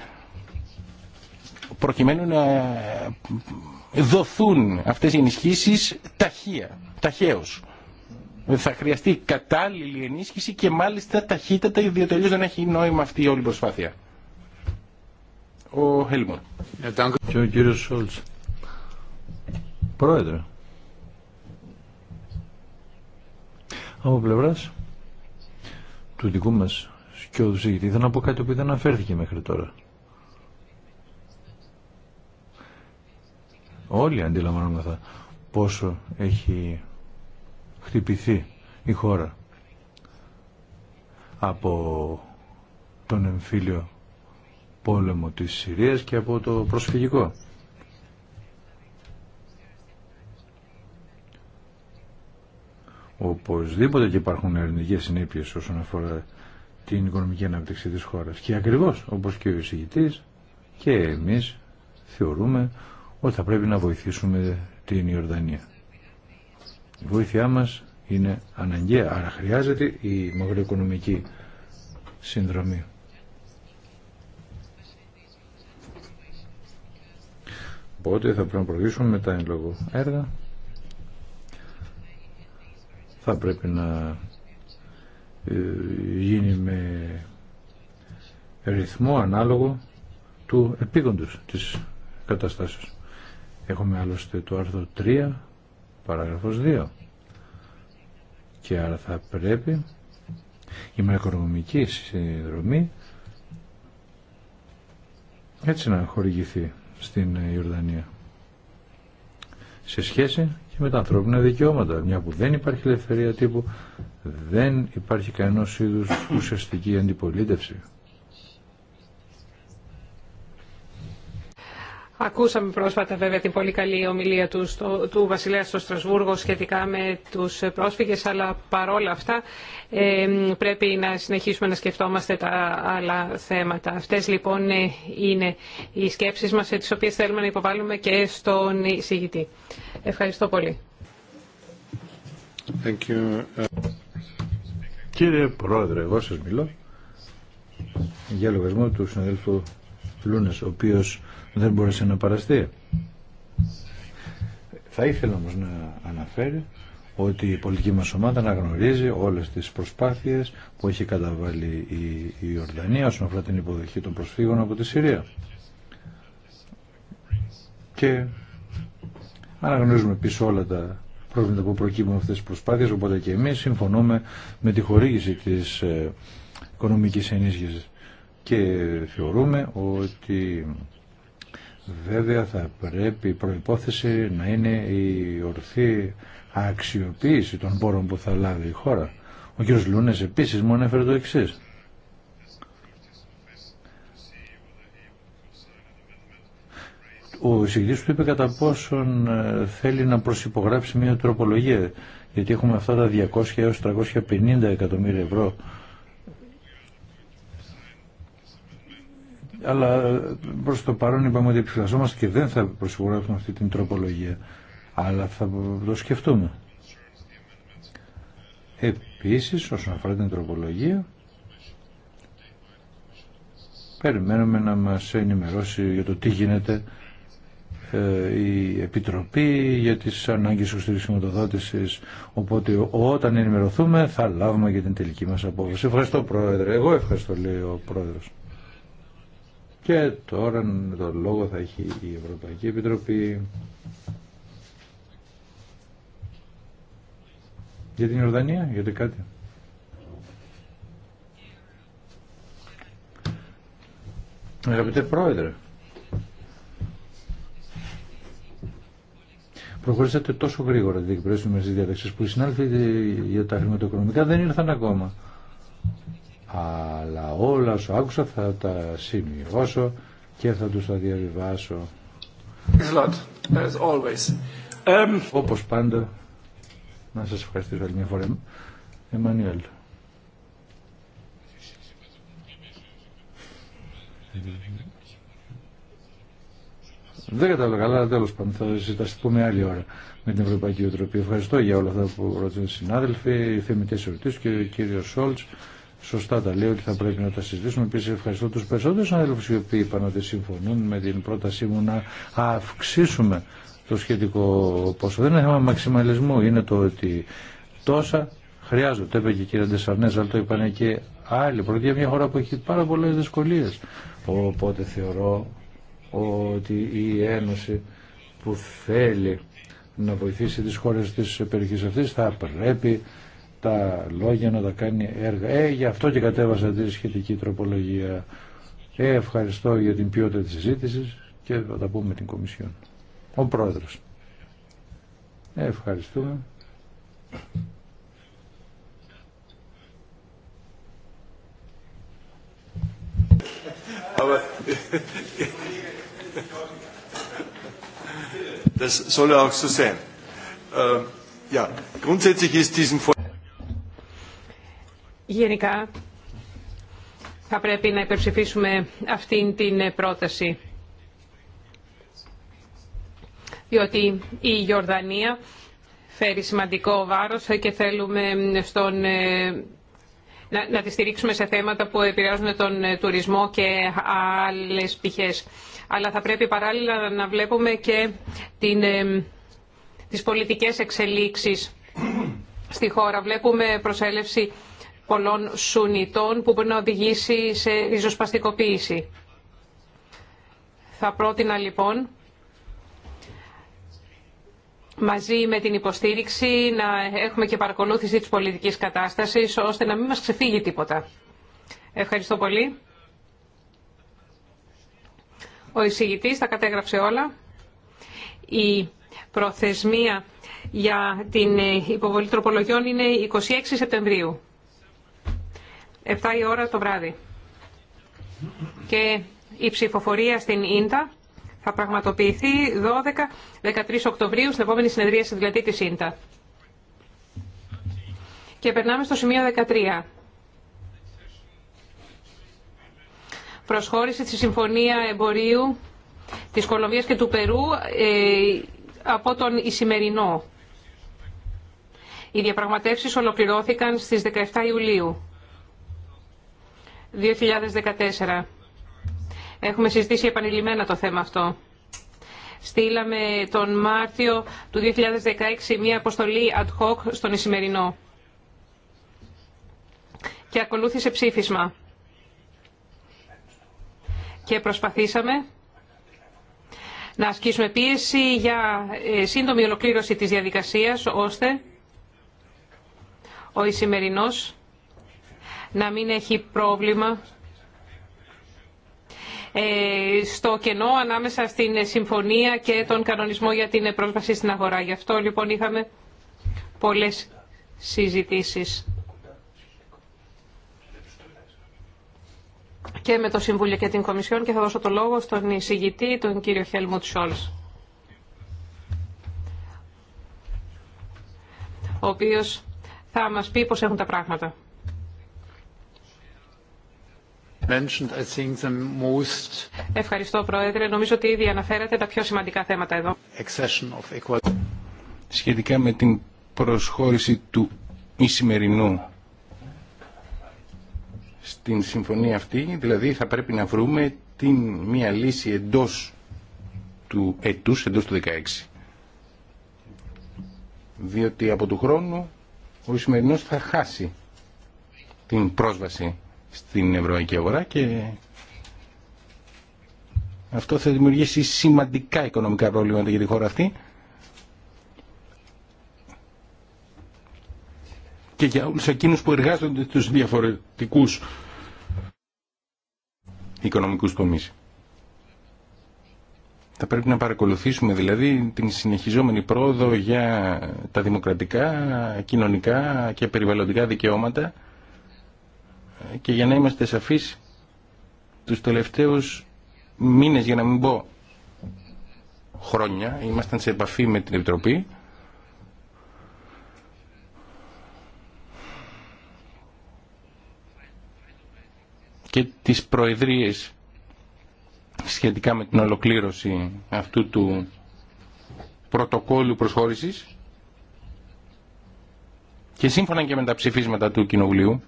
προκειμένου να δοθούν αυτές οι ενισχύσεις ταχεία, ταχαίως θα χρειαστεί κατάλληλη ενίσχυση και μάλιστα ταχύτατα, διότι δεν έχει νόημα αυτή η όλη προσπάθεια. Ο Χέλμον. Ε, και ο κύριος Σόλτς. Πρόεδρε. Από πλευράς του δικού μας σκιώδου συγκητή, ήθελα να πω κάτι που δεν αναφέρθηκε μέχρι τώρα. Όλοι αντιλαμβάνομαι πόσο έχει χτυπηθεί η χώρα από τον εμφύλιο πόλεμο της Συρίας και από το προσφυγικό. Οπωσδήποτε και υπάρχουν ελληνικέ συνέπειε όσον αφορά την οικονομική ανάπτυξη της χώρας. Και ακριβώς όπως και ο εισηγητής και εμείς θεωρούμε ότι θα πρέπει να βοηθήσουμε την Ιορδανία. Η βοήθειά μας είναι αναγκαία, άρα χρειάζεται η μαγροοικονομική συνδρομή. Οπότε θα πρέπει να προχωρήσουμε μετά εν λόγω έργα. Θα πρέπει να ε, γίνει με ρυθμό ανάλογο του επίγοντος της καταστάσεως. Έχουμε άλλωστε το άρθρο 3 παράγραφος 2. Και άρα θα πρέπει η μακροοικονομική συνδρομή έτσι να χορηγηθεί στην Ιορδανία σε σχέση και με τα ανθρώπινα δικαιώματα μια που δεν υπάρχει ελευθερία τύπου δεν υπάρχει κανένας είδους ουσιαστική αντιπολίτευση Ακούσαμε πρόσφατα βέβαια την πολύ καλή ομιλία του, στο, του Βασιλέα στο Στρασβούργο σχετικά με τους πρόσφυγες, αλλά παρόλα αυτά ε, πρέπει να συνεχίσουμε να σκεφτόμαστε τα άλλα θέματα. Αυτές λοιπόν ε, είναι οι σκέψεις μας, τις οποίες θέλουμε να υποβάλουμε και στον εισηγητή. Ευχαριστώ πολύ. Thank you. Κύριε Πρόεδρε, εγώ σας μιλώ για του συναδέλφου Λούνας, ο οποίος δεν μπόρεσε να παραστεί. Θα ήθελα όμως να αναφέρει ότι η πολιτική μας ομάδα να γνωρίζει όλες τις προσπάθειες που έχει καταβάλει η, η Ορδανία όσον αφορά την υποδοχή των προσφύγων από τη Συρία. Και αναγνωρίζουμε επίση όλα τα προβλήματα που προκύπτουν αυτές τις προσπάθειες, οπότε και εμείς συμφωνούμε με τη χορήγηση της ε, οικονομικής ενίσχυσης και θεωρούμε ότι βέβαια θα πρέπει η προϋπόθεση να είναι η ορθή αξιοποίηση των πόρων που θα λάβει η χώρα. Ο κ. Λούνες επίσης μου ανέφερε το εξή. Ο εισηγητής του είπε κατά πόσον ε, θέλει να προσυπογράψει μια τροπολογία γιατί έχουμε αυτά τα 200 έως 350 εκατομμύρια ευρώ αλλά προ το παρόν είπαμε ότι επιφυλασσόμαστε και δεν θα προσυγουράσουμε αυτή την τροπολογία. Αλλά θα το σκεφτούμε. Επίσης, όσον αφορά την τροπολογία, περιμένουμε να μας ενημερώσει για το τι γίνεται ε, η Επιτροπή για τις ανάγκες τη χρηματοδότηση. Οπότε όταν ενημερωθούμε θα λάβουμε και την τελική μας απόφαση. Ευχαριστώ Πρόεδρε. Εγώ ευχαριστώ λέει ο Πρόεδρος. Και τώρα το λόγο θα έχει η Ευρωπαϊκή Επιτροπή για την Ιορδανία, γιατί κάτι. Αγαπητέ Πρόεδρε, προχωρήσατε τόσο γρήγορα την με στι διάταξη που οι συνάδελφοι για τα χρηματοοικονομικά δεν ήρθαν ακόμα αλλά όλα σου άκουσα θα τα σημειώσω και θα τους τα διαβιβάσω. Um... Όπως πάντα, να σας ευχαριστήσω άλλη μια φορά. Εμμανουέλ. Δεν κατάλαβα καλά, τέλο πάντων θα πούμε άλλη ώρα με την Ευρωπαϊκή Οτροπία. Ευχαριστώ για όλα αυτά που ρώτησαν οι συνάδελφοι, οι θεμητέ ερωτήσει και ο κύριο Σόλτ σωστά τα λέω και θα πρέπει να τα συζητήσουμε. Επίση, ευχαριστώ του περισσότερου αδέλφου οι οποίοι είπαν ότι συμφωνούν με την πρότασή μου να αυξήσουμε το σχετικό ποσό. Δεν είναι θέμα μαξιμαλισμού. Είναι το ότι τόσα χρειάζονται. Το είπε και η κυρία Ντεσσαρνέ, αλλά το είπαν και άλλοι. Πρόκειται μια χώρα που έχει πάρα πολλέ δυσκολίε. Οπότε θεωρώ ότι η Ένωση που θέλει να βοηθήσει τις χώρες της περιοχής αυτής θα πρέπει τα λόγια να τα κάνει έργα. Ε, γι' αυτό και κατέβασα τη σχετική τροπολογία. Ε, ευχαριστώ για την ποιότητα της συζήτηση και θα τα πούμε την Κομισιόν. Ο Πρόεδρος. Ε, ευχαριστούμε. das soll auch so sein. Ähm, ja, grundsätzlich ist Γενικά, θα πρέπει να υπερψηφίσουμε αυτήν την πρόταση. Διότι η Ιορδανία φέρει σημαντικό βάρος και θέλουμε στον, ε, να, να τη στηρίξουμε σε θέματα που επηρεάζουν τον ε, τουρισμό και άλλες πηχές. Αλλά θα πρέπει παράλληλα να βλέπουμε και την, ε, τις πολιτικές εξελίξεις στη χώρα. Βλέπουμε προσέλευση πολλών Σουνιτών που μπορεί να οδηγήσει σε ριζοσπαστικοποίηση. Θα πρότεινα λοιπόν μαζί με την υποστήριξη να έχουμε και παρακολούθηση της πολιτικής κατάστασης ώστε να μην μας ξεφύγει τίποτα. Ευχαριστώ πολύ. Ο εισηγητής τα κατέγραψε όλα. Η προθεσμία για την υποβολή τροπολογιών είναι 26 Σεπτεμβρίου. 7 η ώρα το βράδυ. Και η ψηφοφορία στην Ίντα θα πραγματοποιηθεί 12-13 Οκτωβρίου στην επόμενη συνεδρίαση δηλαδή της Ίντα. Και περνάμε στο σημείο 13. Προσχώρηση στη Συμφωνία Εμπορίου της Κολομβίας και του Περού ε, από τον Ισημερινό. Οι διαπραγματεύσεις ολοκληρώθηκαν στις 17 Ιουλίου. 2014. Έχουμε συζητήσει επανειλημμένα το θέμα αυτό. Στείλαμε τον Μάρτιο του 2016 μία αποστολή ad hoc στον Ισημερινό και ακολούθησε ψήφισμα. Και προσπαθήσαμε να ασκήσουμε πίεση για ε, σύντομη ολοκλήρωση της διαδικασίας, ώστε ο Ισημερινός να μην έχει πρόβλημα ε, στο κενό ανάμεσα στην συμφωνία και τον κανονισμό για την πρόσβαση στην αγορά. Γι' αυτό λοιπόν είχαμε πολλές συζητήσεις. και με το Συμβούλιο και την Κομισιόν και θα δώσω το λόγο στον εισηγητή, τον κύριο Χέλμουτ Σόλς. Ο οποίος θα μας πει πώς έχουν τα πράγματα. Ευχαριστώ, Πρόεδρε. Νομίζω ότι ήδη αναφέρατε τα πιο σημαντικά θέματα εδώ. Σχετικά με την προσχώρηση του Ισημερινού στην συμφωνία αυτή, δηλαδή θα πρέπει να βρούμε την μία λύση εντός του ετούς, εντός του 16. Διότι από του χρόνου ο Ισημερινός θα χάσει την πρόσβαση στην ευρωπαϊκή αγορά και αυτό θα δημιουργήσει σημαντικά οικονομικά προβλήματα για τη χώρα αυτή και για όλους εκείνους που εργάζονται στους διαφορετικούς οικονομικούς τομείς. Θα πρέπει να παρακολουθήσουμε δηλαδή την συνεχιζόμενη πρόοδο για τα δημοκρατικά, κοινωνικά και περιβαλλοντικά δικαιώματα και για να είμαστε σαφείς τους τελευταίους μήνες για να μην πω χρόνια ήμασταν σε επαφή με την Επιτροπή και τις προεδρίες σχετικά με την ολοκλήρωση αυτού του πρωτοκόλλου προσχώρησης και σύμφωνα και με τα ψηφίσματα του Κοινοβουλίου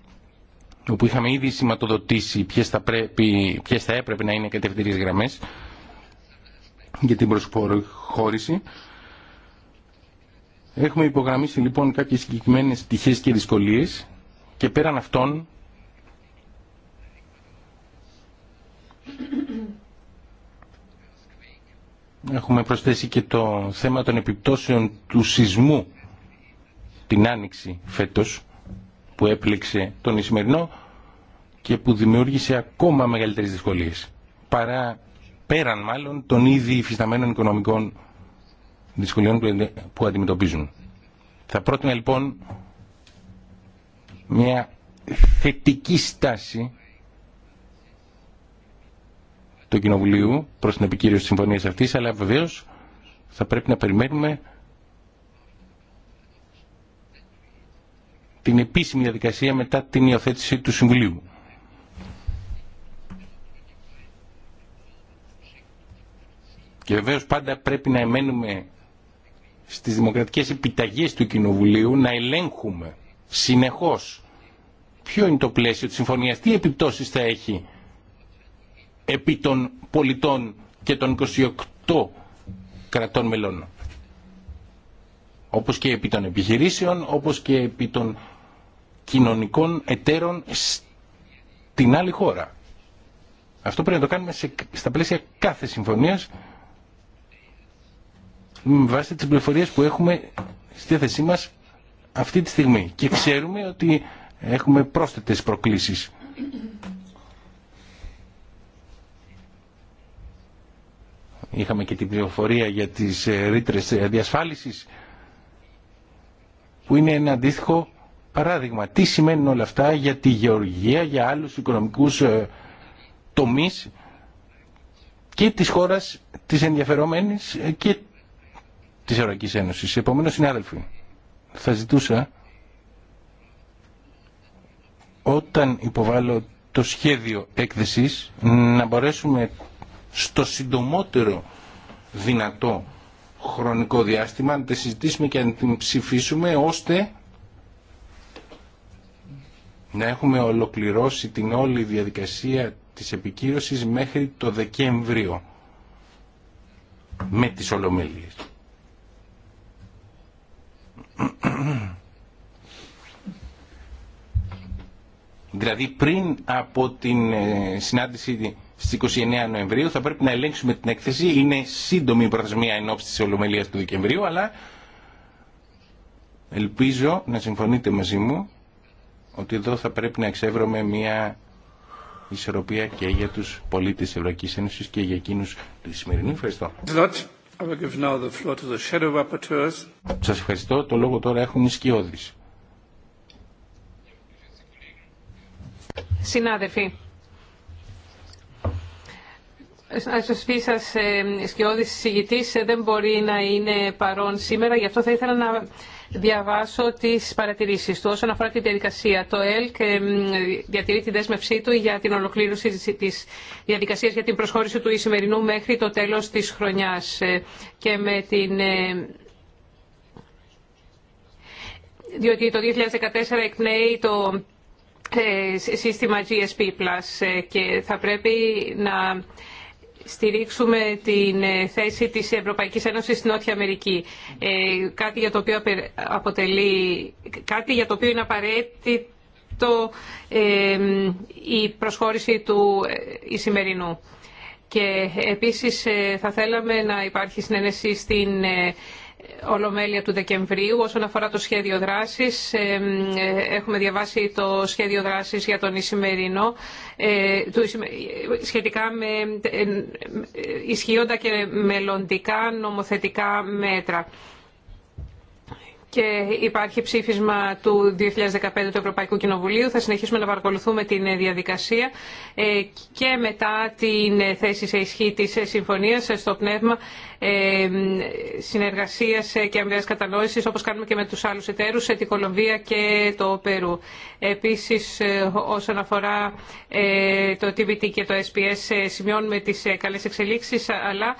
όπου είχαμε ήδη σηματοδοτήσει ποιες θα, πρέπει, ποιες θα έπρεπε να είναι κατευθυντήριες γραμμές για την προσχώρηση. Έχουμε υπογραμμίσει λοιπόν κάποιες συγκεκριμένες τυχές και δυσκολίες και πέραν αυτών έχουμε προσθέσει και το θέμα των επιπτώσεων του σεισμού την Άνοιξη φέτος που έπληξε τον Ισημερινό και που δημιούργησε ακόμα μεγαλύτερες δυσκολίες παρά πέραν μάλλον των ήδη υφισταμένων οικονομικών δυσκολιών που αντιμετωπίζουν. Θα πρότεινα λοιπόν μια θετική στάση του Κοινοβουλίου προς την επικύρωση της συμφωνίας αλλά βεβαίως θα πρέπει να περιμένουμε την επίσημη διαδικασία μετά την υιοθέτηση του Συμβουλίου. Και βεβαίω πάντα πρέπει να εμένουμε στις δημοκρατικές επιταγές του Κοινοβουλίου να ελέγχουμε συνεχώς ποιο είναι το πλαίσιο της συμφωνίας, τι επιπτώσεις θα έχει επί των πολιτών και των 28 κρατών μελών. Όπως και επί των επιχειρήσεων, όπως και επί των κοινωνικών εταίρων στην άλλη χώρα. Αυτό πρέπει να το κάνουμε στα πλαίσια κάθε συμφωνίας με βάση τις πληροφορίες που έχουμε στη θέση μας αυτή τη στιγμή. Και ξέρουμε ότι έχουμε πρόσθετες προκλήσεις. Είχαμε και την πληροφορία για τις ε, ρήτρες διασφάλισης που είναι ένα αντίστοιχο Παράδειγμα, τι σημαίνουν όλα αυτά για τη γεωργία, για άλλους οικονομικούς ε, τομείς και της χώρας της ενδιαφερόμενης ε, και της Ευρωπαϊκής Ένωσης. Επομένως, συνάδελφοι, θα ζητούσα όταν υποβάλλω το σχέδιο έκθεσης να μπορέσουμε στο συντομότερο δυνατό χρονικό διάστημα να τη συζητήσουμε και να την ψηφίσουμε ώστε να έχουμε ολοκληρώσει την όλη διαδικασία της επικύρωσης μέχρι το Δεκέμβριο με τις Ολομέλειες. Δηλαδή πριν από την ε, συνάντηση στις 29 Νοεμβρίου θα πρέπει να ελέγξουμε την έκθεση. Είναι σύντομη η προθεσμία ενόψης της ολομέλειας του Δεκεμβρίου, αλλά ελπίζω να συμφωνείτε μαζί μου ότι εδώ θα πρέπει να εξεύρουμε μια ισορροπία και για τους πολίτες της Ευρωπαϊκής Ένωσης και για εκείνους τη σημερινή. Ευχαριστώ. Σας ευχαριστώ. Το λόγο τώρα έχουν οι σκιώδεις. Συνάδελφοι, ο Σφίσα σκιώδη ε, δεν μπορεί να είναι παρόν σήμερα, γι' αυτό θα ήθελα να διαβάσω τις παρατηρήσεις του. Όσον αφορά τη διαδικασία, το ΕΛΚ ε, διατηρεί τη δέσμευσή του για την ολοκλήρωση της διαδικασίας για την προσχώρηση του Ισημερινού μέχρι το τέλος της χρονιάς ε, και με την ε, διότι το 2014 εκπνέει το σύστημα GSP Plus και θα πρέπει να στηρίξουμε την ε, θέση της Ευρωπαϊκής Ένωσης στην Νότια Αμερική. Ε, κάτι, για το οποίο αποτελεί, κάτι για το οποίο είναι απαραίτητο ε, η προσχώρηση του η σημερινού. Και επίσης θα θέλαμε να υπάρχει συνένεση στην Ολομέλεια του Δεκεμβρίου. Όσον αφορά το σχέδιο δράσης, ε, έχουμε διαβάσει το σχέδιο δράσης για τον Ισημερινό ε, σχετικά με ε, ισχύοντα και μελλοντικά νομοθετικά μέτρα και υπάρχει ψήφισμα του 2015 του Ευρωπαϊκού Κοινοβουλίου. Θα συνεχίσουμε να παρακολουθούμε την διαδικασία ε, και μετά την θέση σε ισχύ της συμφωνίας στο πνεύμα ε, συνεργασίας και αμοιβαίας κατανόησης όπως κάνουμε και με τους άλλους εταίρους, ε, την Κολομβία και το Περού. Επίσης όσον αφορά το TBT και το SPS σημειώνουμε τις καλές εξελίξεις αλλά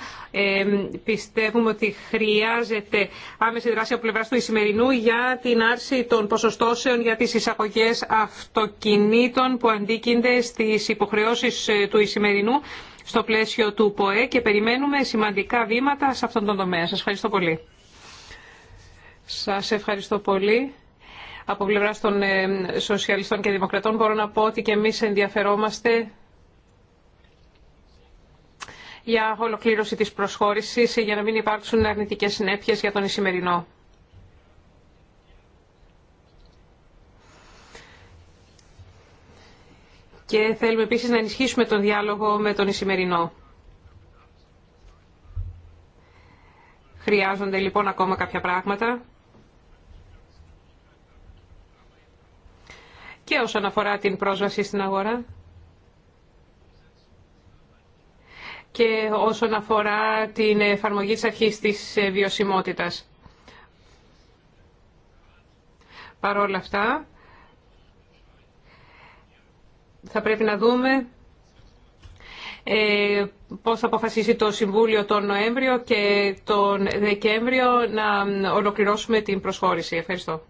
πιστεύουμε ότι χρειάζεται άμεση δράση από πλευρά του Ισημερινού για την άρση των ποσοστώσεων για τις εισαγωγές αυτοκινήτων που αντίκυνται στις υποχρεώσεις ε, του Ισημερινού στο πλαίσιο του ΠΟΕ και περιμένουμε σημαντικά βήματα σε αυτόν τον τομέα. Σας ευχαριστώ πολύ. Σας ευχαριστώ πολύ. Από πλευρά των ε, Σοσιαλιστών και Δημοκρατών μπορώ να πω ότι και εμείς ενδιαφερόμαστε για ολοκλήρωση της προσχώρησης για να μην υπάρξουν αρνητικές συνέπειες για τον Ισημερινό. Και θέλουμε επίσης να ενισχύσουμε τον διάλογο με τον Ισημερινό. Χρειάζονται λοιπόν ακόμα κάποια πράγματα. Και όσον αφορά την πρόσβαση στην αγορά. και όσον αφορά την εφαρμογή της αρχής της βιωσιμότητας. Παρ' όλα αυτά, θα πρέπει να δούμε ε, πώς θα αποφασίσει το Συμβούλιο τον Νοέμβριο και τον Δεκέμβριο να ολοκληρώσουμε την προσχώρηση. Ευχαριστώ.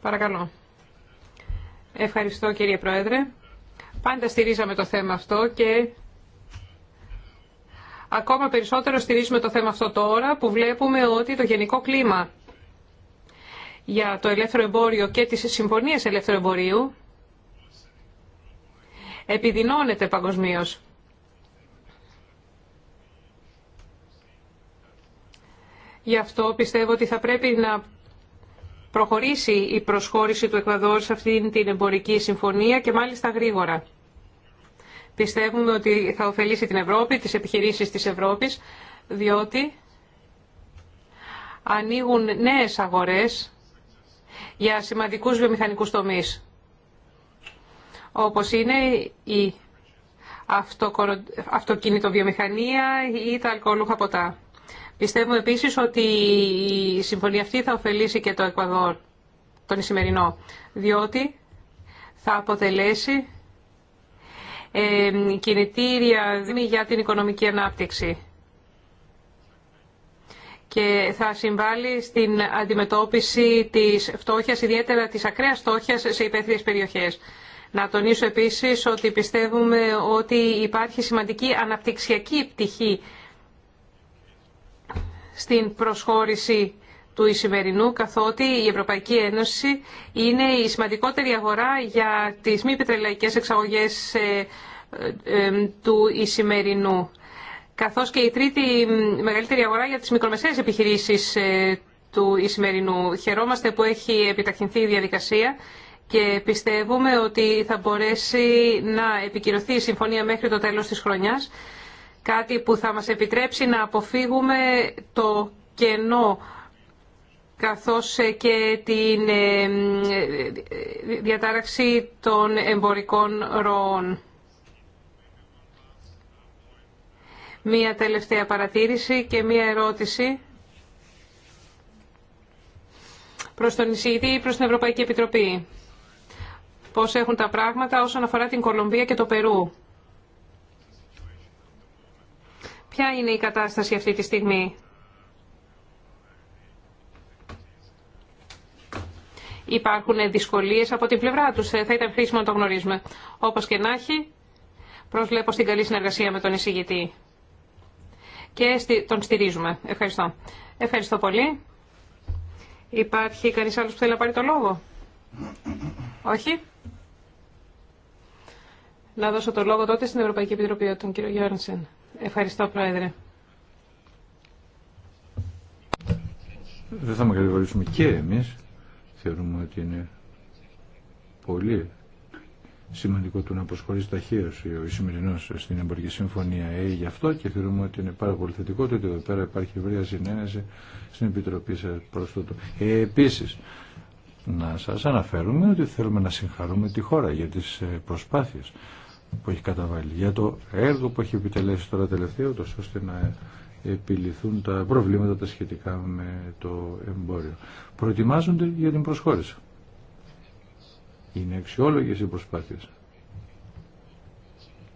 Παρακαλώ. Ευχαριστώ κύριε Πρόεδρε. Πάντα στηρίζαμε το θέμα αυτό και ακόμα περισσότερο στηρίζουμε το θέμα αυτό τώρα που βλέπουμε ότι το γενικό κλίμα για το ελεύθερο εμπόριο και τις συμφωνίες ελεύθερου εμπορίου επιδεινώνεται παγκοσμίω. Γι' αυτό πιστεύω ότι θα πρέπει να προχωρήσει η προσχώρηση του Εκβαδόρ σε αυτήν την εμπορική συμφωνία και μάλιστα γρήγορα. Πιστεύουμε ότι θα ωφελήσει την Ευρώπη, τις επιχειρήσεις της Ευρώπης, διότι ανοίγουν νέες αγορές για σημαντικούς βιομηχανικούς τομείς, όπως είναι η αυτοκινητοβιομηχανία ή τα αλκοολούχα ποτά. Πιστεύουμε επίσης ότι η συμφωνία αυτή θα ωφελήσει και το Εκουαδόρ, τον Ισημερινό, διότι θα αποτελέσει κινητήρια για την οικονομική ανάπτυξη και θα συμβάλλει στην αντιμετώπιση της φτώχειας, ιδιαίτερα της ακραίας φτώχειας σε υπαίθριες περιοχές. Να τονίσω επίσης ότι πιστεύουμε ότι υπάρχει σημαντική αναπτυξιακή πτυχή στην προσχώρηση του Ισημερινού, καθότι η Ευρωπαϊκή Ένωση είναι η σημαντικότερη αγορά για τις μη πετρελαϊκές εξαγωγές ε, ε, ε, του Ισημερινού, καθώς και η τρίτη μεγαλύτερη αγορά για τις μικρομεσαίες επιχειρήσεις του Ισημερινού. Χαιρόμαστε που έχει επιταχυνθεί η διαδικασία και πιστεύουμε ότι θα μπορέσει να επικυρωθεί η συμφωνία μέχρι το τέλος της χρονιάς κάτι που θα μας επιτρέψει να αποφύγουμε το κενό καθώς και τη ε, ε, διατάραξη των εμπορικών ροών. Μία τελευταία παρατήρηση και μία ερώτηση προς τον εισηγητή ή προς την Ευρωπαϊκή Επιτροπή. Πώς έχουν τα πράγματα όσον αφορά την Κολομβία και το Περού. Ποια είναι η κατάσταση αυτή τη στιγμή. Υπάρχουν δυσκολίες από την πλευρά τους. Ε, θα ήταν χρήσιμο να το γνωρίζουμε. Όπως και να έχει, προσλέπω στην καλή συνεργασία με τον εισηγητή. Και τον στηρίζουμε. Ευχαριστώ. Ευχαριστώ πολύ. Υπάρχει κανείς άλλος που θέλει να πάρει το λόγο. Όχι. Να δώσω το λόγο τότε στην Ευρωπαϊκή Επιτροπή, τον κύριο Γιώργενσεν. Ευχαριστώ, Πρόεδρε. Δεν θα με κατηγορήσουμε και εμείς. Θεωρούμε ότι είναι πολύ σημαντικό του να προσχωρήσει ταχύω ο σημερινό στην εμπορική συμφωνία ΕΕ γι' αυτό και θεωρούμε ότι είναι πάρα πολύ θετικό ότι εδώ πέρα υπάρχει ευρεία συνένεση στην Επιτροπή σα προ τούτο. Ε, Επίση, να σα αναφέρουμε ότι θέλουμε να συγχαρούμε τη χώρα για τι ε, προσπάθειε που έχει καταβάλει, για το έργο που έχει επιτελέσει τώρα τελευταίο, τόσο ώστε να επιληθούν τα προβλήματα τα σχετικά με το εμπόριο. Προετοιμάζονται για την προσχώρηση. Είναι αξιόλογες οι προσπάθειες.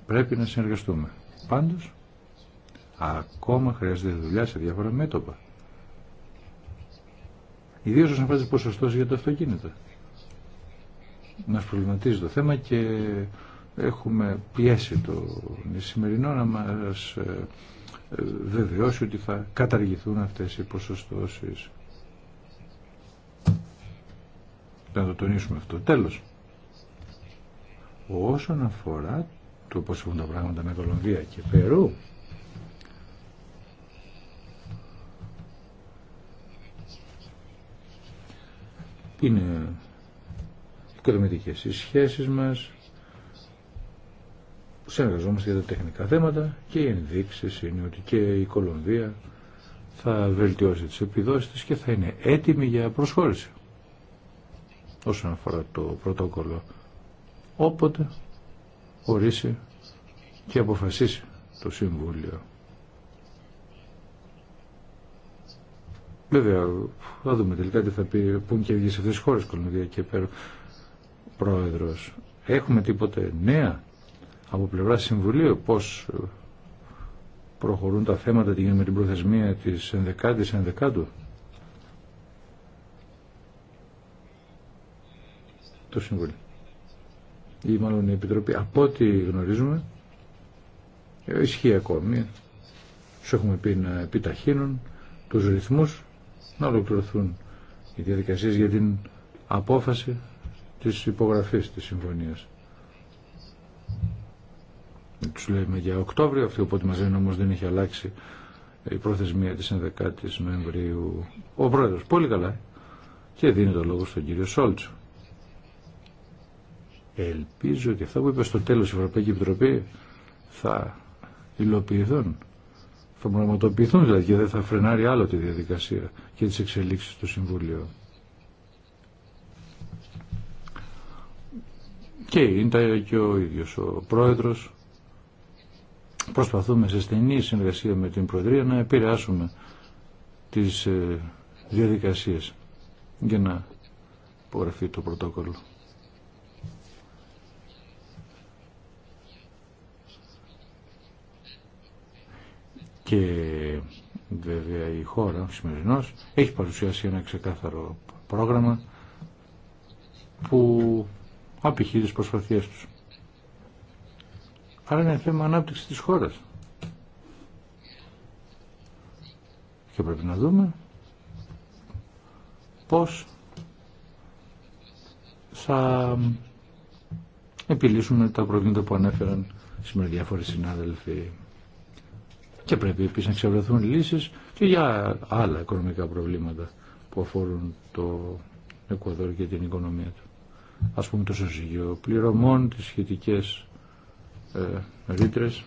Πρέπει να συνεργαστούμε. Πάντως, ακόμα χρειάζεται δουλειά σε διάφορα μέτωπα. Ιδίως όσον αφορά τις για τα αυτοκίνητα. Μας προβληματίζει το θέμα και έχουμε πιέσει το σημερινό να μας ε, ε, βεβαιώσει ότι θα καταργηθούν αυτές οι ποσοστώσεις. Να το τονίσουμε αυτό. Τέλος. Όσον αφορά το πώς έχουν τα πράγματα με Κολομβία και Περού, είναι οικοδομητικές οι σχέσεις μας, συνεργαζόμαστε για τα τεχνικά θέματα και οι ενδείξεις είναι ότι και η Κολομβία θα βελτιώσει τις επιδόσεις της και θα είναι έτοιμη για προσχώρηση όσον αφορά το πρωτόκολλο όποτε ορίσει και αποφασίσει το Συμβούλιο. Βέβαια, θα δούμε τελικά τι θα πει, πούν και οι σε αυτές τις χώρες Κολομβία και πέρα πρόεδρος. Έχουμε τίποτε νέα από πλευρά Συμβουλίου πώς ε, προχωρούν τα θέματα με την προθεσμία της 11ης 11ου. Το Συμβούλιο. Ή μάλλον η Επιτροπή. Από ό,τι γνωρίζουμε ε, ισχύει ακόμη. Σου έχουμε πει να επιταχύνουν τους ρυθμούς να ολοκληρωθούν οι διαδικασίες για την απόφαση της υπογραφής της συμφωνίας. Του λέμε για Οκτώβριο, αυτή οπότε μαζί όμω δεν έχει αλλάξει η προθεσμία της 11 η Νοεμβρίου. Ο πρόεδρος, πολύ καλά. Ε. Και δίνει το λόγο στον κύριο Σόλτσο. Ελπίζω ότι αυτά που είπε στο τέλος η Ευρωπαϊκή Επιτροπή θα υλοποιηθούν. Θα πραγματοποιηθούν δηλαδή και δεν θα φρενάρει άλλο τη διαδικασία και τις εξελίξεις του Συμβουλίου. Και είναι και ο ίδιος ο πρόεδρος Προσπαθούμε σε στενή συνεργασία με την Προεδρία να επηρεάσουμε τις ε, διαδικασίες για να υπογραφεί το πρωτόκολλο. Και βέβαια η χώρα, ο έχει παρουσιάσει ένα ξεκάθαρο πρόγραμμα που απηχεί τις προσπαθίες τους. Άρα είναι θέμα ανάπτυξη της χώρας. Και πρέπει να δούμε πώς θα επιλύσουμε τα προβλήματα που ανέφεραν σήμερα διάφοροι συνάδελφοι. Και πρέπει επίσης να ξεβρεθούν λύσεις και για άλλα οικονομικά προβλήματα που αφορούν το Εκουαδόρ και την οικονομία του. Ας πούμε το σωσίγιο πληρωμών, τις σχετικές ε, ρήτρες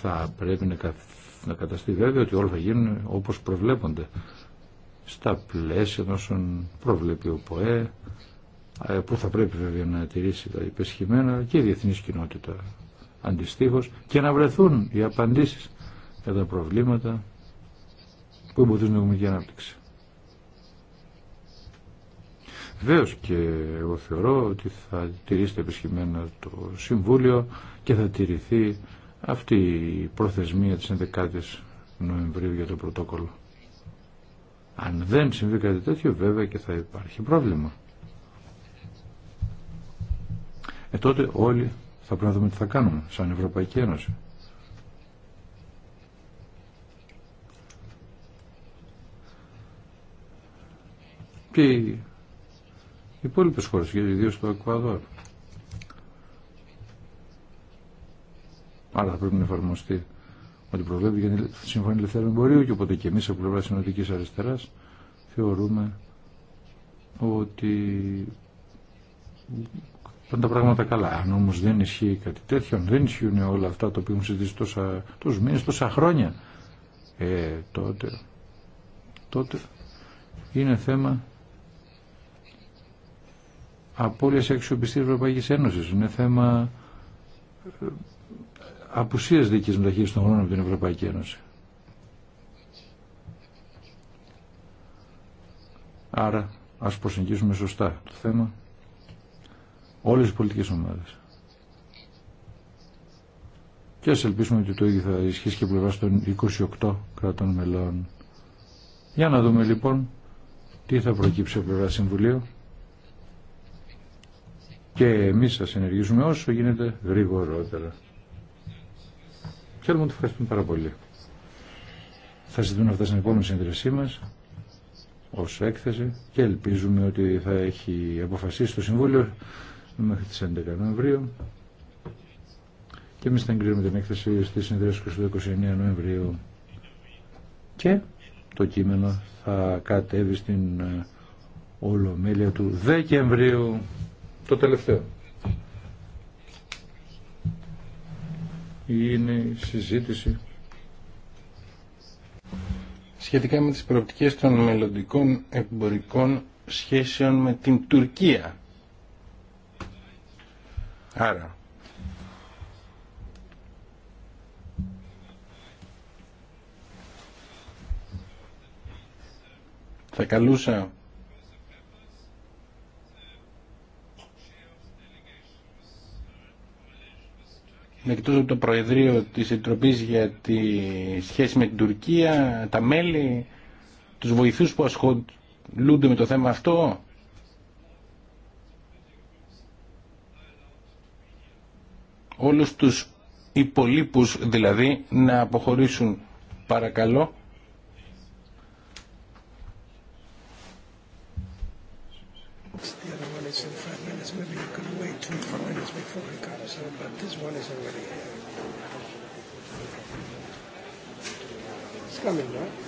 θα πρέπει να, να καταστεί βέβαια ότι όλα θα γίνουν όπως προβλέπονται στα πλαίσια όσων προβλέπει ο ΠΟΕ ε, που θα πρέπει βέβαια να τηρήσει τα υπεσχημένα και η διεθνή κοινότητα αντιστοίχως και να βρεθούν οι απαντήσεις για τα προβλήματα που εμποδίζουν την οικονομική ανάπτυξη. Βεβαίω και εγώ θεωρώ ότι θα τηρήσετε επισχυμένα το Συμβούλιο και θα τηρηθεί αυτή η προθεσμία της 11ης Νοεμβρίου για το πρωτόκολλο. Αν δεν συμβεί κάτι τέτοιο βέβαια και θα υπάρχει πρόβλημα. Ε, τότε όλοι θα πρέπει να δούμε τι θα κάνουμε σαν Ευρωπαϊκή Ένωση. Και οι υπόλοιπες χώρες, ιδίως το Εκουαδόρ. Άρα θα πρέπει να εφαρμοστεί ότι προβλέπει για τη Συμφωνία Ελευθέρου Εμπορίου και οπότε και εμείς από πλευρά Συνοτικής Αριστεράς θεωρούμε ότι πάνε τα πράγματα καλά. Αν όμως δεν ισχύει κάτι τέτοιο, αν δεν ισχύουν όλα αυτά τα οποία έχουν συζητήσει τόσα, τόσους μήνες, τόσα χρόνια, ε, τότε είναι θέμα απώλειας της Ευρωπαϊκής Ένωσης. Είναι θέμα ε, απουσίας δικής μεταχείρισης των χρόνων από την Ευρωπαϊκή Ένωση. Άρα ας προσεγγίσουμε σωστά το θέμα όλες οι πολιτικές ομάδες. Και ας ελπίσουμε ότι το ίδιο θα ισχύσει και πλευρά των 28 κρατών μελών. Για να δούμε λοιπόν τι θα προκύψει από πλευρά Συμβουλίου. Και εμείς θα συνεργήσουμε όσο γίνεται γρήγορότερα. Θέλουμε ότι ευχαριστούμε πάρα πολύ. Θα ζητούν αυτά στην επόμενη συνδέσή μας ως έκθεση και ελπίζουμε ότι θα έχει αποφασίσει το Συμβούλιο μέχρι τις 11 Νοεμβρίου και εμείς θα εγκρίνουμε την έκθεση στη συνεδρίαση του 29 Νοεμβρίου και το κείμενο θα κατέβει στην ε, Ολομέλεια του Δεκεμβρίου το τελευταίο. Είναι η συζήτηση σχετικά με τις προοπτικές των μελλοντικών εμπορικών σχέσεων με την Τουρκία. Άρα, θα καλούσα εκτός το Προεδρείο της Επιτροπής για τη σχέση με την Τουρκία, τα μέλη, τους βοηθούς που ασχολούνται με το θέμα αυτό. Όλους τους υπολείπους δηλαδή να αποχωρήσουν παρακαλώ. κανείς